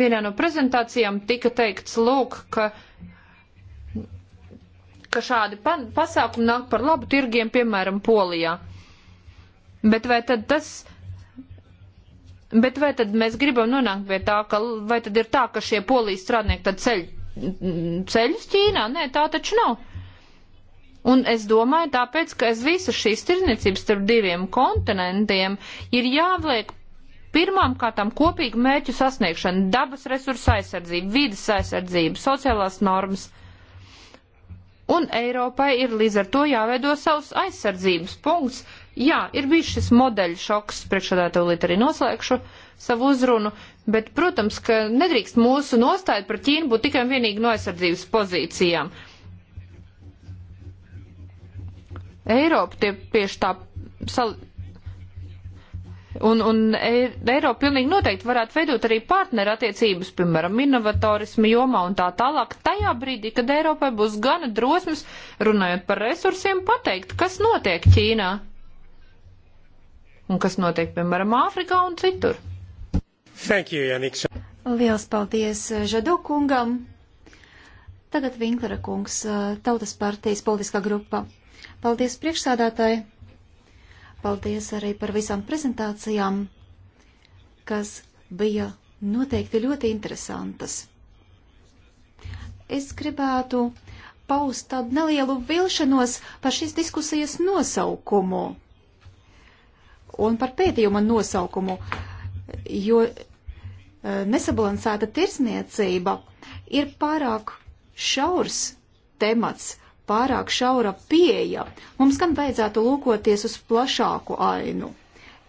Vienā no prezentācijām tika teikts, lūk, ka, ka šādi pa, pasākumi nāk par labu tirgiem, piemēram, Polijā. Bet vai tad tas. Bet vai tad mēs gribam nonākt pie tā, ka vai tad ir tā, ka šie polijas strādnieki tad ceļ, ceļ uz Ķīnā? Nē, tā taču nav. Un es domāju, tāpēc, ka aiz visas šīs tirniecības starp diviem kontinentiem ir jāvliek pirmām kārtām kopīgu mērķu sasniegšanu - dabas resursu aizsardzību, vidas aizsardzību, sociālās normas. Un Eiropai ir līdz ar to jāveido savs aizsardzības punkts. Jā, ir bijis šis modeļu šoks, priekšādā tūlīt arī noslēgšu savu uzrunu, bet, protams, ka nedrīkst mūsu nostāja par Ķīnu būt tikai un vienīgi no aizsardzības pozīcijām. Uh, Eiropa tie tieši tā sal... Un, un Eiropa pilnīgi noteikti varētu veidot arī partneru attiecības, piemēram, inovatorismu jomā un tā tālāk, tajā brīdī, kad Eiropai būs gana drosmes, runājot par resursiem, pateikt, kas notiek Ķīnā un kas notiek, piemēram, Āfrikā un citur. Thank you, Janik. Liels paldies eh, Žadu kungam. Tagad Vinklera kungs, eh, Tautas partijas politiskā grupa. Paldies priekšsādātāji! Paldies arī par visām prezentācijām, kas bija noteikti ļoti interesantas. Es gribētu paust tādu nelielu vilšanos par šīs diskusijas nosaukumu un par pētījuma nosaukumu, jo e, nesabalansēta tirsniecība ir pārāk šaurs temats pārāk šaura pieeja. Mums gan vajadzētu lūkoties uz plašāku ainu.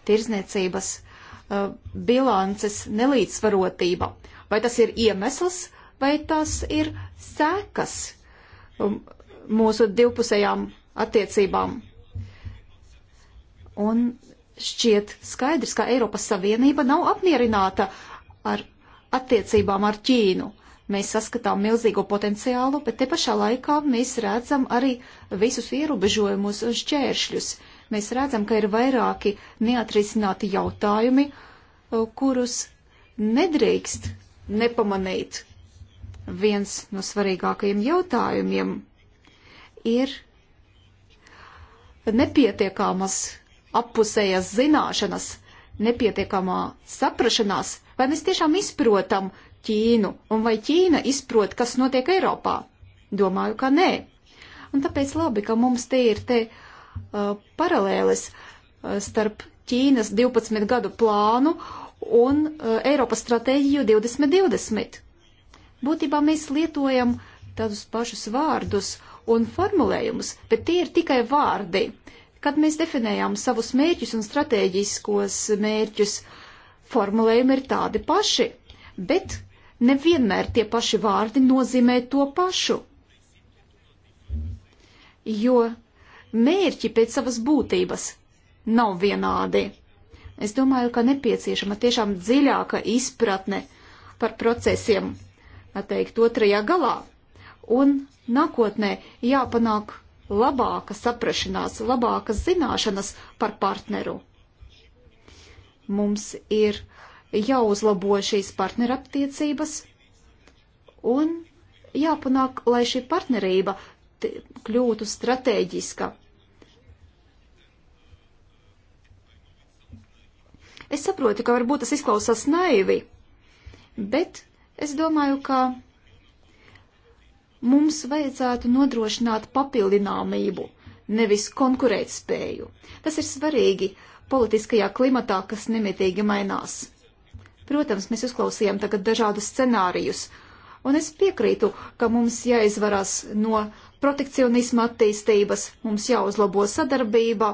Tirzniecības uh, bilances nelīdzsvarotība. Vai tas ir iemesls, vai tas ir sekas um, mūsu divpusējām attiecībām? Un šķiet skaidrs, ka Eiropas Savienība nav apmierināta ar attiecībām ar Ķīnu. Mēs saskatām milzīgo potenciālu, bet te pašā laikā mēs redzam arī visus ierobežojumus un šķēršļus. Mēs redzam, ka ir vairāki neatrisināti jautājumi, uh, kurus nedrīkst nepamanīt. Viens no svarīgākajiem jautājumiem ir nepietiekamas appusējas zināšanas, nepietiekamā saprašanās, vai mēs tiešām izprotam Ķīnu, un vai Ķīna izprot, kas notiek Eiropā? Domāju, ka nē. Un tāpēc labi, ka mums te ir te uh, paralēles uh, starp Ķīnas 12 gadu plānu un uh, Eiropas stratēģiju 2020. Būtībā mēs lietojam tādus pašus vārdus un formulējumus, bet tie ir tikai vārdi. Kad mēs definējām savus mērķus un stratēģiskos mērķus, formulējumi ir tādi paši, bet nevienmēr tie paši vārdi nozīmē to pašu. Jo mērķi pēc savas būtības nav vienādi. Es domāju, ka nepieciešama tiešām dziļāka izpratne par procesiem, teikt, otrajā galā, un nākotnē jāpanāk labāka saprašanās, labākas zināšanas par partneru. Mums ir uh, jāuzlabo šīs partnerattiecības un jāpanāk, lai šī partnerība kļūtu strateģiska. Es saprotu, ka varbūt tas izklausās naivi, bet es domāju, ka mums vajadzētu nodrošināt papildināmību, nevis konkurētspēju. Tas ir svarīgi politiskajā klimatā, kas nemitīgi mainās. Protams, mēs uzklausījām tagad dažādus scenārijus, un es piekrītu, ka mums jāizvarās no protekcionisma attīstības, mums jāuzlabo sadarbība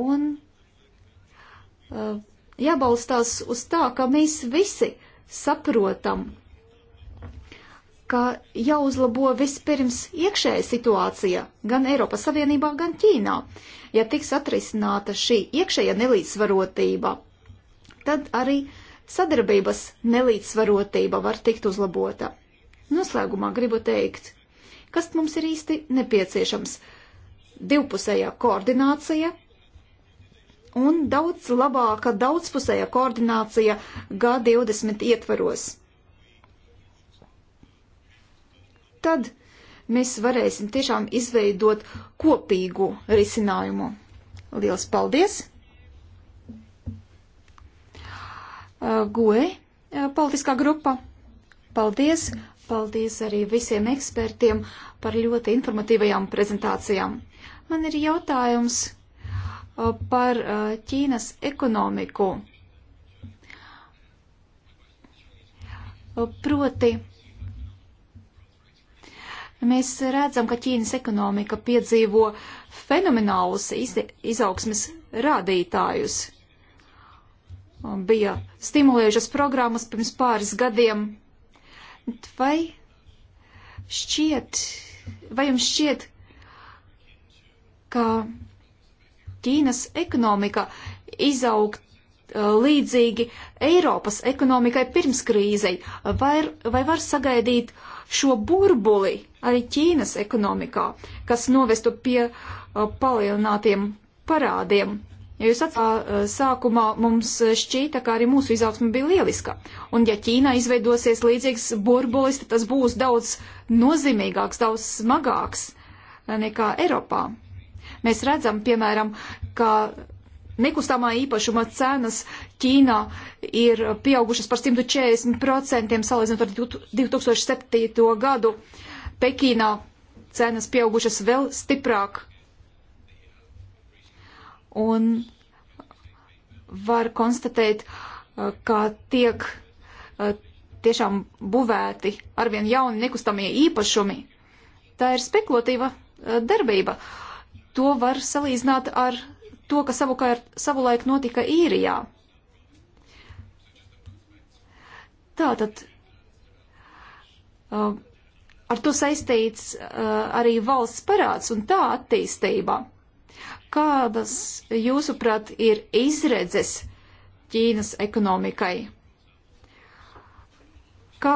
un uh, jābalstās uz tā, ka mēs visi saprotam, ka jāuzlabo vispirms iekšēja situācija gan Eiropas Savienībā, gan Ķīnā. Ja tiks atrisināta šī iekšēja nelīdzsvarotība, tad arī sadarbības nelīdzsvarotība var tikt uzlabota. Noslēgumā gribu teikt, kas mums ir īsti nepieciešams - divpusējā koordinācija un daudz labāka daudzpusējā koordinācija G20 ietvaros. Tad mēs varēsim tiešām izveidot kopīgu risinājumu. Lielas paldies! Uh, GUE uh, politiskā grupa. Paldies! Paldies arī visiem ekspertiem par ļoti informatīvajām prezentācijām. Man ir jautājums uh, par Ķīnas ekonomiku. Proti, mēs redzam, ka Ķīnas ekonomika piedzīvo fenomenālus izaugsmes rādītājus bija stimulējušas programmas pirms pāris gadiem. Vai šķiet, vai jums šķiet, ka Ķīnas ekonomika izaugt uh, līdzīgi Eiropas ekonomikai pirms krīzei, vai, vai var sagaidīt šo burbuli arī Ķīnas ekonomikā, kas novestu pie uh, palielinātiem parādiem Jo jūs atcerāt, sākumā mums šķīta, ka arī mūsu izaugsme bija lieliska. Un ja Ķīnā izveidosies līdzīgs burbulis, tad tas būs daudz nozīmīgāks, daudz smagāks nekā Eiropā. Mēs redzam, piemēram, ka nekustamā īpašuma cenas Ķīnā ir pieaugušas par 140% salīdzinot ar 2007. gadu. Pekīnā cenas pieaugušas vēl stiprāk un var konstatēt, uh, ka tiek uh, tiešām būvēti arvien jauni nekustamie īpašumi. Tā ir spekulatīva uh, darbība. To var salīdzināt ar to, kas savukārt savulaik notika īrijā. Tātad ar to saistīts arī valsts parāds un tā attīstība. Kādas, jūsuprāt, ir izredzes Ķīnas ekonomikai? Kā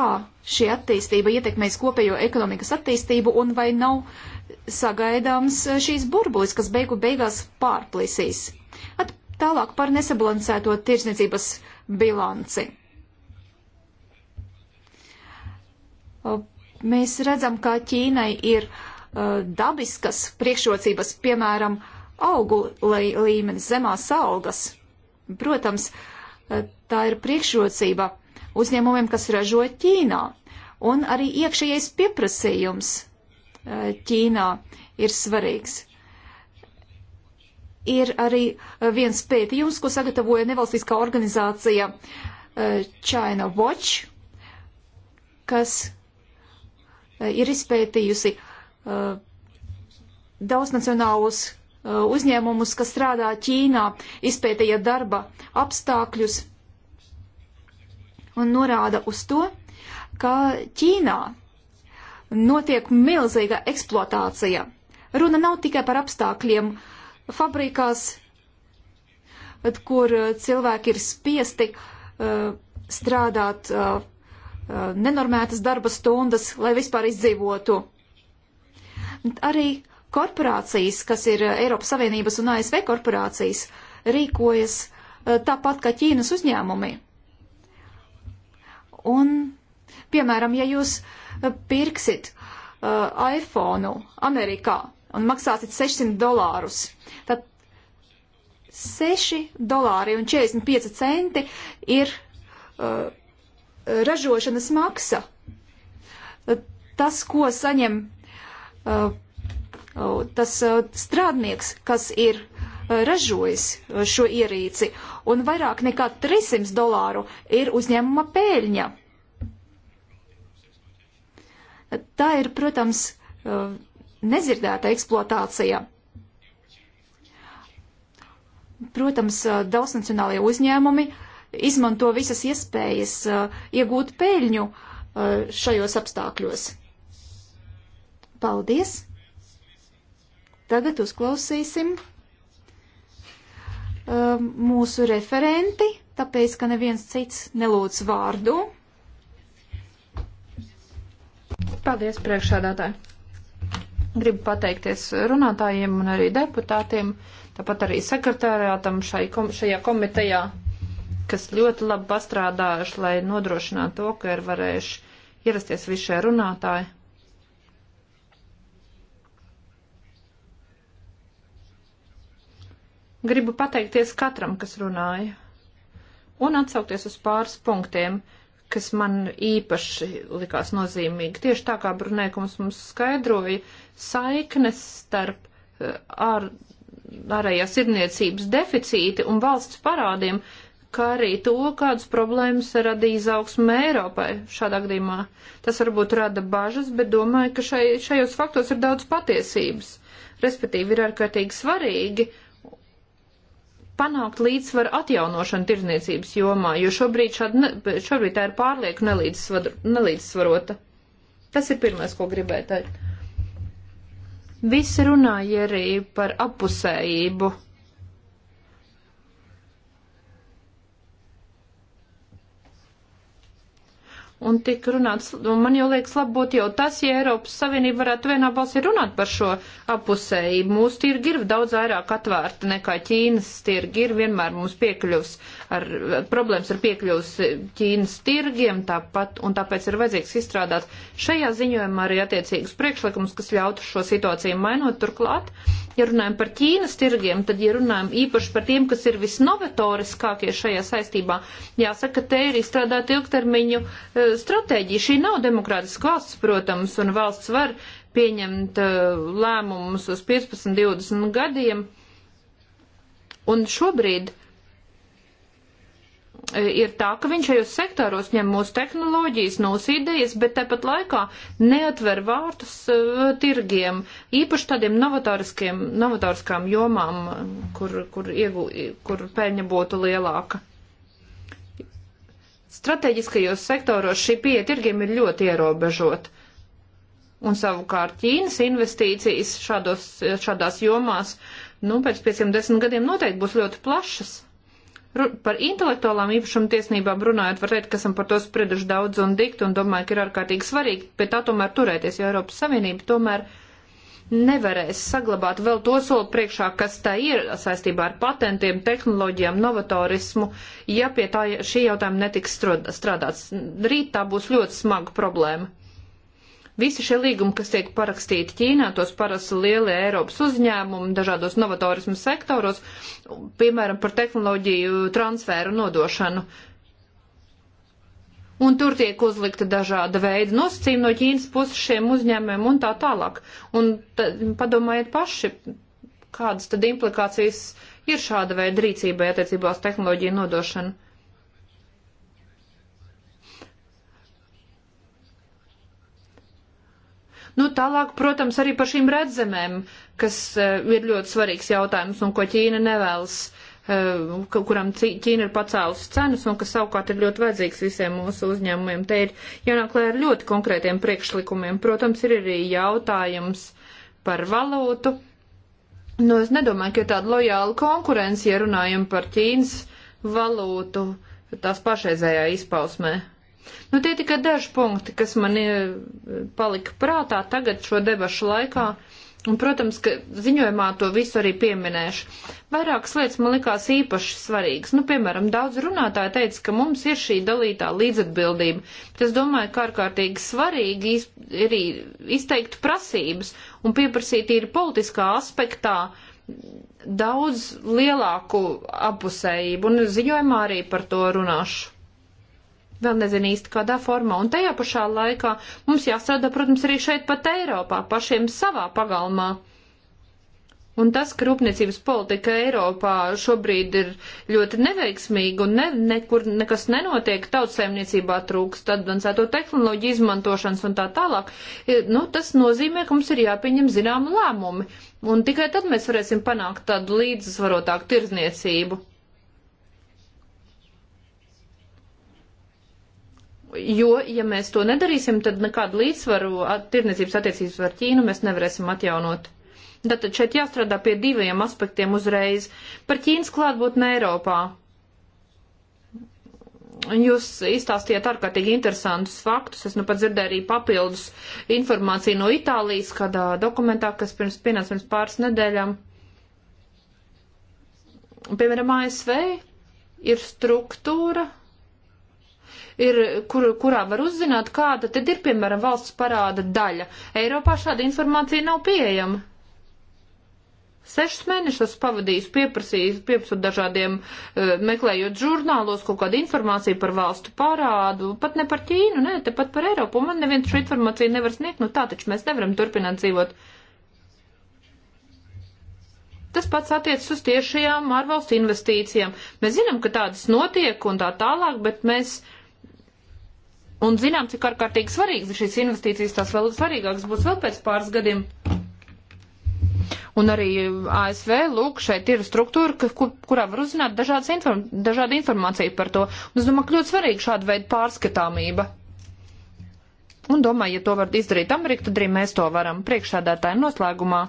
šī attīstība ietekmēs kopējo ekonomikas attīstību un vai nav sagaidāms šīs burbulis, kas beigu beigās pārplisīs? At tālāk par nesabalansēto tirsniecības bilanci. Mēs redzam, ka Ķīnai ir uh, dabiskas priekšrocības, piemēram, uh, augu līmenis, zemās algas. Protams, eh, tā ir priekšrocība uzņēmumiem, kas ražo Ķīnā. Un arī iekšējais pieprasījums eh, Ķīnā ir svarīgs. Ir arī eh, viens pētījums, ko sagatavoja nevalstiskā organizācija China Watch, kas ir izpētījusi daudznacionālus uzņēmumus, kas strādā Ķīnā, izpētīja darba apstākļus un norāda uz to, ka Ķīnā notiek milzīga eksploatācija. Runa nav tikai par apstākļiem fabrikās, kur cilvēki ir spiesti uh, strādāt uh, uh nenormētas darba stundas, lai vispār izdzīvotu. Arī uh, Korporācijas, kas ir eh, Eiropas Savienības un ASV korporācijas, rīkojas eh, tāpat kā Ķīnas uzņēmumi. Un, piemēram, ja jūs eh, pirksit uh, iPhone Amerikā un maksāsit 600 dolārus, tad 6 dolāri un 45 centi ir uh, ražošanas maksa. Tas, ko saņem uh, tas strādnieks, kas ir ražojis šo ierīci, un vairāk nekā 300 dolāru ir uzņēmuma pēļņa. Tā ir, protams, nezirdēta eksploatācija. Protams, daudznacionālajie uzņēmumi izmanto visas iespējas iegūt peļņu šajos apstākļos. Paldies! Tagad uzklausīsim uh, mūsu referenti, tāpēc, ka neviens cits nelūdz vārdu. Paldies, priekšādātāji! Gribu pateikties runātājiem un arī deputātiem, tāpat arī sekretārātam šai, kom šajā komitejā, kas ļoti labi pastrādājuši, lai nodrošinātu to, ka ir varējuši ierasties visi šie runātāji Gribu pateikties katram, kas runāja, un atsaukties uz pāris punktiem, kas man īpaši likās nozīmīgi. Tieši tā kā Brunēkums mums skaidroja saiknes starp eh, ar, ārējās irniecības deficīti un valsts parādiem, kā arī to, kādas problēmas radīja izaugsme Eiropai šādā gadījumā. Tas varbūt rada bažas, bet domāju, ka šai, šajos faktos ir daudz patiesības. Respektīvi, ir ārkārtīgi svarīgi, uh, panākt līdzsvaru atjaunošanu tirzniecības jomā, jo šobrīd, šād, ne, šobrīd tā ir pārlieku nelīdzsvarota. Tas ir pirmais, ko gribēju teikt. Visi runāja arī par apusējību Un tik runāts, un man jau liekas labot jau tas, ja Eiropas Savienība varētu vienā balsī runāt par šo apusējību. Mūsu tirgi ir daudz vairāk atvērti nekā Ķīnas tirgi ir. Vienmēr mums piekļuvs ar, problēmas ar piekļuvs Ķīnas tirgiem, tāpat, un tāpēc ir vajadzīgs izstrādāt šajā ziņojumā arī attiecīgus priekšlikumus, kas ļautu šo situāciju mainot. Turklāt, ja runājam par Ķīnas tirgiem, tad, ja runājam īpaši par tiem, kas ir visnovatoriskākie šajā saistībā, jāsaka, te ir izstrādāt ilgtermiņu eh, stratēģija. Šī nav demokrātiska valsts, protams, un valsts var pieņemt uh, lēmumus uz 15, 20 gadiem. Un šobrīd uh, ir tā, ka viņš šajos sektoros ņem mūsu tehnoloģijas, mūsu idejas, bet tāpat laikā neatver vārtus uh, tirgiem, īpaši tādiem novatoriskām jomām, kur, kur, iegu, kur pēļņa būtu lielāka. Strateģiskajos sektoros šī pieeja tirgiem ir ļoti ierobežota. Un savukārt Ķīnas investīcijas šādos, šādās jomās, nu, pēc 510 gadiem noteikti būs ļoti plašas. Ru par intelektuālām īpašuma tiesībām runājot, var teikt, ka esam par to sprieduši daudz un dikt un domāju, ka ir ārkārtīgi svarīgi pie tā tomēr turēties, jo Eiropas Savienība tomēr. Uh, nevarēs saglabāt vēl to soli priekšā, kas tā ir saistībā ar patentiem, tehnoloģijām, novatorismu, ja pie tā šī jautājuma netiks strādāts. Rīt tā būs ļoti smaga problēma. Visi šie līgumi, kas tiek parakstīti Ķīnā, tos parasti lielie Eiropas uzņēmumi dažādos novatorismu sektoros, piemēram, par tehnoloģiju transferu nodošanu. Uh, un tur tiek uzlikta dažāda veida nosacījumi no Ķīnas puses šiem uzņēmumiem un tā tālāk. Un tā, padomājiet paši, kādas tad implikācijas ir šāda veida rīcībai attiecībā uz tehnoloģiju nodošanu. Nu, tālāk, protams, arī par šīm redzamēm, kas uh, ir ļoti svarīgs jautājums un ko Ķīna nevēlas uh, Eh, kuram Ķīna ir pacēlusi cenas un kas savukārt ir ļoti vajadzīgs visiem mūsu uzņēmumiem. Te ir jānaklē ar ļoti konkrētiem priekšlikumiem. Protams, ir arī jautājums par valūtu. Nu, es nedomāju, ka ir tāda lojāla konkurence, ja runājam par Ķīnas valūtu tās pašreizējā izpausmē. Nu, tie tikai daži punkti, kas man eh, palika prātā tagad šo debašu laikā. Mm Un, protams, ka ziņojumā to visu arī pieminēšu. Vairākas lietas man likās īpaši svarīgas. Nu, piemēram, daudz runātāji teica, ka mums ir šī dalītā līdzatbildība. Bet es domāju, ka ārkārtīgi svarīgi iz, arī izteikt prasības un pieprasīt ir politiskā aspektā daudz lielāku apusējību. Un ziņojumā arī par to runāšu vēl nezinu īsti kādā formā. Un tajā pašā laikā mums jāstrādā, protams, arī šeit pat Eiropā, pašiem savā pagalmā. Un tas, ka rūpniecības politika Eiropā šobrīd ir ļoti neveiksmīga un ne, nekur nekas nenotiek, tautsēmniecībā trūkst advancēto tehnoloģiju izmantošanas un tā tālāk, e, nu, tas nozīmē, ka mums ir jāpieņem zināmu lēmumi. Un tikai tad mēs varēsim panākt tādu līdzsvarotāku tirzniecību. Jo, ja mēs to nedarīsim, tad nekādu līdzsvaru at, tirniecības attiecības ar Ķīnu mēs nevarēsim atjaunot. Tātad šeit jāstrādā pie diviem aspektiem uzreiz. Par Ķīnas klātbūtni Eiropā. Jūs izstāstījāt ārkārtīgi interesantus faktus. Es nu pat dzirdēju arī papildus informāciju no Itālijas kādā dokumentā, kas pirms pienāca pirms pāris nedēļām. Piemēram, ASV ir struktūra, ir, kur, kurā var uzzināt, kāda tad ir, piemēram, valsts parāda daļa. Eiropā šāda informācija nav pieejama. Sešus mēnešus pavadījis, pieprasījis, pieprasot dažādiem, eh, meklējot žurnālos kaut kādu informāciju par valstu parādu, pat ne par Ķīnu, ne, te pat par Eiropu. Man neviens šo informāciju nevar sniegt, nu tā taču mēs nevaram turpināt dzīvot. Tas pats attiecas uz tiešajām ārvalstu investīcijām. Mēs zinām, ka tādas notiek un tā tālāk, bet mēs Un zinām, cik ārkārtīgi svarīgas ir šīs investīcijas, tās vēl svarīgākas būs vēl pēc pāris gadiem. Un arī ASV, lūk, šeit ir struktūra, ka, kur, kurā var uzzināt dažādas inform, dažāda informācija par to. Un es domāju, ka ļoti svarīga šāda veida pārskatāmība. Un domāju, ja to var izdarīt Amerika, tad arī mēs to varam. Priekšsādātāji noslēgumā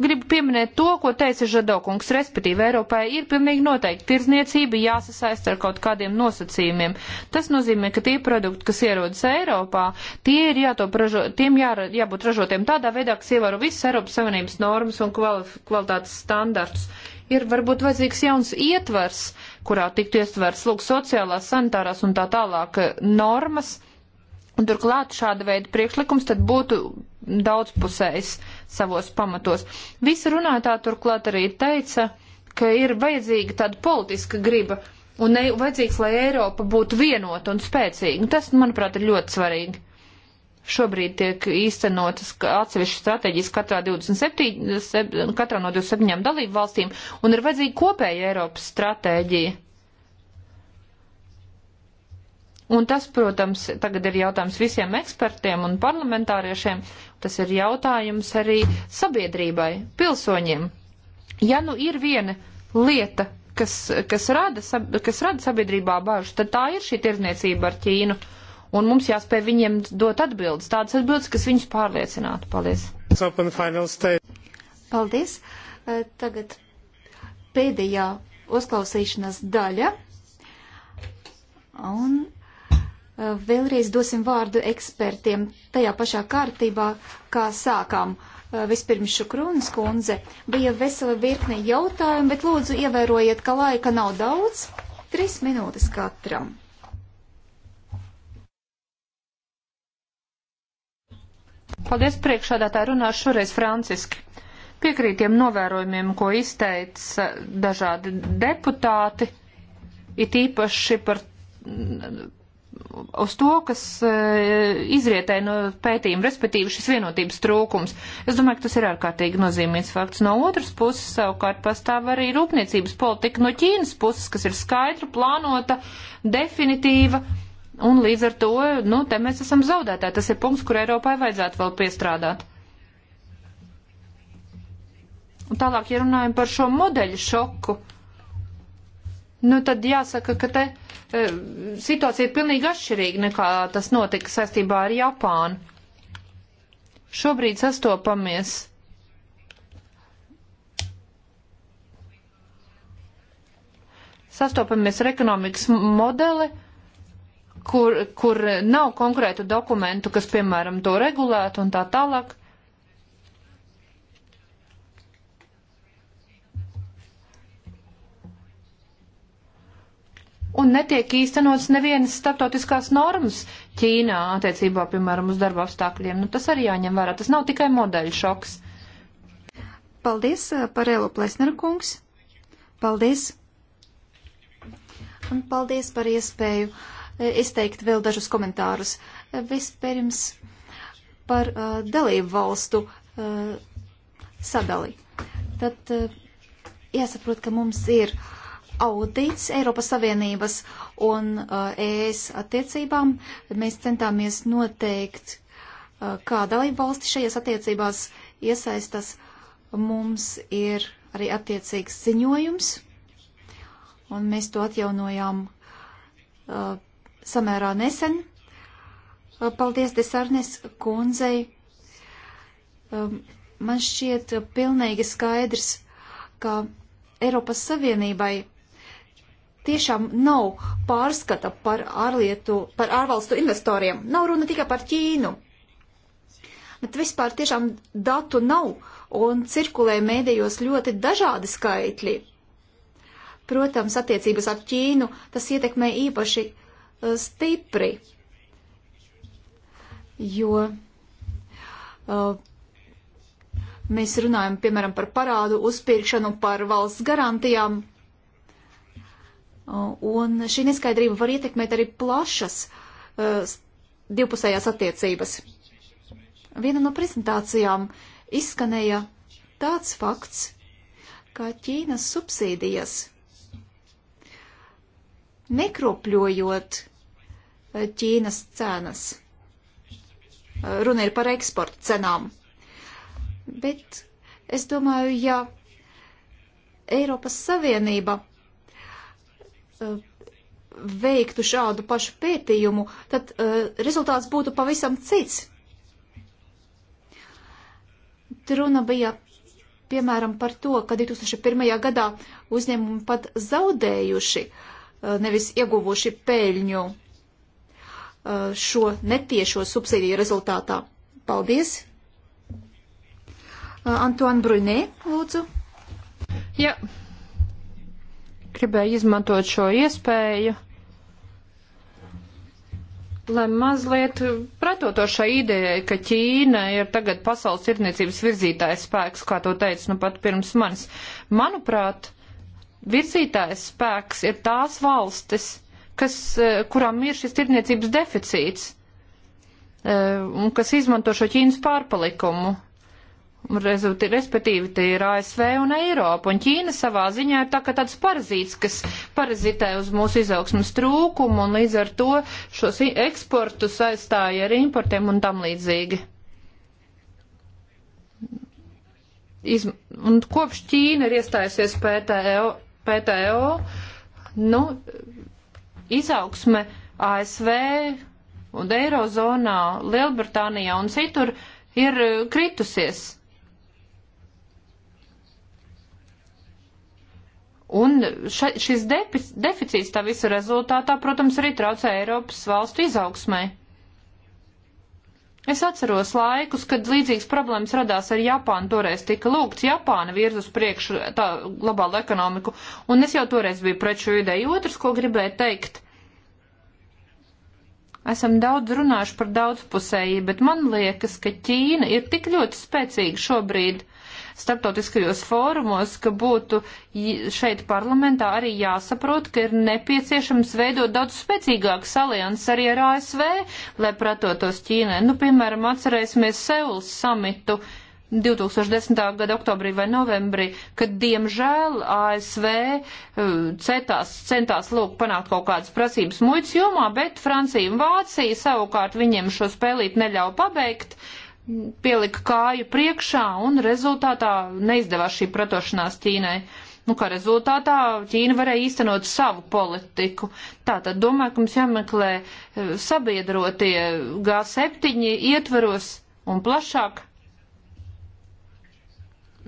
gribu pieminēt to, ko teica Žadokungs, respektīvi Eiropai ir pilnīgi noteikti tirzniecība jāsasaist ar kaut kādiem nosacījumiem. Tas nozīmē, ka tie produkti, kas ierodas Eiropā, tie ir ražo, tiem jā, jābūt ražotiem tādā veidā, kas ievēro visas Eiropas Savienības normas un kvalitātes standartus. Ir varbūt vajadzīgs jauns ietvers, kurā tiktu iestverts lūk sociālās, sanitārās un tā tālāk eh, normas Un turklāt šāda veida priekšlikums tad būtu daudzpusējs savos pamatos. Visi runātāji turklāt arī teica, ka ir vajadzīga tāda politiska griba un ne, vajadzīgs, lai Eiropa būtu vienota un spēcīga. Tas, manuprāt, ir ļoti svarīgi. Šobrīd tiek īstenotas atsevišķas stratēģijas katrā, 27, katrā no 27 dalību valstīm, un ir vajadzīga kopēja Eiropas stratēģija Un tas, protams, tagad ir jautājums visiem ekspertiem un parlamentāriešiem, tas ir jautājums arī sabiedrībai, pilsoņiem. Ja nu ir viena lieta, kas, kas, rada, kas rada sabiedrībā bažas, tad tā ir šī tirzniecība ar Ķīnu un mums jāspēj viņiem dot atbildes, tādas atbildes, kas viņus pārliecinātu. Paldies! Paldies! Eh, tagad pēdējā uzklausīšanas daļa. Un Eh, vēlreiz dosim vārdu ekspertiem tajā pašā kārtībā, kā sākām. Eh, vispirms Šukrūnas kundze bija vesela virkne jautājumu, bet lūdzu ievērojiet, ka laika nav daudz, trīs minūtes katram. Paldies priekšādātā runāšu šoreiz franciski. Piekrītiem novērojumiem, ko izteica dažādi deputāti, it īpaši par uz to, kas eh, izrietē no pētījuma, respektīvi šis vienotības trūkums. Es domāju, ka tas ir ārkārtīgi nozīmīgs fakts. No otras puses, savukārt, pastāv arī rūpniecības politika no Ķīnas puses, kas ir skaidra, plānota, definitīva. Un līdz ar to, nu, te mēs esam zaudētāji. Tas ir punkts, kur Eiropai vajadzētu vēl piestrādāt. Un tālāk, ja runājam par šo modeļu šoku, nu tad jāsaka, ka te E, situācija ir pilnīgi atšķirīga nekā tas notika saistībā ar Japānu. Šobrīd sastopamies sastopamies ar ekonomikas modeli, kur, kur nav konkrētu dokumentu, kas, piemēram, to regulētu un tā tālāk. un netiek īstenots nevienas starptautiskās normas Ķīnā attiecībā, piemēram, uz darba apstākļiem. Nu, tas arī jāņem vērā. Tas nav tikai modeļu šoks. Paldies, uh, Parēlo Plesneru kungs. Paldies. Un paldies par iespēju uh, izteikt vēl dažus komentārus. Uh, vispirms par uh, dalību valstu uh, sadali. Tad uh, jāsaprot, ka mums ir uh, audīts Eiropas Savienības un uh, ES attiecībām. Mēs centāmies noteikt, uh, kā dalība valsti šajās attiecībās iesaistas. Mums ir arī attiecīgs ziņojums, un mēs to atjaunojām uh, samērā nesen. Uh, paldies Desarnes kundzei. Um, man šķiet pilnīgi skaidrs, ka Eiropas Savienībai tiešām nav pārskata par ārlietu, par ārvalstu investoriem. Nav runa tikai par Ķīnu. Bet vispār tiešām datu nav un cirkulē mēdījos ļoti dažādi skaitļi. Protams, attiecības ar Ķīnu tas ietekmē īpaši eh, stipri, jo uh, mēs runājam, piemēram, par parādu uzpirkšanu, par valsts garantijām Uh, un šī neskaidrība var ietekmēt arī plašas uh, divpusējās attiecības. Viena no prezentācijām izskanēja tāds fakts, ka Ķīnas subsīdijas nekropļojot uh, Ķīnas cenas. Uh, runa ir par eksporta cenām. Bet es domāju, ja Eiropas Savienība Uh, veiktu šādu pašu pētījumu, tad uh, rezultāts būtu pavisam cits. Runa bija, piemēram, par to, ka 2001. gadā uzņēmumi pat zaudējuši, uh, nevis ieguvuši peļņu uh, šo netiešo subsīdiju rezultātā. Paldies! Uh, Antoine Brunē, lūdzu. Jā. Ja. Gribēju izmantot šo iespēju, lai mazliet pretoto šai idejai, ka Ķīna ir tagad pasaules tirdzniecības virzītājs spēks, kā to teica nu pat pirms manis. Manuprāt, virzītājs spēks ir tās valstis, kas, e, kurām ir šis tirdzniecības deficīts e, un kas izmanto šo Ķīnas pārpalikumu Rezulti, respektīvi, tie ir ASV un Eiropa, un Ķīna savā ziņā ir tā kā tāds parazīts, kas parazitē uz mūsu izaugsmas trūkumu, un līdz ar to šos eksportus aizstāja ar importiem un tam līdzīgi. Iz, un kopš Ķīna ir iestājusies PTO, e PTO e nu, izaugsme ASV un Eirozonā, Lielbritānijā un citur ir eh, kritusies Un ša, šis depis, deficīts tā visa rezultātā, protams, arī traucē Eiropas valstu izaugsmai. Es atceros laikus, kad līdzīgas problēmas radās ar Japānu. Toreiz tika lūgts Japāna virz uz priekšu tā globālu ekonomiku, un es jau toreiz biju pret šo ideju. Otrs, ko gribēju teikt, esam daudz runājuši par daudzpusējību, bet man liekas, ka Ķīna ir tik ļoti spēcīga šobrīd starptautiskajos fórumos, ka būtu šeit parlamentā arī jāsaprot, ka ir nepieciešams veidot daudz spēcīgākas alianses arī ar ASV, lai pretotos Ķīnai. Nu, piemēram, atcerēsimies Seuls samitu. 2010. gada oktobrī vai novembrī, kad diemžēl ASV uh, centās, centās lūk panākt kaut kādas prasības muitas jomā, bet Francija un Vācija savukārt viņiem šo spēlīt neļauj pabeigt, pielika kāju priekšā un rezultātā neizdevās šī pretošanās Ķīnai. Nu, kā rezultātā Ķīna varēja īstenot savu politiku. Tātad domāju, ka mums jāmeklē eh, sabiedrotie G7 ietveros un plašāk.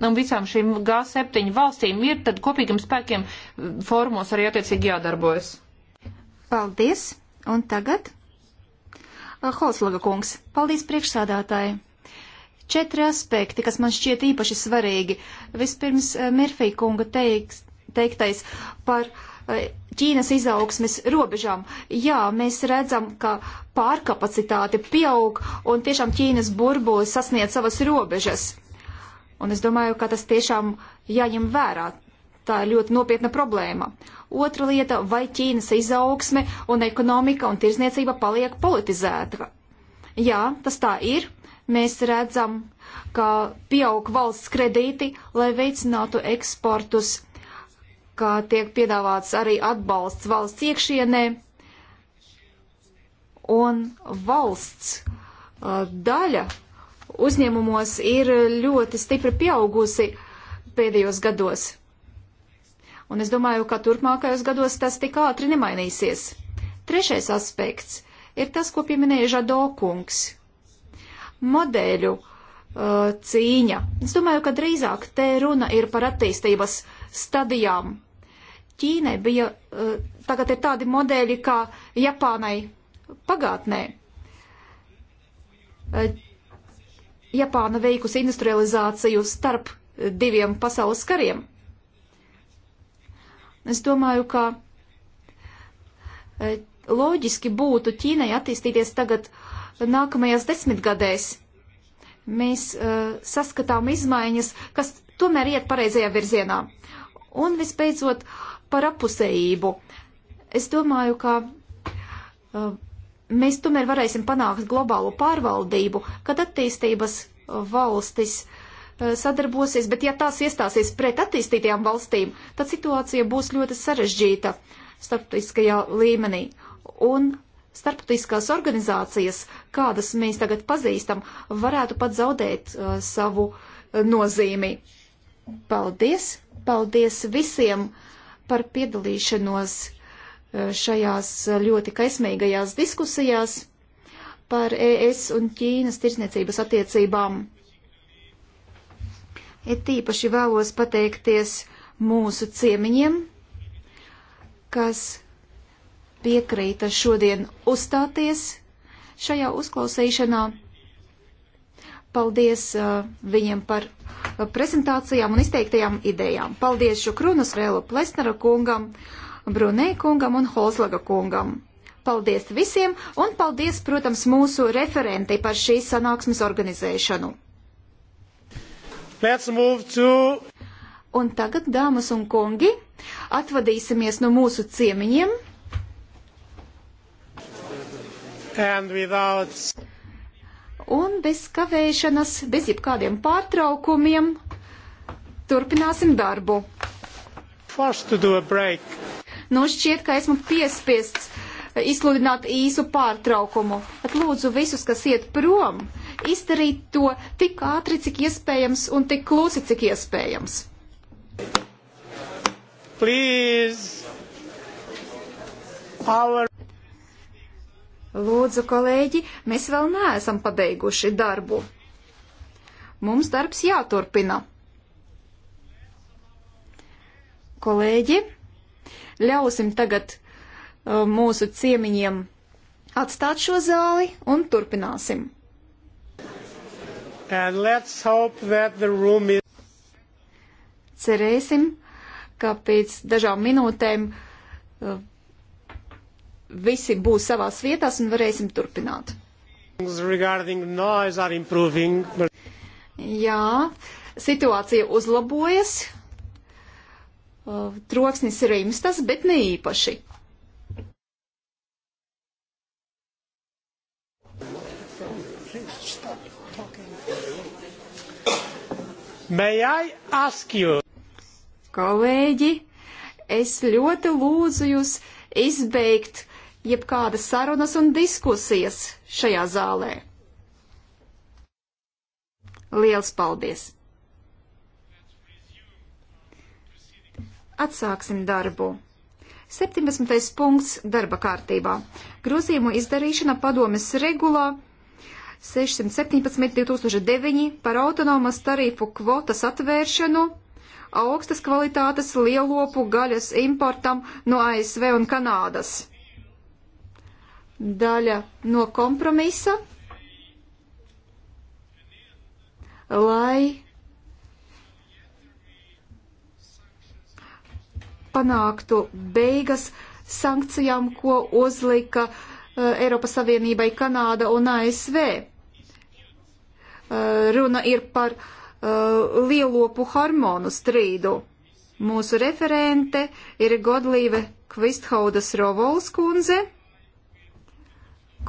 Un visām šīm G7 valstīm ir tad kopīgiem spēkiem eh, formos arī attiecīgi jādarbojas. Paldies! Un tagad Holslaga kungs, paldies priekšsādātāji! Četri aspekti, kas man šķiet īpaši svarīgi. Vispirms Mirfī kunga teiks, teiktais par Ķīnas izaugsmes robežām. Jā, mēs redzam, ka pārkapacitāte pieaug un tiešām Ķīnas burbulis sasniedz savas robežas. Un es domāju, ka tas tiešām jāņem vērā. Tā ir ļoti nopietna problēma. Otra lieta - vai Ķīnas izaugsme un ekonomika un tirzniecība paliek politizēta? Jā, tas tā ir. Mēs redzam, ka pieaug valsts kredīti, lai veicinātu eksportus, kā tiek piedāvāts arī atbalsts valsts iekšienē. Un valsts daļa uzņēmumos ir ļoti stipri pieaugusi pēdējos gados un es domāju, ka turpmākajos gados tas tik ātri nemainīsies. Trešais aspekts ir tas, ko pieminēja Žadokungs - modeļu uh, cīņa. Es domāju, ka drīzāk te runa ir par attīstības stadijām. Ķīnai bija, uh, tagad ir tādi modeļi kā Japānai pagātnē. Uh, Japāna veikusi industrializāciju starp diviem pasaules kariem. Es domāju, ka e, loģiski būtu Ķīnai attīstīties tagad nākamajās desmitgadēs. Mēs uh, saskatām izmaiņas, kas tomēr iet pareizajā virzienā. Un visbeidzot par apusējību. Es domāju, ka uh, mēs tomēr varēsim panākt globālu pārvaldību, kad attīstības valstis uh, Eh, sadarbosies, bet ja tās iestāsies pret attīstītajām valstīm, tad situācija būs ļoti sarežģīta starptautiskajā līmenī. Un starptautiskās organizācijas, kādas mēs tagad pazīstam, varētu pat zaudēt uh, savu eh, nozīmi. Paldies! Paldies visiem par piedalīšanos šajās ļoti kaismīgajās diskusijās par ES un Ķīnas tirsniecības attiecībām. Et īpaši vēlos pateikties mūsu ciemiņiem, kas piekrīta šodien uzstāties šajā uzklausīšanā. Paldies uh, viņiem par uh, prezentācijām un izteiktajām idejām. Paldies Šukrunas Rēlu Plesnera kungam, Brunē kungam un Holslaga kungam. Paldies visiem un paldies, protams, mūsu referentei par šīs sanāksmes organizēšanu. To... Un tagad, dāmas un kungi, atvadīsimies no mūsu ciemiņiem. Without... Un bez kavēšanas, bez jebkādiem pārtraukumiem, turpināsim darbu. Nu, šķiet, ka esmu piespiests izsludināt īsu pārtraukumu. Bet lūdzu visus, kas iet prom, izdarīt to tik ātri, cik iespējams, un tik klusi, cik iespējams. Please. Our... Lūdzu, kolēģi, mēs vēl neesam pabeiguši darbu. Mums darbs jāturpina. Kolēģi, ļausim tagad uh, mūsu ciemiņiem atstāt šo zāli un turpināsim. And let's hope that the room is. Cerēsim, ka pēc dažām minūtēm uh, visi būs savās vietās un varēsim turpināt. But... Jā, situācija uzlabojas, uh, troksnis ir imstas, bet ne īpaši. Kolēģi, es ļoti lūdzu jūs izbeigt jebkādas sarunas un diskusijas šajā zālē. Liels paldies! Atsāksim darbu. 17. punkts darba kārtībā. Grozījumu izdarīšana padomes regulā 617 2009 par autonomas tarifu kvotas atvēršanu augstas kvalitātes lielopu gaļas importam no ASV un Kanādas. Daļa no kompromisa, lai panāktu beigas sankcijām, ko uzlika uh, Eiropas Savienībai Kanāda un ASV Eh, runa ir par eh, lielopu hormonu strīdu. Mūsu referente ir Godlīve Kvisthaudas Rovols kundze,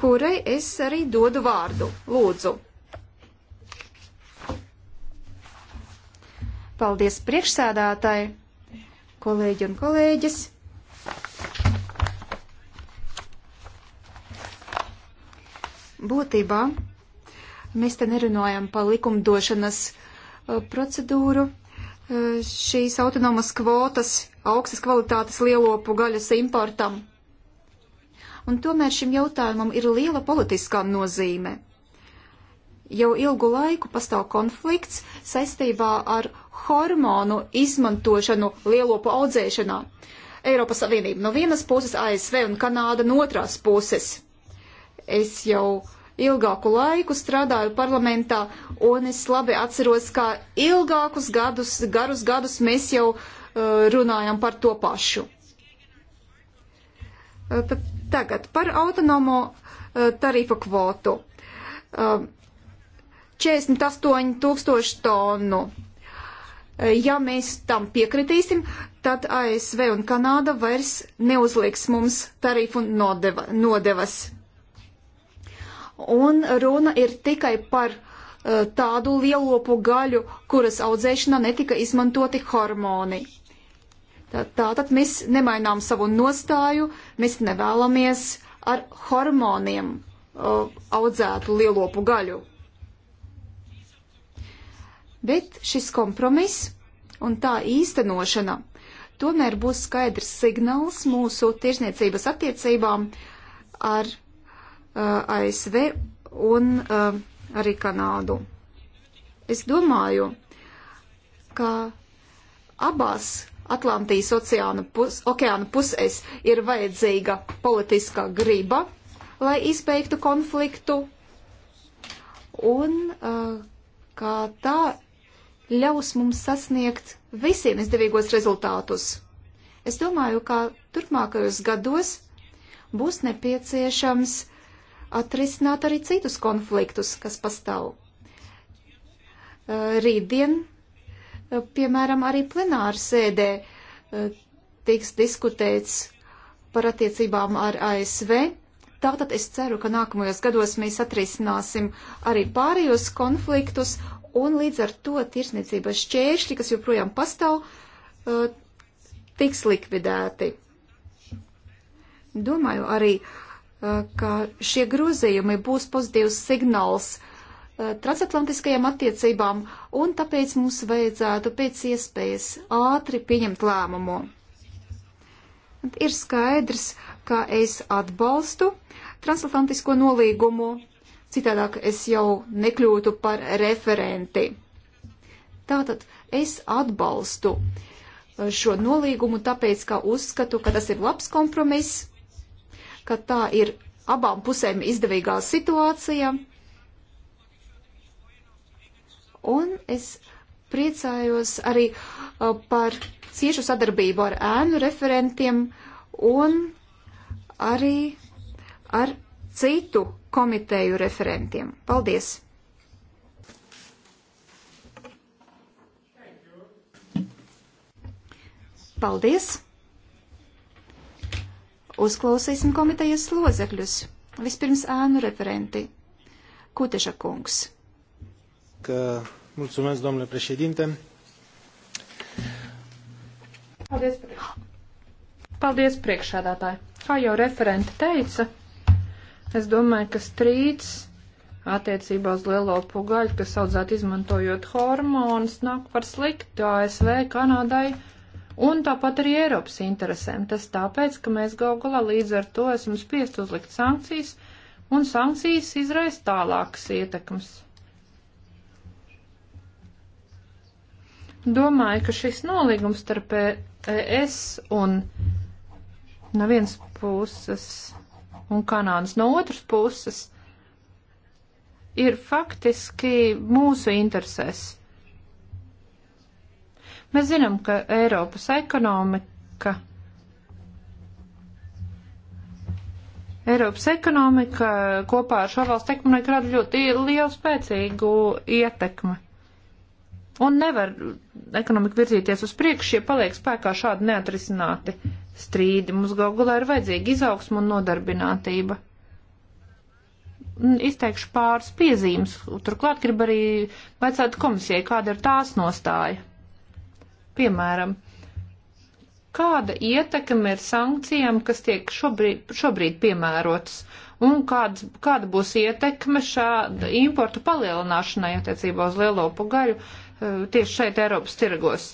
kurai es arī dodu vārdu. Lūdzu! Paldies priekšsēdātāji, kolēģi un kolēģis! Būtībā Mēs te nerunājam par likumdošanas uh, procedūru. Uh, šīs autonomas kvotas augstas kvalitātes lielopu gaļas importam. Un tomēr šim jautājumam ir liela politiskā nozīme. Jau ilgu laiku pastāv konflikts saistībā ar hormonu izmantošanu lielopu audzēšanā. Eiropas Savienība no vienas puses, ASV un Kanāda no otrās puses. Es jau ilgāku laiku strādāju parlamentā, un es labi atceros, kā ilgākus gadus, garus gadus mēs jau uh, runājam par to pašu. Uh, tagad par autonomo uh, tarifu kvotu. 48 uh, tūkstoši tonu. Uh, ja mēs tam piekritīsim, tad ASV un Kanāda vairs neuzliks mums tarifu nodeva, nodevas un runa ir tikai par uh, tādu lielopu gaļu, kuras audzēšanā netika izmantoti hormoni. Tātad mēs nemainām savu nostāju, mēs nevēlamies ar hormoniem uh, e, audzētu lielopu gaļu. Bet šis kompromiss un tā īstenošana tomēr būs skaidrs signāls mūsu tiešniecības attiecībām ar Eh, ASV un eh, arī Kanādu. Es domāju, ka abās Atlantijas oceāna pus, okeāna pusēs ir vajadzīga politiskā griba, lai izbeigtu konfliktu, un eh, kā tā ļaus mums sasniegt visiem izdevīgos rezultātus. Es domāju, ka turpmākajos gados būs nepieciešams uh, atrisināt arī citus konfliktus, kas pastāv. Eh, rītdien, eh, piemēram, arī plenāra sēdē eh, tiks diskutēts par attiecībām ar ASV. Tātad es ceru, ka nākamajos gados mēs atrisināsim arī pārējos konfliktus un līdz ar to tirsniecības šķēršļi, kas joprojām pastāv, tiks likvidēti. Domāju arī uh, ka šie grozījumi būs pozitīvs signāls transatlantiskajām attiecībām, un tāpēc mums vajadzētu pēc iespējas ātri pieņemt lēmumu. Ir skaidrs, ka es atbalstu transatlantisko nolīgumu, citādāk es jau nekļūtu par referenti. Tātad es atbalstu šo nolīgumu, tāpēc, ka uzskatu, ka tas ir labs kompromiss, ka tā ir abām pusēm izdevīgā situācija. Un es priecājos arī uh, par ciešu sadarbību ar ēnu referentiem un arī ar citu komiteju referentiem. Paldies! Paldies! Uzklausīsim komitejas lozekļus. Vispirms ānu referenti. Kuteša kungs. Ka, mulțumesc, domnule președinte. Paldies, priekš. Paldies priekšādātāji. Kā jau referenti teica, es domāju, ka strīds attiecībā uz lielo pugaļu, kas audzēt izmantojot hormonus, nāk par sliktu ASV, Kanādai un tāpat arī Eiropas interesēm. Tas tāpēc, ka mēs gal galā līdz ar to esam spiest uzlikt sankcijas, un sankcijas izraisa tālākas ietekmes. Domāju, ka šis nolīgums starp ES e un no vienas puses un Kanādas no otras puses ir faktiski mūsu interesēs Mēs zinām, ka Eiropas ekonomika. Eiropas ekonomika kopā ar šo valstu ekonomiku rada ļoti lielu spēcīgu ietekmi. Un nevar ekonomika virzīties uz priekšu, ja paliek spēkā šādi neatrisināti strīdi. Mums galu galā ir vajadzīga izaugsma un nodarbinātība izteikšu pāris piezīmes. Turklāt gribu arī vaicāt komisijai, kāda ir tās nostāja. Piemēram, kāda ietekme ir sankcijām, kas tiek šobrīd, šobrīd piemērotas, un kāds, kāda būs ietekme šāda importu palielināšanai attiecībā uz lielopu gaļu e, tieši šeit Eiropas tirgos.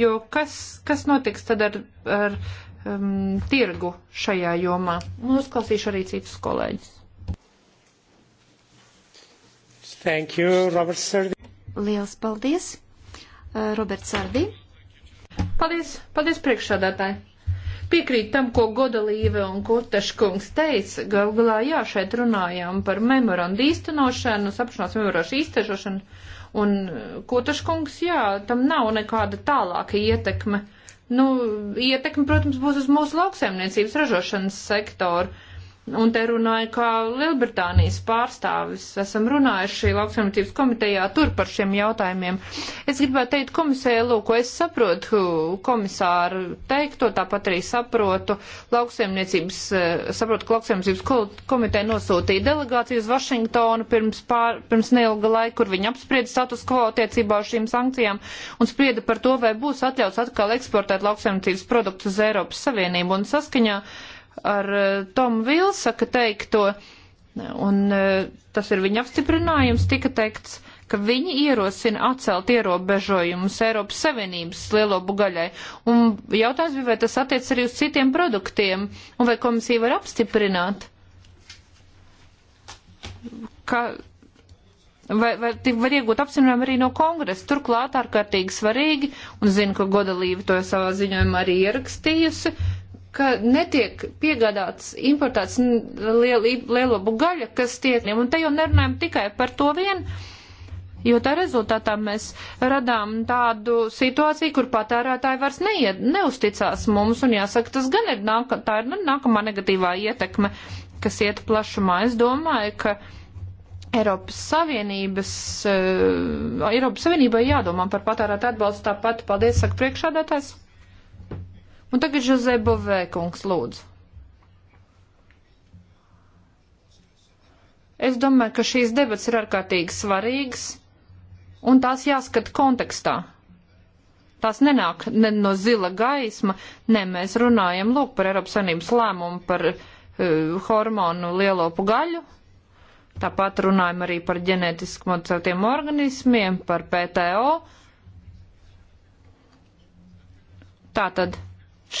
Jo kas, kas notiks tad ar, ar um, tirgu šajā jomā? Un uzklausīšu arī citus kolēģus. Thank you, Robert Sardi. Liels paldies, uh, Robert Sardi. Paldies, paldies priekšsādātāji. Piekrīt tam, ko Godalīve un Kutaškungs teica. Gal galā, jā, šeit runājām par memorandu īstenošanu, sapšanās memorandu īstenošanu, un uh, Kutaškungs, jā, tam nav nekāda tālāka ietekme. Nu, ietekme, protams, būs uz mūsu lauksaimniecības ražošanas sektoru un te runāju kā Lielbritānijas pārstāvis, esam runājuši lauksaimniecības komitejā tur par šiem jautājumiem. Es gribētu teikt komisijai, lūk, es saprotu komisāru teikto, tāpat arī saprotu lauksaimniecības, eh, saprotu, ka lauksaimniecības komiteja nosūtīja delegāciju uz Vašingtonu pirms, pār, pirms neilga laika, kur viņi apsprieda status quo attiecībā uz šīm sankcijām un sprieda par to, vai būs atļauts atkal eksportēt lauksaimniecības produktus uz Eiropas Savienību un saskaņā ar eh, Tomu Vilsaka teikto, un eh, tas ir viņa apstiprinājums, tika teikts, ka viņi ierosina atcelt ierobežojumus Eiropas Savienības lielo bugaļai. Un jautājums bija, vai tas attiec arī uz citiem produktiem, un vai komisija var apstiprināt, ka Vai, vai var iegūt apstiprinājumu arī no kongresa? Turklāt ārkārtīgi svarīgi, un zinu, ka Godalība to savā ziņojumā arī ierakstījusi, uh, ka netiek piegādāts, importēts liel, lielobu gaļa, kas tiek, un te jau nerunājam tikai par to vienu, jo tā rezultātā mēs radām tādu situāciju, kur patērētāji vairs neied, neusticās mums, un jāsaka, tas gan ir, nāk, tā ir nu, nākamā negatīvā ietekme, kas iet plašumā. Es domāju, ka Eiropas Savienības, uh, Eiropas Savienībai jādomā par patērētāju atbalstu tāpat. Paldies, saka priekšādātājs. Un tagad Žozē Bovē kungs lūdzu. Es domāju, ka šīs debats ir ārkārtīgi svarīgas, un tās jāskat kontekstā. Tās nenāk ne no zila gaisma, ne mēs runājam, lūk, par Eiropas Savienības lēmumu par uh, hormonu lielopu gaļu, Tāpat runājam arī par ģenētiski modificētiem organismiem, par PTO. Tātad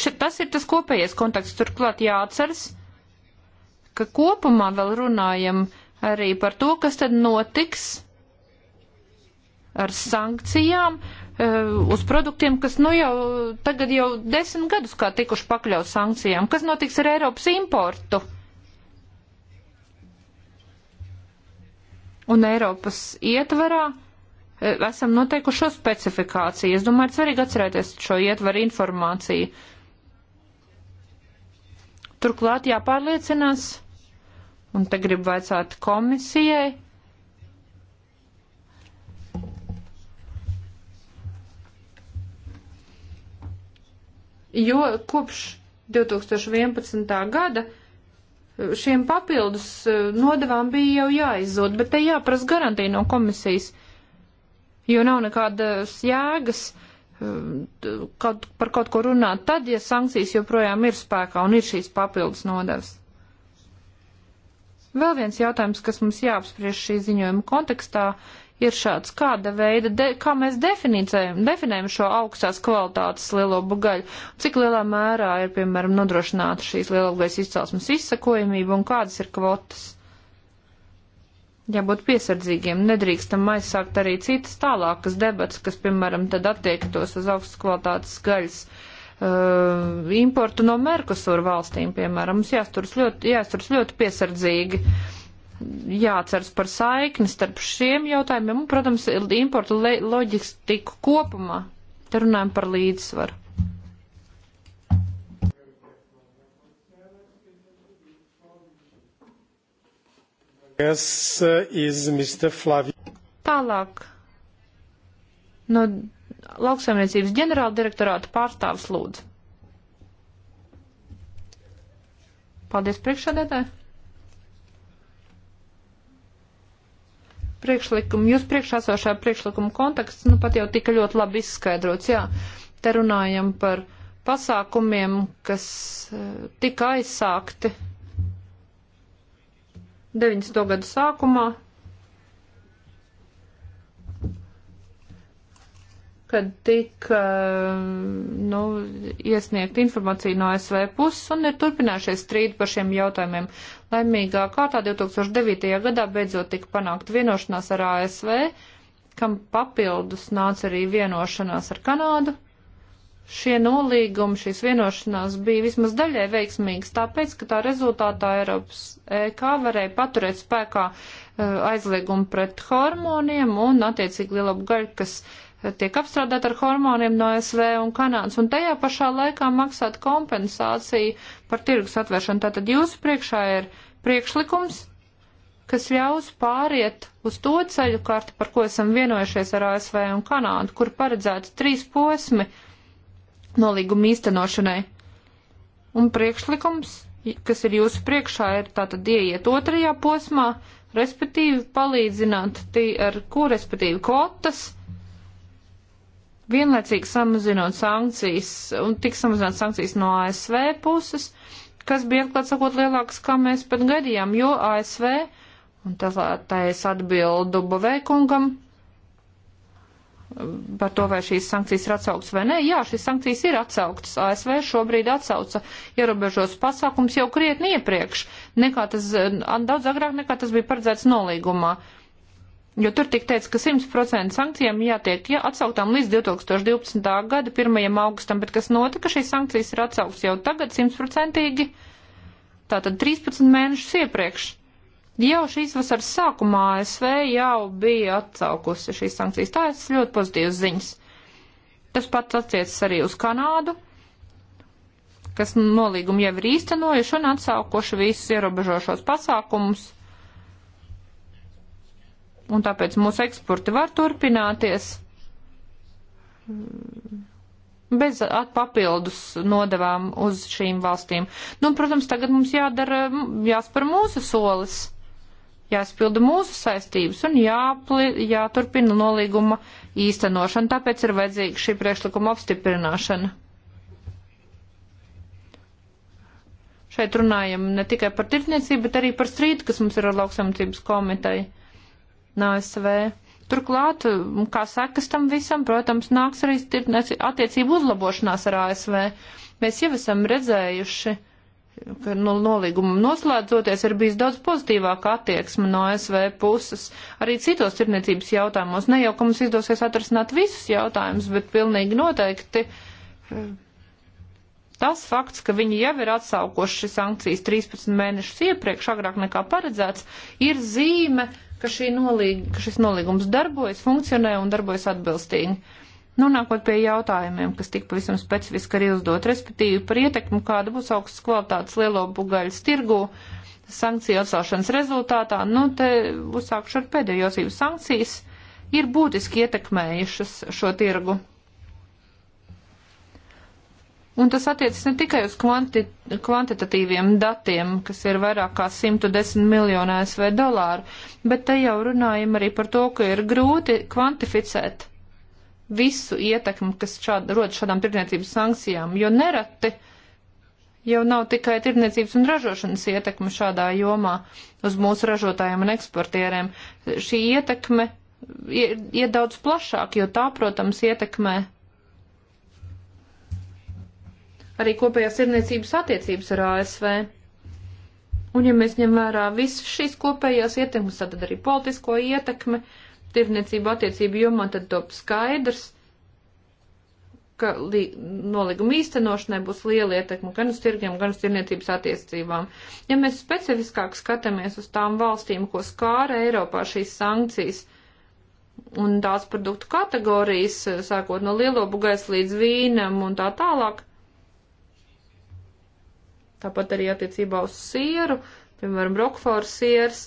Še, tas ir tas kopējais konteksts. Turklāt jāatceras, ka kopumā vēl runājam arī par to, kas tad notiks ar sankcijām eh, uz produktiem, kas nu jau tagad jau desmit gadus kā tikuši pakļaut sankcijām. Kas notiks ar Eiropas importu? Un Eiropas ietvarā eh, esam noteikuši šo specifikāciju. Es domāju, ir svarīgi atcerēties šo ietvaru informāciju. Uh, Turklāt jāpārliecinās, un te gribu vaicāt komisijai, jo kopš 2011. gada eh, šiem papildus eh, nodevām bija jau jāizzod, bet te jāprasa garantija no komisijas, jo nav nekādas jēgas uh, Um, kaut, par kaut ko runāt tad, ja sankcijas joprojām ir spēkā un ir šīs papildus nodevs. Vēl viens jautājums, kas mums jāapspriež šī ziņojuma kontekstā, ir šāds, kāda veida, de, kā mēs definējam, definējam šo augstās kvalitātes lielo bugaļu, cik lielā mērā ir, piemēram, nodrošināta šīs lielā bugaļas izcelsmes izsakojamība un kādas ir kvotas jābūt ja piesardzīgiem. Nedrīkstam aizsākt arī citas tālākas debats, kas, piemēram, tad attiektos uz augstas kvalitātes gaļas uh, importu no Merkusur valstīm, piemēram. Mums jāsturas ļoti, jāsturas ļoti piesardzīgi. Jāceras par saikni starp šiem jautājumiem un, protams, importu loģistiku kopumā. Te runājam par līdzsvaru. Yes, eh, is Mr. Flavio. Tālāk no lauksaimniecības ģenerāla direktorāta pārstāvs lūdzu. Paldies priekšsādētāji. Priekšlikumu, jūs priekšāsošā priekšlikuma konteksts, nu pat jau tika ļoti labi izskaidrots, jā. Te runājam par pasākumiem, kas eh, tika aizsākti 90. gadu sākumā, kad tika nu, iesniegta informācija no ASV puses un ir turpinājušies strīdi par šiem jautājumiem. Laimīgā kārtā 2009. gadā beidzot tika panākt vienošanās ar ASV, kam papildus nāca arī vienošanās ar Kanādu šie nolīgumi, šīs vienošanās bija vismaz daļai veiksmīgas, tāpēc, ka tā rezultātā Eiropas EK varēja paturēt spēkā eh, aizliegumu pret hormoniem un attiecīgi lielapu gaļu, kas eh, tiek apstrādāt ar hormoniem no SV un Kanādas, un tajā pašā laikā maksāt kompensāciju par tirgus atvēršanu. Tātad jūsu priekšā ir priekšlikums, kas ļaus pāriet uz to ceļu karti, par ko esam vienojušies ar ASV un Kanādu, kur paredzēti trīs posmi uh, nolīguma īstenošanai. Un priekšlikums, kas ir jūsu priekšā, ir tātad ieiet otrajā posmā, respektīvi palīdzināt tī ar ko, respektīvi kvotas, vienlaicīgi samazinot sankcijas, un tik samazināt sankcijas no ASV puses, kas bija atklāt sakot lielākas, kā mēs pat gadījām, jo ASV, un tā, tā es atbildu Boveikungam, par to, vai šīs sankcijas ir atsauktas vai nē. Jā, šīs sankcijas ir atsauktas. ASV šobrīd atsauca ierobežos pasākums jau krietni iepriekš, nekā tas, daudz agrāk nekā tas bija paredzēts nolīgumā. Jo tur tika teikts, ka 100% sankcijām jātiek jā, atsauktām līdz 2012. gada 1. augustam, bet kas notika, šīs sankcijas ir atsauktas jau tagad 100%, tātad 13 mēnešus iepriekš. Jau šīs vasaras sākumā ASV jau bija atsaukusi šīs sankcijas. Tā ir ļoti pozitīvas ziņas. Tas pats attiecas arī uz Kanādu, kas nolīgumu jau ir īstenojuši un atsaukuši visus ierobežošos pasākumus. Un tāpēc mūsu eksporti var turpināties bez papildus nodevām uz šīm valstīm. Nu, protams, tagad mums jādara, jāspēr mūsu solis jāspilda mūsu saistības un jāpli, jāturpina nolīguma īstenošana. Tāpēc ir vajadzīga šī priekšlikuma apstiprināšana. Šeit runājam ne tikai par tirdzniecību, bet arī par strīdu, kas mums ir ar lauksamcības komiteju ASV. Turklāt, mm, kā sekas tam visam, protams, nāks arī attiecību uzlabošanās ar ASV. Mēs jau esam redzējuši, uh, ka no, nolīgumam noslēdzoties ir bijis daudz pozitīvāka attieksme no ASV puses. Arī citos tirniecības jautājumos ne jau, ka mums izdosies atrasināt visus jautājumus, bet pilnīgi noteikti eh, tas fakts, ka viņi jau ir atsaukoši sankcijas 13 mēnešus iepriekš, agrāk nekā paredzēts, ir zīme, ka, nolīg, ka šis nolīgums darbojas, funkcionē un darbojas atbilstīgi. Nonākot nu, pie jautājumiem, kas tik pavisam specifiski arī uzdot, respektīvi par ietekmi, kāda būs augstas kvalitātes lielo bugaļas tirgu sankciju atcelšanas rezultātā, nu te uzsākšu ar pēdējos jau sankcijas, ir būtiski ietekmējušas šo tirgu. Un tas attiecas ne tikai uz kvanti, kvantitatīviem datiem, kas ir vairāk kā 110 miljonu ASV dolāru, bet te jau runājam arī par to, ka ir grūti kvantificēt visu ietekmi, kas šād, rod šādām tirdzniecības sankcijām, jo nereti jau nav tikai tirdzniecības un ražošanas ietekme šādā jomā uz mūsu ražotājiem un eksportieriem. Šī ietekme ir, ir daudz plašāk, jo tā, protams, ietekmē arī kopējās tirdzniecības attiecības ar ASV. Un ja mēs ņem vērā visas šīs kopējās ietekmes, tad arī politisko ietekmi, uh, tirniecību attiecību jomā, tad top skaidrs, ka li, noliguma īstenošanai būs liela ietekme gan uz tirgiem, gan uz tirniecības attiecībām. Ja mēs specifiskāk skatāmies uz tām valstīm, ko skāra Eiropā šīs sankcijas un tās produktu kategorijas, sākot no lielobugais līdz vīnam un tā tālāk, tāpat arī attiecībā uz sieru, piemēram, Rokfors siers,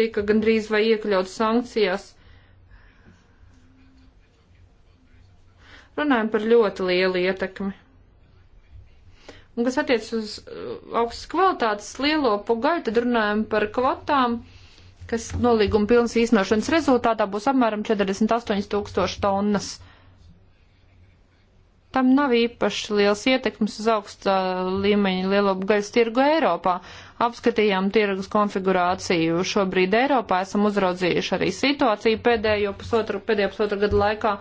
tika gandrīz vai iekļauts sankcijās. Runājam par ļoti lielu ietekmi. Un kas attiec uz uh, augstas kvalitātes lielo pogaļu, tad runājam par kvotām, kas nolīguma pilnas īstenošanas rezultātā būs apmēram 48 tūkstoši tonnas. Uh, tam nav īpaši liels ietekmes uz augstā līmeņa lielo gaļas tirgu Eiropā. Apskatījām tirgus konfigurāciju šobrīd Eiropā, esam uzraudzījuši arī situāciju pēdējo pusotru, pēdējo pusotru gadu laikā,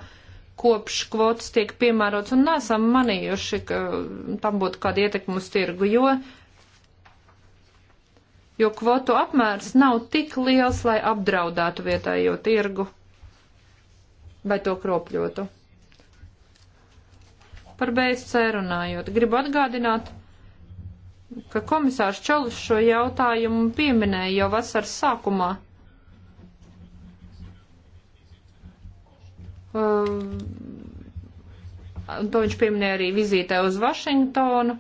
kopš kvotas tiek piemērots un nesam manījuši, ka tam būtu kāda ietekme uz tirgu, jo, jo kvotu apmērs nav tik liels, lai apdraudētu vietējo tirgu vai to kropļotu. Par BSC runājot, gribu atgādināt, ka komisārs Čalis šo jautājumu pieminēja jau vasaras sākumā. Uh, to viņš pieminēja arī vizītē uz Vašingtonu,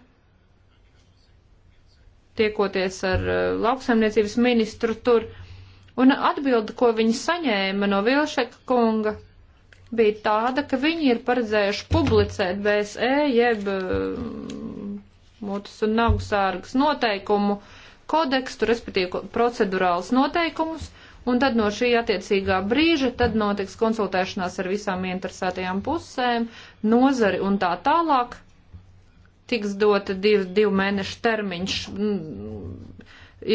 tiekoties ar uh, lauksaimniecības ministru tur. Un atbildi, ko viņi saņēma no Vilšeka kunga, bija tāda, ka viņi ir paredzējuši publicēt BSE jeb eh, mutes un nagu sārgas noteikumu kodekstu, respektīvi procedurāls noteikumus, un tad no šī attiecīgā brīža tad notiks konsultēšanās ar visām interesētajām pusēm, nozari un tā tālāk. Tiks dota divu, divu mēnešu termiņš mm,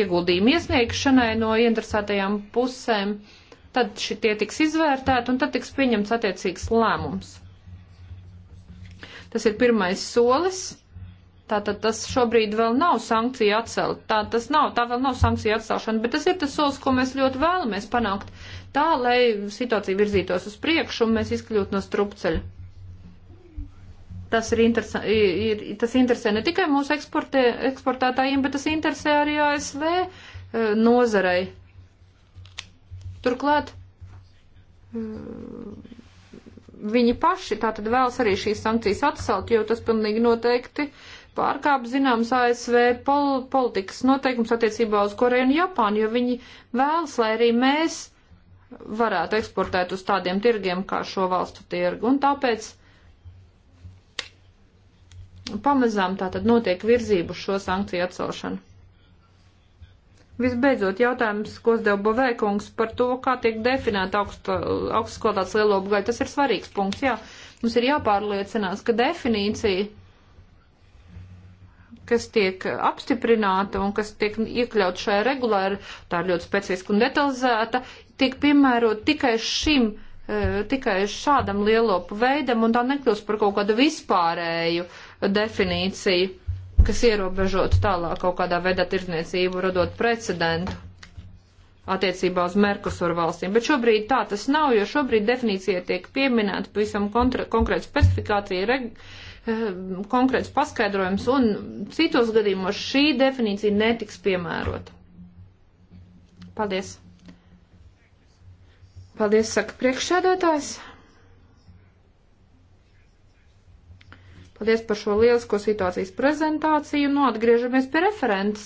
ieguldījumu iesniegšanai no interesētajām pusēm. Uh, tad šitie tiks izvērtēti un tad tiks pieņemts attiecīgs lēmums. Tas ir pirmais solis. Tātad tas šobrīd vēl nav sankcija atcelt. Tā, tas nav, tā vēl nav sankcija atcelšana, bet tas ir tas solis, ko mēs ļoti vēlamies panākt. Tā, lai situācija virzītos uz priekšu un mēs izkļūtu no strupceļa. Tas ir, interesa, ir tas interesē ne tikai mūsu eksportē, eksportētājiem, bet tas interesē arī ASV e, nozarei Turklāt mm, viņi paši tātad vēlas arī šīs sankcijas atsaukt, jo tas pilnīgi noteikti pārkāp zināms ASV pol politikas noteikums attiecībā uz Koreju un Japānu, jo viņi vēlas, lai arī mēs varētu eksportēt uz tādiem tirgiem kā šo valstu tirgu. Un tāpēc pamazām tātad notiek virzību šo sankciju atcelšanu. Visbeidzot, jautājums, ko uzdev Bovēkungs par to, kā tiek definēta augstas kvalitātes lielopu gaļa. Tas ir svarīgs punkts, jā. Mums ir jāpārliecinās, ka definīcija, kas tiek apstiprināta un kas tiek iekļaut šajā regulā, ir tā ir ļoti specifiska un detalizēta, tiek piemērot tikai šim eh, tikai šādam lielopu veidam un tā nekļūst par kaut kādu vispārēju definīciju kas ierobežotu tālāk kaut kādā veidā tirdzniecību, radot precedentu attiecībā uz Merkusur valstīm. Bet šobrīd tā tas nav, jo šobrīd definīcija tiek pieminēta pavisam konkrēta specifikācija, reg, eh, konkrēts paskaidrojums, un citos gadījumos šī definīcija netiks piemērota. Paldies! Paldies, saka priekšsēdētājs. Paldies par šo lielisko situācijas prezentāciju. Nu, atgriežamies pie referents.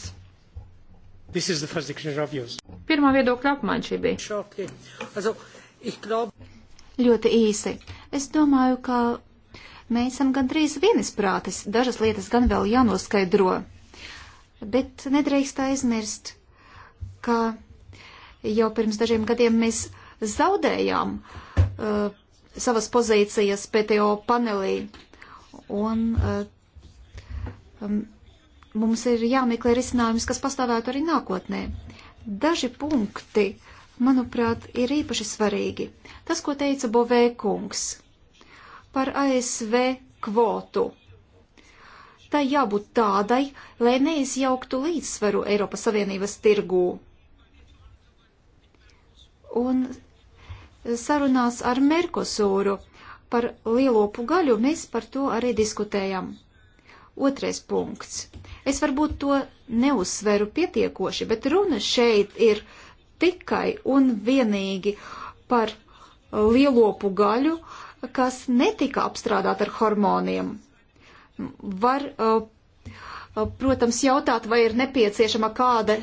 Pirmā viedokļa apmaiņa šī bija. Ļoti īsi. Es domāju, ka mēs esam gandrīz vienisprātis. Dažas lietas gan vēl jānoskaidro. Bet nedrīkst aizmirst, ka jau pirms dažiem gadiem mēs zaudējām uh, savas pozīcijas PTO panelī un eh, um, mums ir jāmeklē risinājums, kas pastāvētu arī nākotnē. Daži punkti, manuprāt, ir īpaši svarīgi. Tas, ko teica Bovē kungs par ASV kvotu. Tā jābūt tādai, lai neizjauktu līdzsvaru Eiropas Savienības tirgū. Un sarunās ar Merkosūru Par lielopu gaļu mēs par to arī diskutējam. Otrais punkts. Es varbūt to neuzsveru pietiekoši, bet runa šeit ir tikai un vienīgi par lielopu gaļu, kas netika apstrādāta ar hormoniem. Var, uh, uh, protams, jautāt, vai ir nepieciešama kāda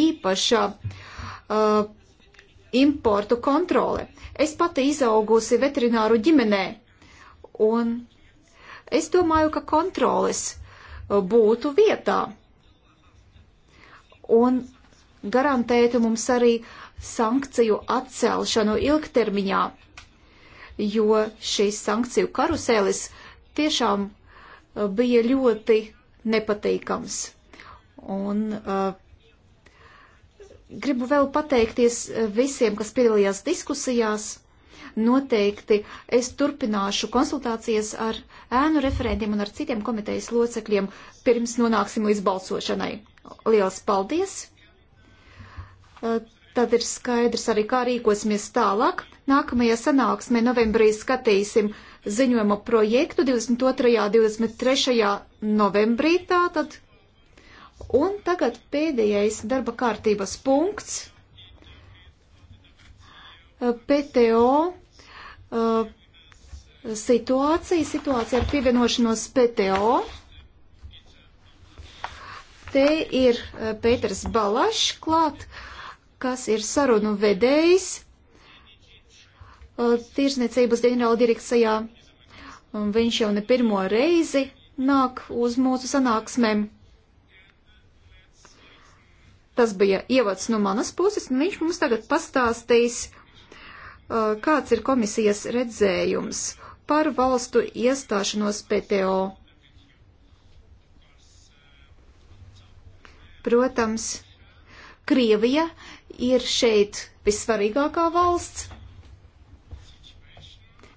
īpaša uh, importu kontrole. Es pati izaugusi veterināru ģimenē, un es domāju, ka kontroles uh, būtu vietā. Un garantētu mums arī sankciju atcelšanu ilgtermiņā, jo šīs sankciju karusēlis tiešām uh, bija ļoti nepatīkams. Un uh, Gribu vēl pateikties eh, visiem, kas piedalījās diskusijās. Noteikti es turpināšu konsultācijas ar ēnu referentiem un ar citiem komitejas locekļiem, pirms nonāksim līdz balsošanai. Lielas paldies! Eh, tad ir skaidrs arī, kā rīkosimies tālāk. Nākamajā sanāksmē novembrī skatīsim ziņojumu projektu 22. un 23. novembrī tātad Un tagad pēdējais darba kārtības punkts. Eh, PTO eh, situācija, situācija ar pievienošanos PTO. Te ir eh, Pēters Balašs klāt, kas ir sarunu vedējs tirsniecības ģenerāla direkcijā. Viņš jau ne pirmo reizi nāk uz mūsu sanāksmēm. Tas bija ievads no manas puses, un viņš mums tagad pastāstīs, uh, kāds ir komisijas redzējums par valstu iestāšanos PTO. Protams, Krievija ir šeit vissvarīgākā valsts.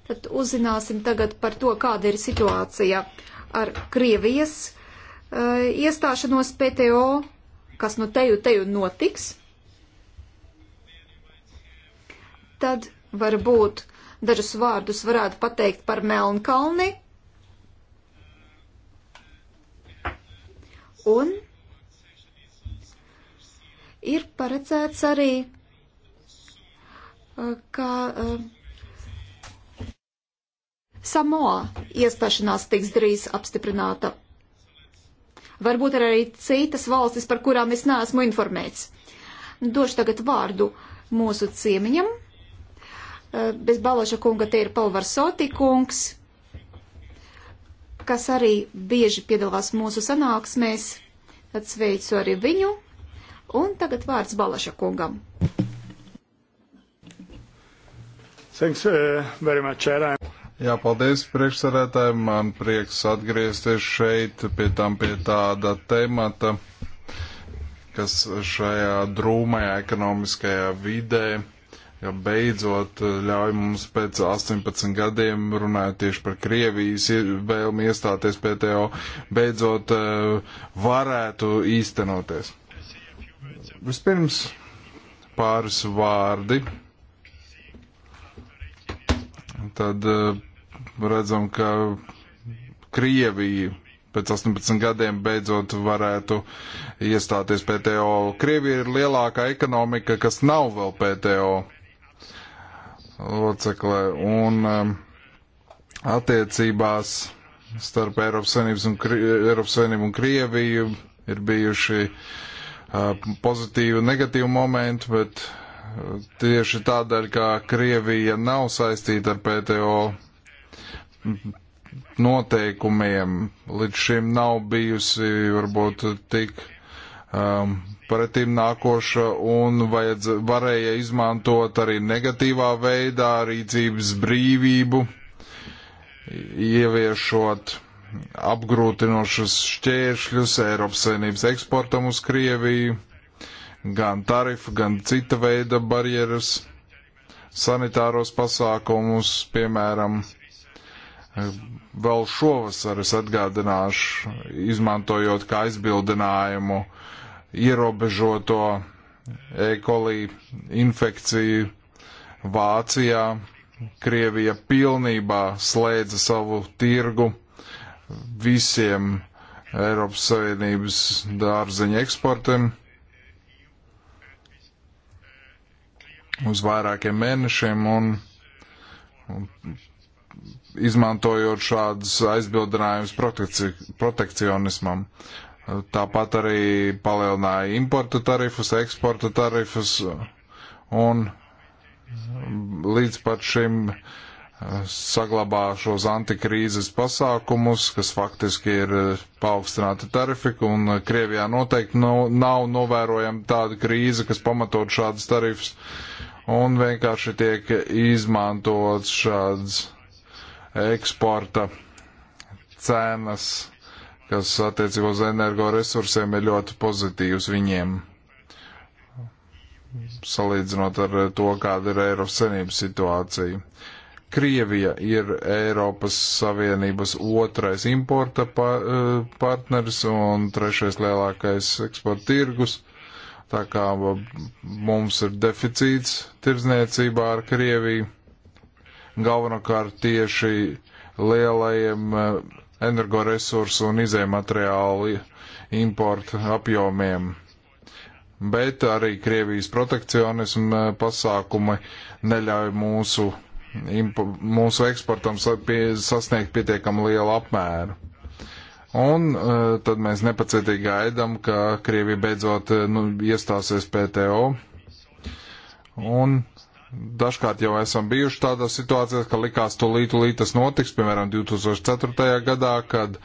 Tad uzzināsim tagad par to, kāda ir situācija ar Krievijas uh, iestāšanos PTO kas nu teju teju notiks, tad varbūt dažus vārdus varētu pateikt par Melnkalni. Un ir paredzēts arī, uh, ka uh, Samoa iestāšanās tiks drīz apstiprināta Varbūt ir arī citas valstis, par kurām es neesmu informēts. Došu tagad vārdu mūsu ciemiņam. Eh, bez Balaša kunga te ir Palvarsoti kungs, kas arī bieži piedalās mūsu sanāksmēs. Tad sveicu arī viņu. Un tagad vārds Balaša kungam. Thanks uh, very much, Chair. Jā, paldies priekšsarētājiem. Man prieks atgriezties šeit pie tam pie tāda temata, kas šajā drūmajā ekonomiskajā vidē ja beidzot ļauj mums pēc 18 gadiem runāt tieši par Krievijas vēlmi iestāties PTO, beidzot eh, varētu īstenoties. Vispirms pāris vārdi tad eh, redzam, ka Krievija pēc 18 gadiem beidzot varētu iestāties PTO. Krievija ir lielākā ekonomika, kas nav vēl PTO locekle, un eh, attiecībās starp Eiropas Savienības un, Kri Eiropas Savienību un Krieviju ir bijuši eh, pozitīvi un negatīvi momenti, bet tieši tādēļ, ka Krievija nav saistīta ar PTO noteikumiem, līdz šim nav bijusi varbūt tik um, pretim nākoša un vajadz, varēja izmantot arī negatīvā veidā rīcības brīvību, ieviešot apgrūtinošus šķēršļus Eiropas Savienības eksportam uz Krieviju gan tarifu, gan cita veida barjeras, sanitāros pasākumus, piemēram, vēl šovasar es atgādināšu, izmantojot kā aizbildinājumu ierobežoto E. coli infekciju Vācijā. Krievija pilnībā slēdza savu tirgu visiem Eiropas Savienības dārzeņu eksportiem. uz vairākiem mēnešiem un, un izmantojot šādas aizbildinājumus protekci, protekcionismam. Tāpat arī palielināja importa tarifus, eksporta tarifus un līdz pat šim uh, saglabā šos antikrīzes pasākumus, kas faktiski ir eh, paaugstināta tarifika, un eh, Krievijā noteikti nav, nav novērojama tāda krīze, kas pamatot šādas tarifas, un vienkārši tiek izmantots šāds eksporta cenas, kas attiecībā uz energoresursiem ir ļoti pozitīvs viņiem salīdzinot ar to, kāda ir Eiropas senības situācija. Uh, Krievija ir Eiropas Savienības otrais importa e, partners un trešais lielākais eksporta tirgus. Tā kā mums ir deficīts tirdzniecībā ar Krieviju, galvenokārt tieši lielajiem e, energoresursu un izējumateriālu importa apjomiem bet arī Krievijas protekcionismu e, pasākumi neļauj mūsu mūsu eksportam sasniegt pietiekami lielu apmēru. Un e, tad mēs nepacietīgi gaidām, ka Krievija beidzot e, nu, iestāsies PTO. Un Dažkārt jau esam bijuši tādā situācijā, ka likās to līdz līdz tas notiks, piemēram, 2004. gadā, kad e,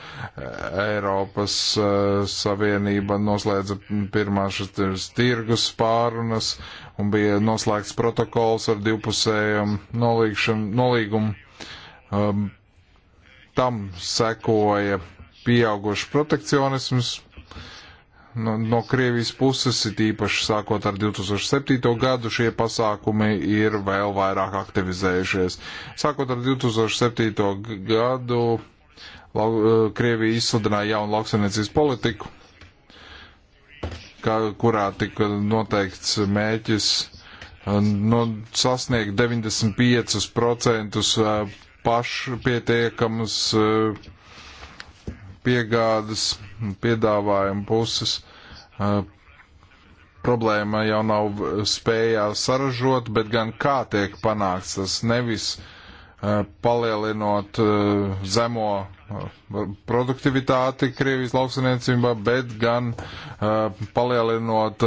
Eiropas uh, Savienība noslēdza pirmās šis tirgus pārunas un bija noslēgts protokols ar divpusējiem nolīgumu. Um, tam sekoja pieaugušs protekcionisms, no, no Krievijas puses, it īpaši sākot ar 2007. gadu, šie pasākumi ir vēl vairāk aktivizējušies. Sākot ar 2007. gadu, lau, eh, Krievija izsludināja jaunu lauksaimniecības politiku, kā, kurā tika noteikts mēķis eh, no, sasniegt 95% pašpietiekamas uh, piegādes piedāvājuma puses problēma jau nav spējā saražot, bet gan kā tiek panākts tas nevis palielinot zemo produktivitāti Krievijas lauksaniecībā, bet gan palielinot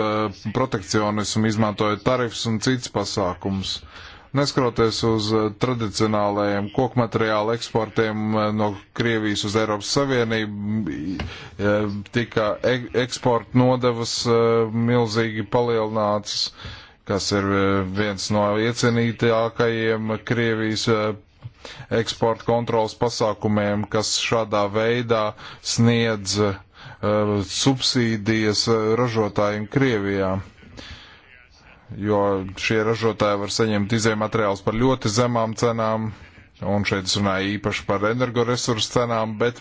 protekcionismu, izmantojot tarifs un cits pasākums. Neskroties uz eh, tradicionālajiem koku materiālu eksportiem eh, no Krievijas uz Eiropas Savienību, eh, tika eksporta nodevas milzīgi palielināts, kas ir viens no iecenītākajiem Krievijas eksporta kontrolas pasākumiem, kas šādā veidā sniedz subsīdijas ražotājiem Krievijā jo šie ražotāji var saņemt izējumateriālus par ļoti zemām cenām, un šeit es runāju īpaši par energoresursu cenām, bet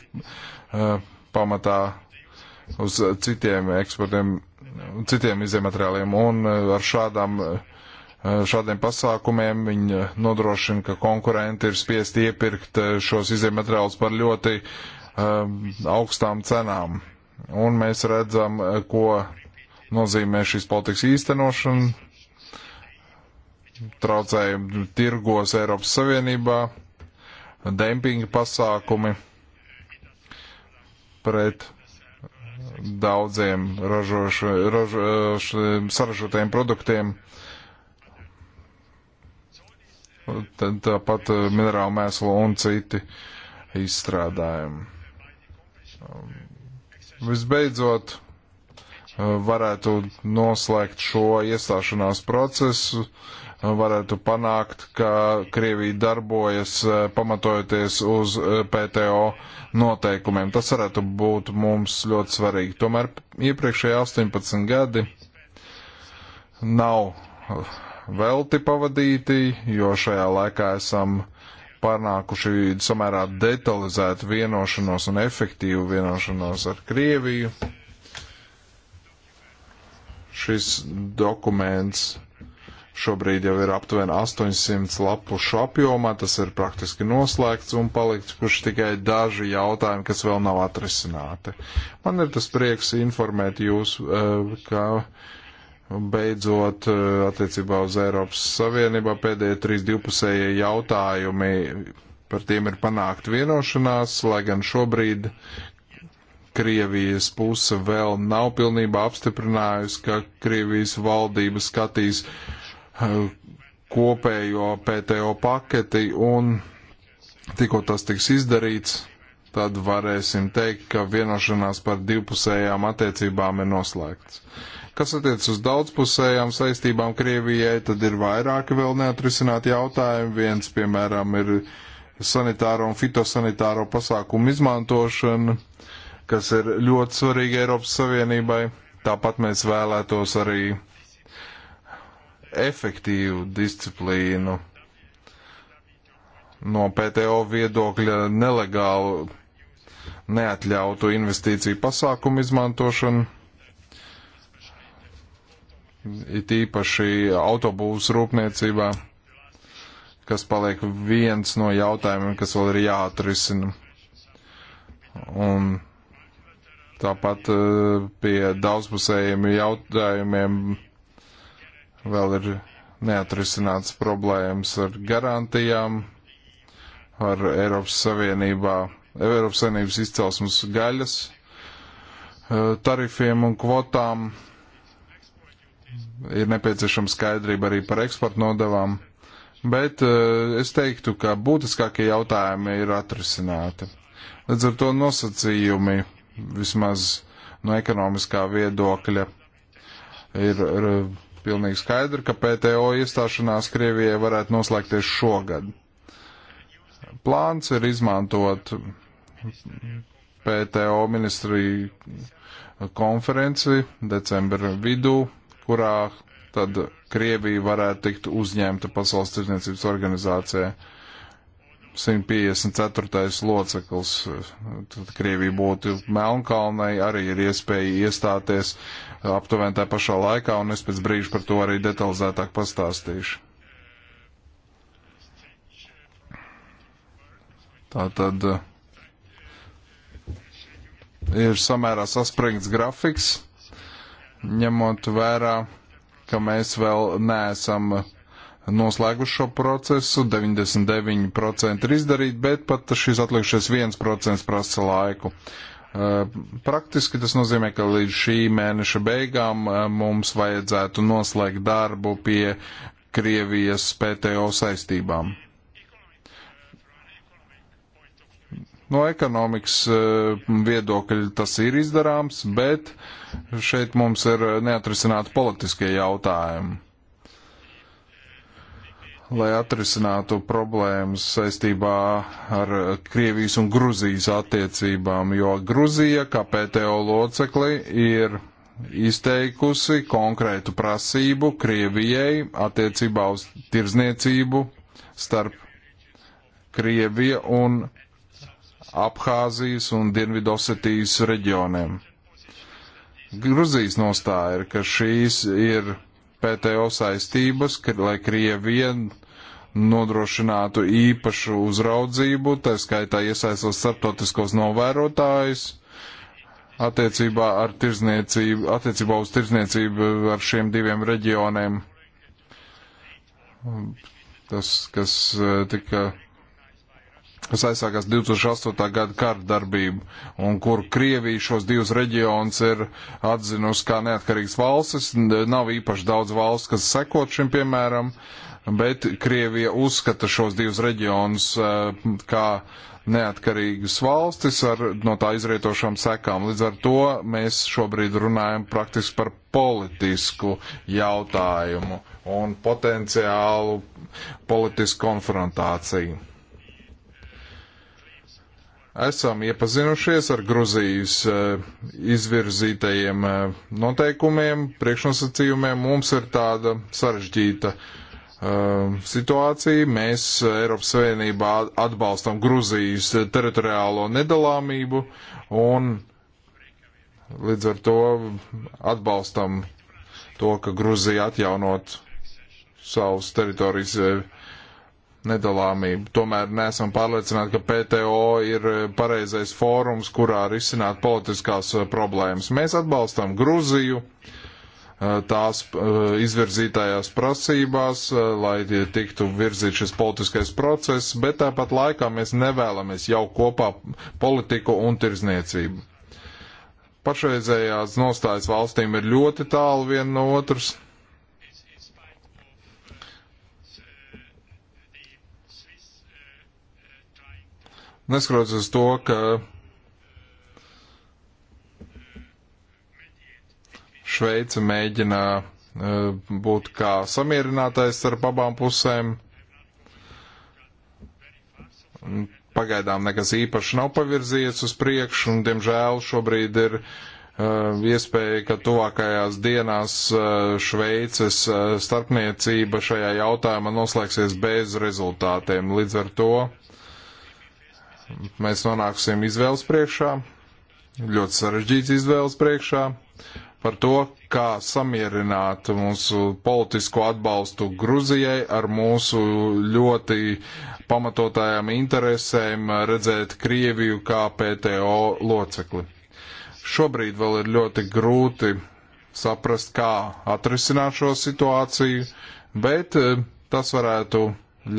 uh, pamatā uz citiem eksportiem, citiem izējumateriāliem, un uh, ar šādām, uh, šādiem pasākumiem viņi nodrošina, ka konkurenti ir spiesti iepirkt šos izējumateriālus par ļoti augstām cenām. Un mēs redzam, ko nozīmē šīs politikas īstenošana traucējumi tirgos Eiropas Savienībā, dempinga pasākumi pret daudziem ražošu, ražošu, saražotiem produktiem. Tad tāpat minerālu mēslu un citi izstrādājumi. Visbeidzot, varētu noslēgt šo iestāšanās procesu varētu panākt, ka Krievija darbojas eh, pamatojoties uz eh, PTO noteikumiem. Tas varētu būt mums ļoti svarīgi. Tomēr iepriekšējie 18 gadi nav eh, velti pavadīti, jo šajā laikā esam panākuši samērā detalizētu vienošanos un efektīvu vienošanos ar Krieviju. Šis dokuments Šobrīd jau ir aptuveni 800 lapušu apjomā, tas ir praktiski noslēgts un palikuši tikai daži jautājumi, kas vēl nav atrisināti. Man ir tas prieks informēt jūs, eh, ka beidzot eh, attiecībā uz Eiropas Savienībā pēdējie trīs divpusējie jautājumi. Par tiem ir panākt vienošanās, lai gan šobrīd Krievijas puse vēl nav pilnībā apstiprinājusi, ka Krievijas valdība skatīs uh, kopējo PTO paketi un tikko tas tiks izdarīts, tad varēsim teikt, ka vienošanās par divpusējām attiecībām ir noslēgts. Kas attiec uz daudzpusējām saistībām Krievijai, tad ir vairāki vēl neatrisināti jautājumi. Viens, piemēram, ir sanitāro un fitosanitāro pasākumu izmantošana, kas ir ļoti svarīga Eiropas Savienībai. Tāpat mēs vēlētos arī uh, efektīvu disciplīnu no PTO viedokļa nelegālu neatļautu investīciju pasākumu izmantošanu, it īpaši autobūvas rūpniecībā, kas paliek viens no jautājumiem, kas vēl ir jāatrisina. Un tāpat eh, pie daudzpusējiem jautājumiem Vēl ir neatrisināts problēmas ar garantijām, ar Eiropas Savienībā, Eiropas Savienības izcelsmes gaļas eh, tarifiem un kvotām. Ir nepieciešama skaidrība arī par eksporta nodevām, bet eh, es teiktu, ka būtiskākie jautājumi ir atrisināti. Līdz ar to nosacījumi vismaz no ekonomiskā viedokļa ir eh, pilnīgi skaidri, ka PTO iestāšanās Krievijai varētu noslēgties šogad. Plāns ir izmantot PTO ministriju konferenci decembra vidū, kurā tad Krievija varētu tikt uzņemta Pasaules tirdzniecības organizācijai. 154. loceklis, tad Krievija būtu Melnkalnai, arī ir iespēja iestāties aptuveni tā pašā laikā, un es pēc brīža par to arī detalizētāk pastāstīšu. Tā tad eh, ir samērā saspringts grafiks, ņemot vērā, ka mēs vēl neesam noslēguši šo procesu, 99% ir izdarīti, bet pat šis atlikušais 1% prasa laiku. Praktiski tas nozīmē, ka līdz šī mēneša beigām mums vajadzētu noslēgt darbu pie Krievijas PTO saistībām. No ekonomikas viedokļa tas ir izdarāms, bet šeit mums ir neatrisināti politiskie jautājumi lai atrisinātu problēmas saistībā ar Krievijas un Gruzijas attiecībām, jo Gruzija, kā PTO locekli, ir izteikusi konkrētu prasību Krievijai attiecībā uz tirzniecību starp Krievija un Abhāzijas un Dienvidosetijas reģioniem. Gruzijas nostāja ir, ka šīs ir PTO saistības, ka, lai Krievija nodrošinātu īpašu uzraudzību, tā skaitā iesaistot starptautiskos novērotājus attiecībā, ar attiecībā uz tirzniecību ar šiem diviem reģioniem. Tas, kas e, tika kas aizsākās 2008. gada kara darbību, un kur Krievija šos divus reģionus ir atzinusi kā neatkarīgas valstis. Nav īpaši daudz valsts, kas sekot šim piemēram, bet Krievija uzskata šos divus reģionus eh, kā neatkarīgas valstis ar no tā izrietošām sekām. Līdz ar to mēs šobrīd runājam praktiski par politisku jautājumu un potenciālu politisku konfrontāciju. Esam iepazinušies ar Gruzijas eh, izvirzītajiem eh, noteikumiem, priekšnosacījumiem. Mums ir tāda sarežģīta uh, Um, situāciju. Mēs uh, Eiropas Savienībā atbalstam Gruzijas teritoriālo nedalāmību un līdz ar to atbalstam to, ka Gruzija atjaunot savus teritorijas uh, nedalāmību. Tomēr neesam pārliecināti, ka PTO ir uh, pareizais fórums, kurā risināt politiskās problēmas. Mēs atbalstam Gruziju. Uh, tās izvirzītajās prasībās, lai tiktu virzīt šis politiskais process, bet tāpat laikā mēs nevēlamies jau kopā politiku un tirzniecību. Pašreizējās nostājas valstīm ir ļoti tālu viena no otras. Neskatoties uz to, ka Šveice mēģina e, būt kā samierinātais starp abām pusēm. Pagaidām nekas īpaši nav pavirzījies uz priekšu, un, diemžēl, šobrīd ir uh, iespēja, ka tuvākajās dienās uh, Šveices uh, starpniecība šajā jautājumā noslēgsies bez rezultātiem. Līdz ar to mēs nonāksim izvēles priekšā, ļoti sarežģīts izvēles priekšā, par to, kā samierināt mūsu politisko atbalstu Gruzijai ar mūsu ļoti pamatotājām interesēm redzēt Krieviju kā PTO locekli. Šobrīd vēl ir ļoti grūti saprast, kā atrisināt šo situāciju, bet eh, tas varētu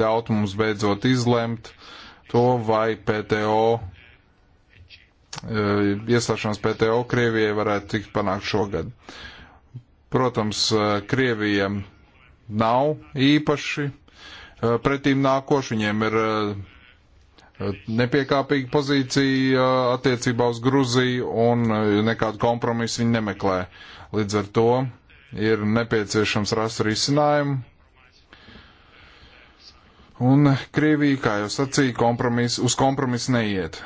ļaut mums beidzot izlemt to, vai PTO E, iestāšanās PTO Krievijai varētu tikt panākt šogad. Protams, e, Krievija nav īpaši e, pretīm nākoši, viņiem ir nepiekāpīga pozīcija attiecībā uz Gruziju un nekādu kompromisu viņi nemeklē. Līdz ar to ir nepieciešams rast risinājumu. Un Krievija, kā jau sacīja, kompromis, uz kompromisu neiet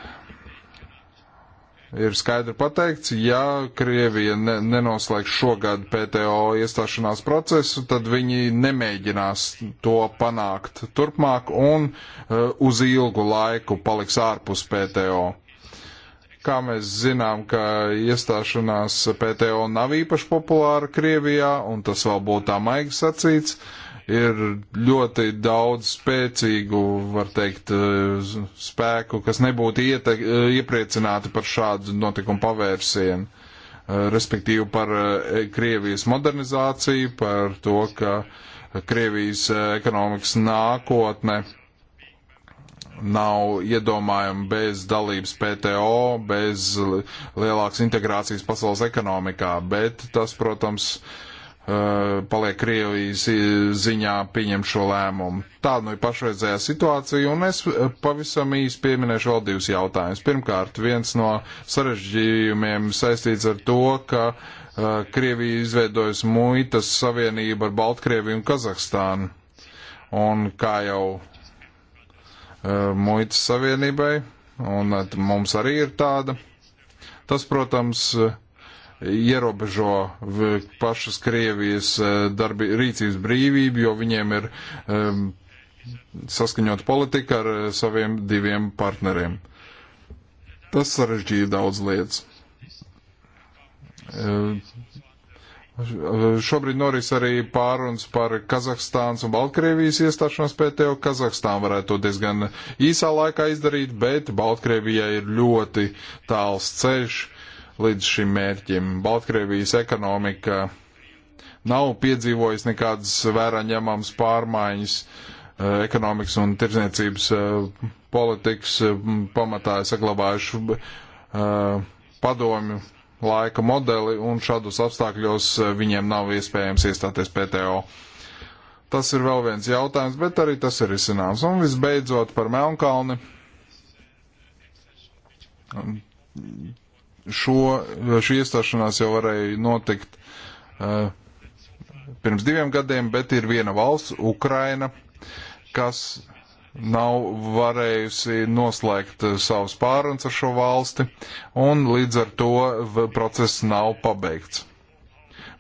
ir skaidri pateikts, ja Krievija ne, nenoslēgs šogad PTO iestāšanās procesu, tad viņi nemēģinās to panākt turpmāk un uh, uz ilgu laiku paliks ārpus PTO. Kā mēs zinām, ka iestāšanās PTO nav īpaši populāra Krievijā, un tas vēl būtu tā maigi sacīts, uh, ir ļoti daudz spēcīgu, var teikt, eh, spēku, kas nebūtu iete, eh, iepriecināti par šādu notikumu pavērsienu, eh, respektīvi par Krievijas modernizāciju, par to, ka Krievijas ekonomikas nākotne nav iedomājama bez dalības PTO, bez lielākas integrācijas pasaules ekonomikā, bet tas, protams, uh, Eh, paliek Krievijas ziņā pieņem šo lēmumu. Tāda nu ir pašreizējā situācija, un es eh, pavisam īsi pieminēšu vēl divus jautājumus. Pirmkārt, viens no sarežģījumiem saistīts ar to, ka uh, Krievija izveidojas muitas savienība ar Baltkrieviju un Kazahstānu. Un kā jau uh, muitas savienībai, un mums arī ir tāda. Tas, protams, uh, ierobežo pašas Krievijas eh, darbi, rīcības brīvību, jo viņiem ir um, saskaņot politika ar eh, saviem diviem partneriem. Tas sarežģīja daudz lietas. Um, Šobrīd noris arī pārunas par Kazahstānas un Baltkrievijas iestāšanos PTO. Kazahstāna varētu to diezgan īsā laikā izdarīt, bet Baltkrievijai ir ļoti tāls ceļš līdz šim mērķim. Baltkrievijas ekonomika nav piedzīvojusi nekādas vērā ņemams pārmaiņas eh, ekonomikas un tirdzniecības eh, politikas eh, pamatā saglabājuši padomju laika modeli, un šādos apstākļos viņiem nav iespējams iestāties PTO. Tas ir vēl viens jautājums, bet arī tas ir izcināms. Un visbeidzot par Melnkalni šo, šī iestāšanās jau varēja notikt uh, pirms diviem gadiem, bet ir viena valsts, Ukraina, kas nav varējusi noslēgt eh, savus pārunas ar šo valsti, un līdz ar to process nav pabeigts.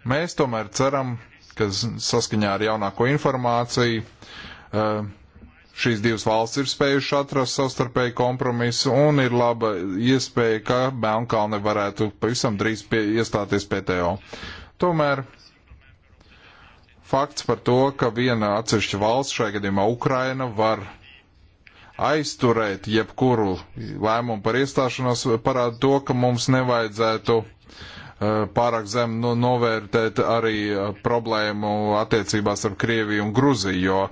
Mēs tomēr ceram, ka saskaņā ar jaunāko informāciju uh, Šīs divas valsts ir spējušas atrast savstarpēju kompromisu un ir laba iespēja, ka Melnkalne varētu pavisam drīz pie, iestāties PTO. Tomēr fakts par to, ka viena atsevišķa valsts, šajā gadījumā Ukraina, var aizturēt jebkuru lēmumu par iestāšanos, parāda to, ka mums nevajadzētu eh, pārāk zem novērtēt arī eh, problēmu attiecībās ar Krieviju un Gruziju, jo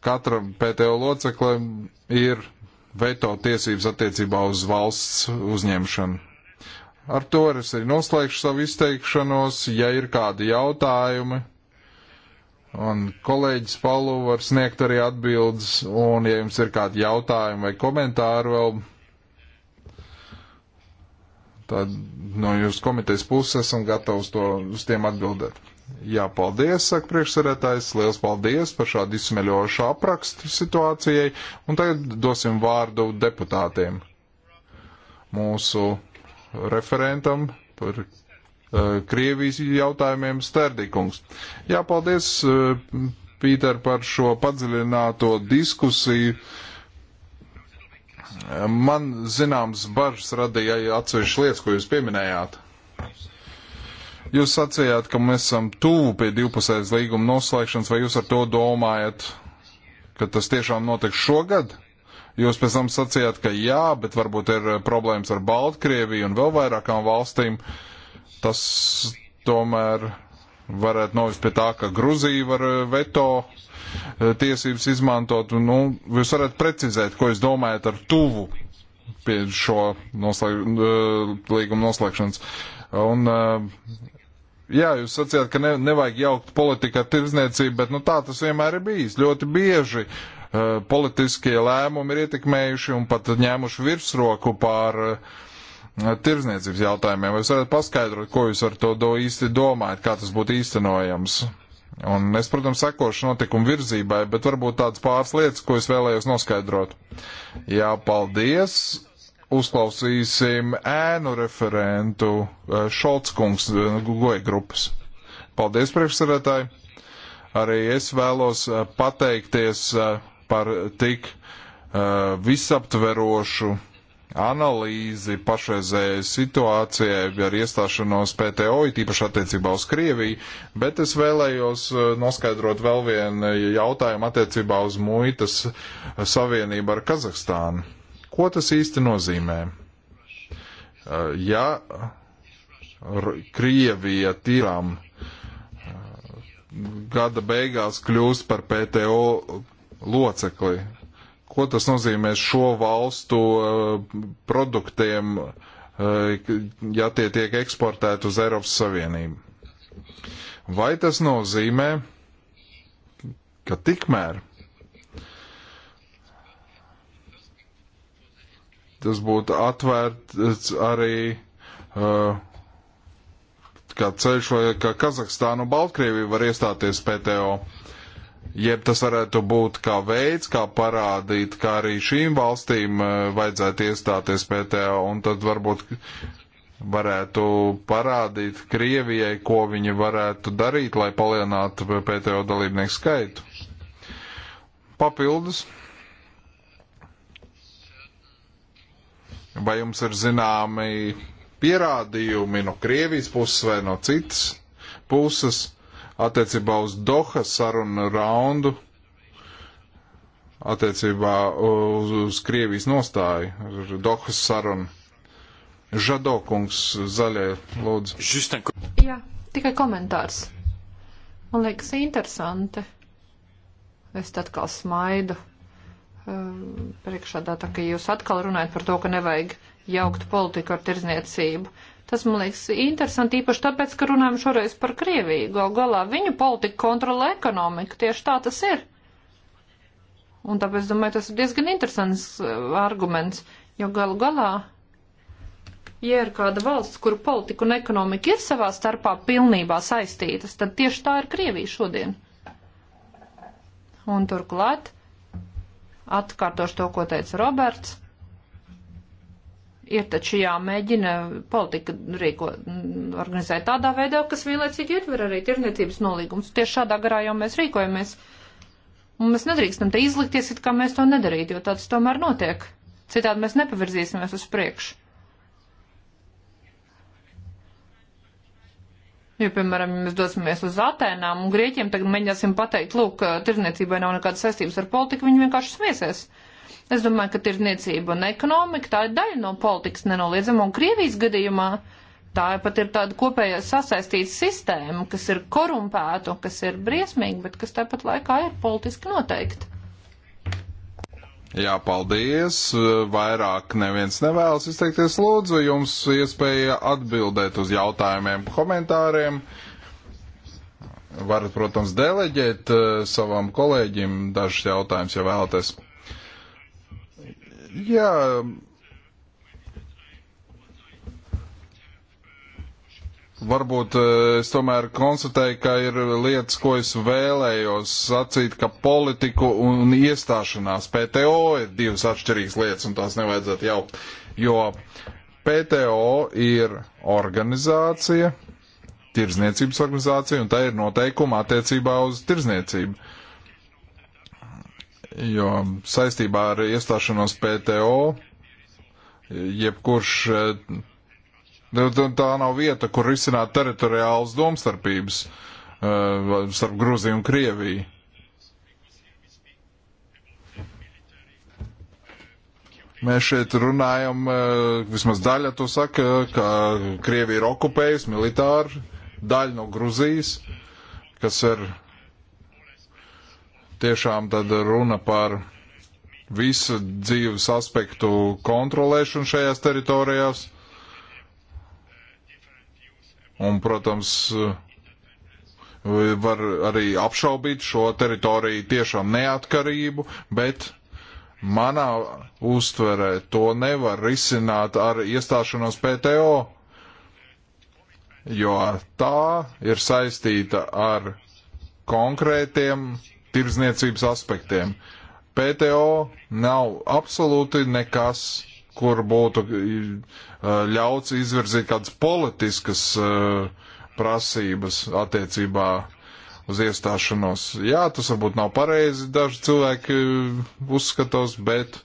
katram PTO loceklim ir veto tiesības attiecībā uz valsts uzņemšanu. Ar to es arī noslēgšu savu izteikšanos, ja ir kādi jautājumi. Un kolēģis Palu var sniegt arī atbildes, un ja jums ir kādi jautājumi vai komentāri vēl, tad no jūsu komitejas puses esam gatavi uz, to, uz tiem atbildēt. Jā, paldies, saka priekšsarētājs. Liels paldies par šādu izsmeļošu aprakstu situācijai. Un tagad dosim vārdu deputātiem. Mūsu referentam par uh, Krievijas jautājumiem Sterdikungs. Jā, paldies, uh, Pīter, par šo padziļināto diskusiju. Man zināms bažas radīja atsevišķas lietas, ko jūs pieminējāt Jūs sacījāt, ka mēs esam tuvu pie divpusējas līguma noslēgšanas, vai jūs ar to domājat, ka tas tiešām notiks šogad? Jūs pēc tam sacījāt, ka jā, bet varbūt ir eh, problēmas ar Baltkrieviju un vēl vairākām valstīm. Tas tomēr varētu novest pie tā, ka Gruzija var eh, veto eh, tiesības izmantot. Nu, jūs varētu precizēt, ko jūs domājat ar tuvu pie šo noslēg, līguma noslēgšanas. Un Jā, jūs sacījāt, ka ne, nevajag jaukt politikā tirzniecību, bet nu, tā tas vienmēr ir bijis. Ļoti bieži uh, politiskie lēmumi ir ietekmējuši un pat ņēmuši virsroku pār uh, tirzniecības jautājumiem. Vai jūs varat paskaidrot, ko jūs ar to do īsti domājat, kā tas būtu īstenojams? Un es, protams, sekošu notikumu virzībai, bet varbūt tādas pāris lietas, ko es vēlējos noskaidrot. Jā, paldies! uzklausīsim ēnu referentu eh, Šolckungs eh, Goja grupas. Paldies, priekšsarētāji! Arī es vēlos eh, pateikties par tik visaptverošu analīzi pašreizējai situācijai ar iestāšanos PTO, it īpaši attiecībā uz Krieviju, bet es vēlējos noskaidrot vēl vienu jautājumu attiecībā uz muitas savienību ar Kazahstānu. Ko tas īsti nozīmē? Uh, ja Krievija tīrām uh, gada beigās kļūst par PTO locekli, ko tas nozīmē šo valstu uh, produktiem, ja tie tiek eksportēti uz Eiropas Savienību? Vai tas nozīmē, ka tikmēr tas būtu atvērts arī uh, kā ceļš, lai ka Kazahstāna un Baltkrievija var iestāties PTO. Jeb tas varētu būt kā veids, kā parādīt, kā arī šīm valstīm uh, vajadzētu iestāties PTO, un tad varbūt varētu parādīt Krievijai, ko viņi varētu darīt, lai palielinātu PTO dalībnieku skaitu. Papildus. Vai jums ir zināmi pierādījumi no Krievijas puses vai no citas puses attiecībā uz Doha sarunu raundu, attiecībā uz, uz Krievijas nostāju, Doha sarunu? Žadokungs zaļie, lūdzu. Jā, tikai komentārs. Man liekas interesanti. Es atkal smaidu. Ehm, priekšādātā, ka jūs atkal runājat par to, ka nevajag jaukt politiku ar tirzniecību. Tas man liekas interesanti, īpaši tāpēc, ka runājam šoreiz par Krieviju. Gal galā viņu politika kontrolē ekonomiku, tieši tā tas ir. Un tāpēc, domāju, tas ir diezgan interesants eh, arguments, jo galu galā, ja ir kāda valsts, kur politika un ekonomika ir savā starpā pilnībā saistītas, tad tieši tā ir Krievija šodien. Un turklāt Atkārtošu to, ko teica Roberts. Ir taču jāmēģina politika rīko, organizēt tādā veidā, kas vienlaicīgi ietver arī tirniecības nolīgums. Tieši šādā garā jau mēs rīkojamies. Un mēs nedrīkstam te izlikties, it kā mēs to nedarītu, jo tāds tomēr notiek. Citādi mēs nepavirzīsimies uz priekšu. Jo, piemēram, ja mēs dosimies uz Atēnām un Grieķiem, tagad mēģināsim pateikt, lūk, tirzniecībai nav nekādas saistības ar politiku, viņi vienkārši smieties. Es domāju, ka tirzniecība un ekonomika tā ir daļa no politikas nenoliedzama, un Krievijas gadījumā tā pat ir tāda kopējā sasaistīta sistēma, kas ir korumpēta un kas ir briesmīga, bet kas tāpat laikā ir politiski noteikta. Jā, paldies. Vairāk neviens nevēlas izteikties. Lūdzu, jums iespēja atbildēt uz jautājumiem, komentāriem. Varat, protams, deleģēt eh, savam kolēģim dažus jautājumus, ja vēlaties. Jā, varbūt eh, es tomēr konstatēju, ka ir lietas, ko es vēlējos sacīt, ka politiku un iestāšanās PTO ir divas atšķirīgas lietas, un tās nevajadzētu jaukt. Jo PTO ir organizācija, tirzniecības organizācija, un tā ir noteikuma attiecībā uz tirzniecību. Jo saistībā ar iestāšanos PTO jebkurš eh, Nu, tā nav vieta, kur risināt teritoriālas domstarpības uh, starp Grūziju un Krieviju. Mēs šeit runājam, uh, vismaz daļa to saka, ka Krievija ir okupējusi militāri daļu no Gruzijas, kas ir tiešām tad runa par visu dzīves aspektu kontrolēšanu šajās teritorijās. Un, protams, eh, var arī apšaubīt šo teritoriju tiešām neatkarību, bet manā uztverē to nevar risināt ar iestāšanos PTO, jo tā ir saistīta ar konkrētiem tirdzniecības aspektiem. PTO nav absolūti nekas kur būtu e, ļauts izvirzīt kādas politiskas e, prasības attiecībā uz iestāšanos. Jā, tas varbūt nav pareizi daži cilvēki e, uzskatos, bet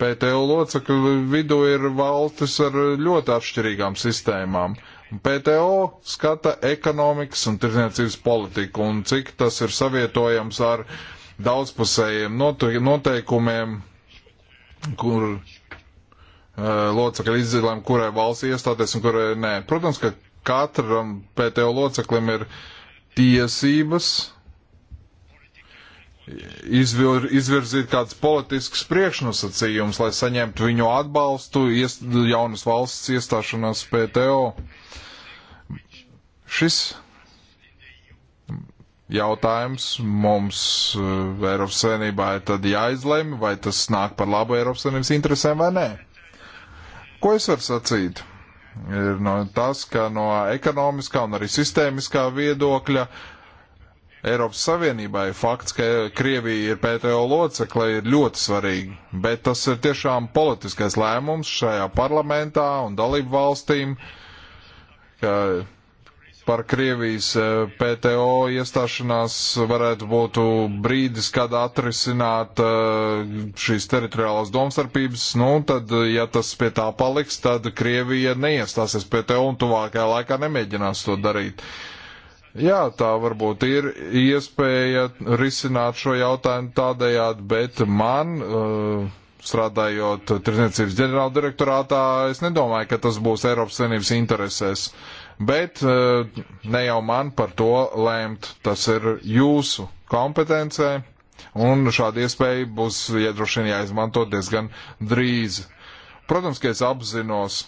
PTO locekļu vidū ir valstis ar ļoti atšķirīgām sistēmām. PTO skata ekonomikas un tirzniecības politiku un cik tas ir savietojams ar daudzpusējiem noteikumiem kur uh, locekļi izlēma, kurai valsts iestāties un kurai nē. Protams, ka katram PTO loceklim ir tiesības izvir, izvirzīt kādas politiskas priekšnosacījumus, lai saņemtu viņu atbalstu iest, jaunas valsts iestāšanās PTO. Šis jautājums mums eh, Eiropas Savienībā ir tad jāizlemj, vai tas nāk par labu Eiropas Savienības interesēm vai nē. Ko es varu sacīt? Ir no tas, ka no ekonomiskā un arī sistēmiskā viedokļa Eiropas Savienībai fakts, ka Krievija ir PTO locekle, ir ļoti svarīgi, bet tas ir tiešām politiskais lēmums šajā parlamentā un dalību valstīm, ka par Krievijas e, PTO iestāšanās varētu būt brīdis, kad atrisināt e, šīs teritoriālās domstarpības, nu, tad, ja tas pie tā paliks, tad Krievija neiestāsies PTO un tuvākajā laikā nemēģinās to darīt. Jā, tā varbūt ir iespēja risināt šo jautājumu tādējādi, bet man. Uh, strādājot Tirzniecības ģenerāldirektorātā, es nedomāju, ka tas būs Eiropas Savienības interesēs. Uh, bet eh, ne jau man par to lēmt, tas ir jūsu kompetencē, un šāda iespēja būs iedrošina ja jāizmanto diezgan drīz. Protams, ka es apzinos,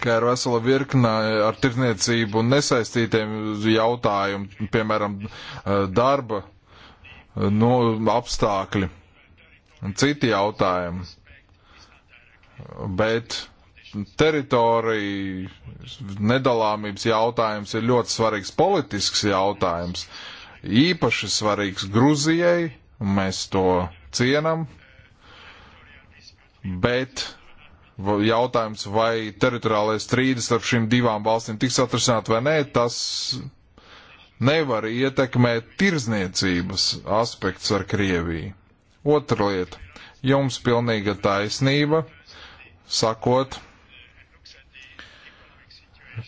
ka ir vesela virkne ar tirdzniecību nesaistītiem jautājumu, piemēram, eh, darba nu, apstākļi un citi jautājumi. Bet teritoriju nedalāmības jautājums ir ļoti svarīgs politisks jautājums. Īpaši svarīgs Gruzijai, mēs to cienam, bet jautājums, vai teritoriālais strīdis starp šīm divām valstīm tiks atrisināt vai nē, tas nevar ietekmēt tirzniecības aspekts ar Krieviju. Otra lieta. Jums pilnīga taisnība, sakot,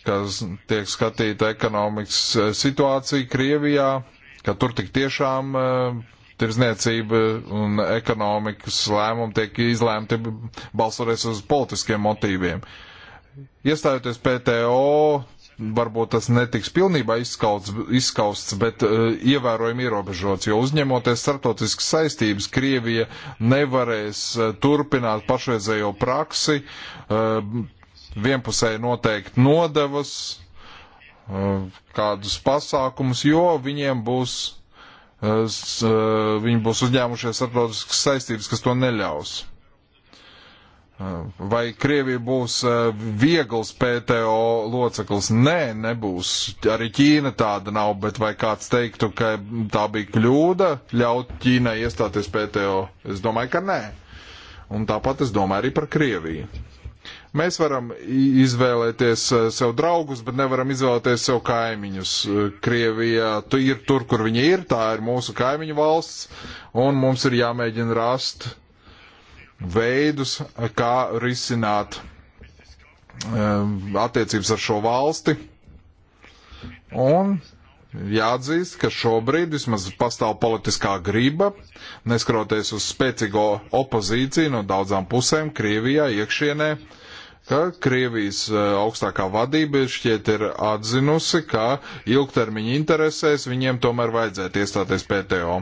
kas tiek skatīta ekonomikas eh, situācija Krievijā, ka tur tik tiešām eh, tirzniecība un ekonomikas lēmumi tiek izlēmti balsoties uz politiskiem motīviem. Iestājoties PTO, varbūt tas netiks pilnībā izskauts, izskausts, bet uh, ievērojami ierobežots, jo uzņemoties startautiskas saistības, Krievija nevarēs uh, turpināt pašreizējo praksi, uh, vienpusēji noteikt nodevas, uh, kādus pasākumus, jo viņiem būs, uh, uh, viņi būs uzņēmušies starptautiskas saistības, kas to neļaus. Vai Krievija būs viegls PTO loceklis? Nē, nebūs. Arī Ķīna tāda nav, bet vai kāds teiktu, ka tā bija kļūda ļaut Ķīnai iestāties PTO? Es domāju, ka nē. Un tāpat es domāju arī par Krieviju. Mēs varam izvēlēties eh, sev draugus, bet nevaram izvēlēties sev kaimiņus. Eh, Krievija tu ir tur, kur viņi ir, tā ir mūsu kaimiņu valsts, un mums ir jāmēģina rast veidus, eh, kā risināt attiecības ar šo valsti. Un jāatzīst, ka šobrīd vismaz pastāv politiskā grība, neskroties uz spēcīgo opozīciju no daudzām pusēm Krievijā iekšienē, ka Krievijas eh, augstākā vadība šķiet ir atzinusi, ka ilgtermiņa interesēs viņiem tomēr vajadzētu iestāties PTO.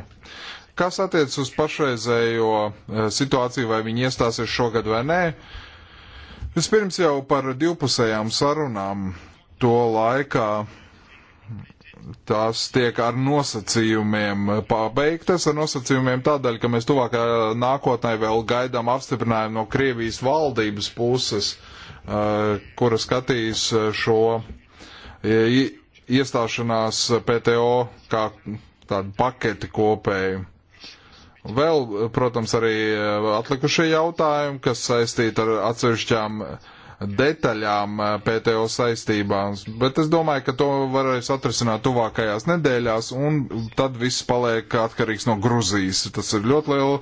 Kas attiec uz pašreizējo eh, situāciju, vai viņi iestāsies šogad vai nē? Vispirms jau par divpusējām sarunām to laikā tās tiek ar nosacījumiem pabeigtas, ar nosacījumiem tādēļ, ka mēs tuvākā nākotnē vēl gaidām apstiprinājumu no Krievijas valdības puses Eh, kura skatīs eh, šo eh, iestāšanās PTO kā tādu paketi kopēju. Vēl, protams, arī atlikušie jautājumi, kas saistīti ar atsevišķām detaļām PTO saistībās, bet es domāju, ka to varēs atrisināt tuvākajās nedēļās, un tad viss paliek atkarīgs no Gruzijas. Tas ir ļoti liela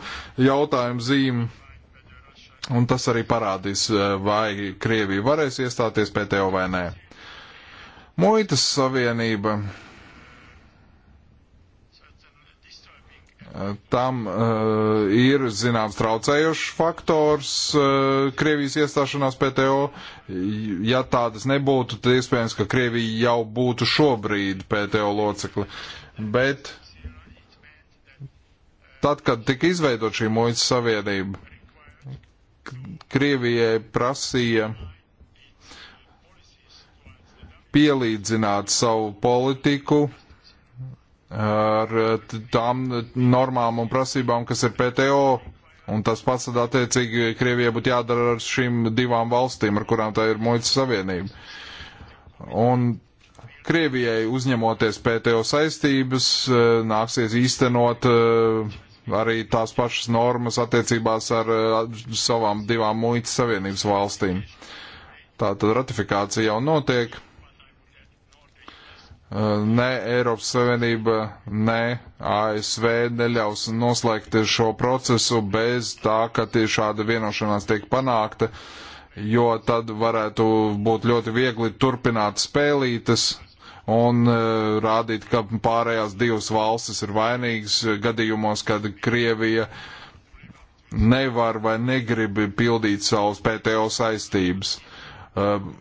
jautājuma zīme. Un tas arī parādīs, eh, vai Krievija varēs iestāties PTO vai nē. Muitas savienība. Eh, tam uh, ir zināms traucējošs faktors uh, Krievijas iestāšanās PTO. Ja tādas nebūtu, tad iespējams, ka Krievija jau būtu šobrīd PTO locekli. Bet tad, kad tika izveidot šī muitas savienība, Krievijai prasīja pielīdzināt savu politiku ar tām normām un prasībām, kas ir PTO. Un tas pats, attiecīgi, Krievijai būtu jādara ar šīm divām valstīm, ar kurām tā ir muitas savienība. Un Krievijai uzņemoties PTO saistības, eh, nāksies īstenot uh, arī tās pašas normas attiecībās ar, ar eh, savām divām muitas savienības valstīm. Tātad ratifikācija jau notiek. Eh, ne Eiropas Savienība, ne ASV neļaus noslēgt šo procesu bez tā, ka tieši šāda vienošanās tiek panākta, jo tad varētu būt ļoti viegli turpināt spēlītas un e, rādīt, ka pārējās divas valstis ir vainīgas e, gadījumos, kad Krievija nevar vai negrib pildīt savus PTO saistības. Um,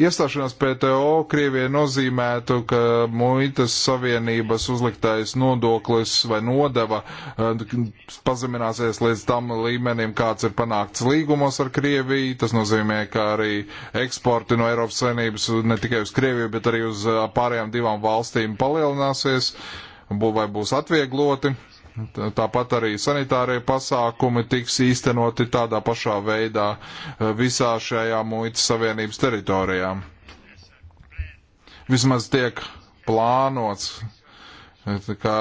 iestāšanās PTO Krievijai nozīmētu, ka muitas savienības uzliktais nodoklis vai nodeva uh, pazemināsies līdz tam līmenim, kāds ir panākts līgumos ar Krieviju. Tas nozīmē, ka arī eksporti no Eiropas savienības ne tikai uz Krieviju, bet arī uz uh, pārējām divām valstīm palielināsies vai būs atviegloti. Tāpat arī sanitārie pasākumi tiks īstenoti tādā pašā veidā e, visā šajā muitas savienības teritorijā. Vismaz tiek plānots, e, ka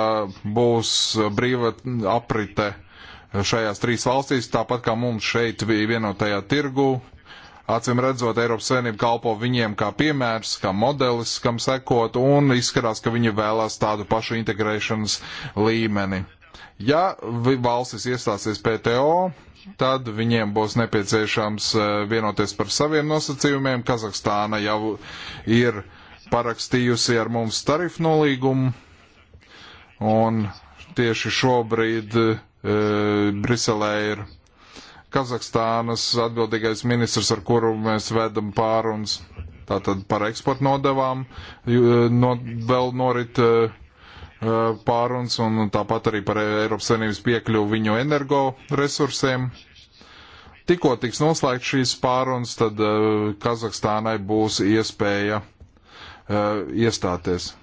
būs brīva aprite šajās trīs valstīs, tāpat kā mums šeit bija vienotajā tirgu. Acim redzot, Eiropas Savienība kalpo viņiem kā piemērs, kā modelis, kam sekot, un izskatās, ka viņi vēlās tādu pašu integrēšanas līmeni. Ja valstis iestāsies PTO, tad viņiem būs nepieciešams eh, vienoties par saviem nosacījumiem. Kazahstāna jau ir parakstījusi ar mums tarifu nolīgumu, un tieši šobrīd e, Briselē ir Kazahstānas atbildīgais ministrs, ar kuru mēs vedam pārunas. Tātad par eksporta nodevām eh, no, vēl norit Uh, pārunas un tāpat arī par Eiropas Savienības piekļuvu viņu energoresursiem. Tikko tiks noslēgt šīs pārunas, tad uh, Kazahstānai būs iespēja uh, iestāties.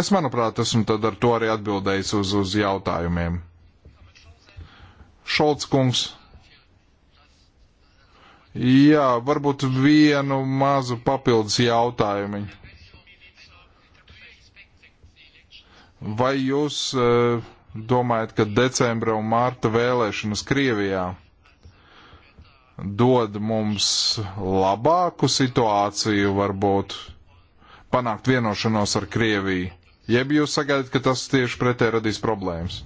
Es, manuprāt, esmu tad ar to arī atbildējis uz, uz jautājumiem. Šolts kungs. Jā, varbūt vienu mazu papildus jautājumu. Vai jūs e, domājat, ka decembra un mārta vēlēšanas Krievijā dod mums labāku situāciju, varbūt panākt vienošanos ar Krieviju? Jeb jūs sagaidat, ka tas tieši pretē radīs problēmas?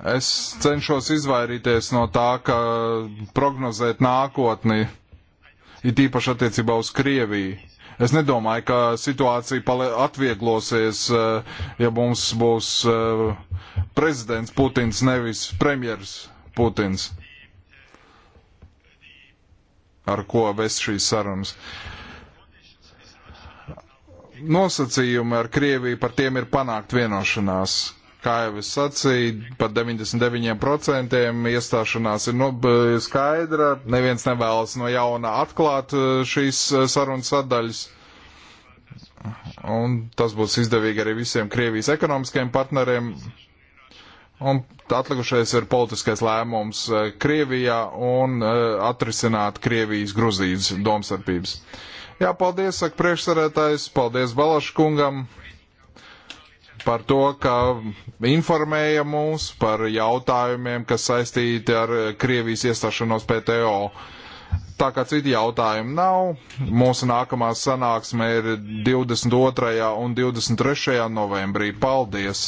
Es cenšos izvairīties no tā, ka prognozēt nākotni, it īpaši attiecībā uz Krieviju. Es nedomāju, ka situācija atvieglosies, eh, ja mums būs eh, prezidents Putins, nevis premjers Putins, ar ko vest šīs sarunas nosacījumi ar Krieviju par tiem ir panākt vienošanās kā jau es sacīju, par 99% iestāšanās ir no, eh, skaidra. Neviens nevēlas no jauna atklāt eh, šīs eh, sarunas sadaļas. Un tas būs izdevīgi arī visiem Krievijas ekonomiskajiem partneriem. Un atlikušais ir politiskais lēmums Krievijā un atrisināt Krievijas Gruzijas domstarpības. Jā, paldies, saka priekšsarētājs, paldies Balaškungam par to, ka informēja mūs par jautājumiem, kas saistīti ar Krievijas iestāšanos PTO. Tā kā citi jautājumi nav, mūsu nākamā sanāksme ir 22. un 23. novembrī. Paldies!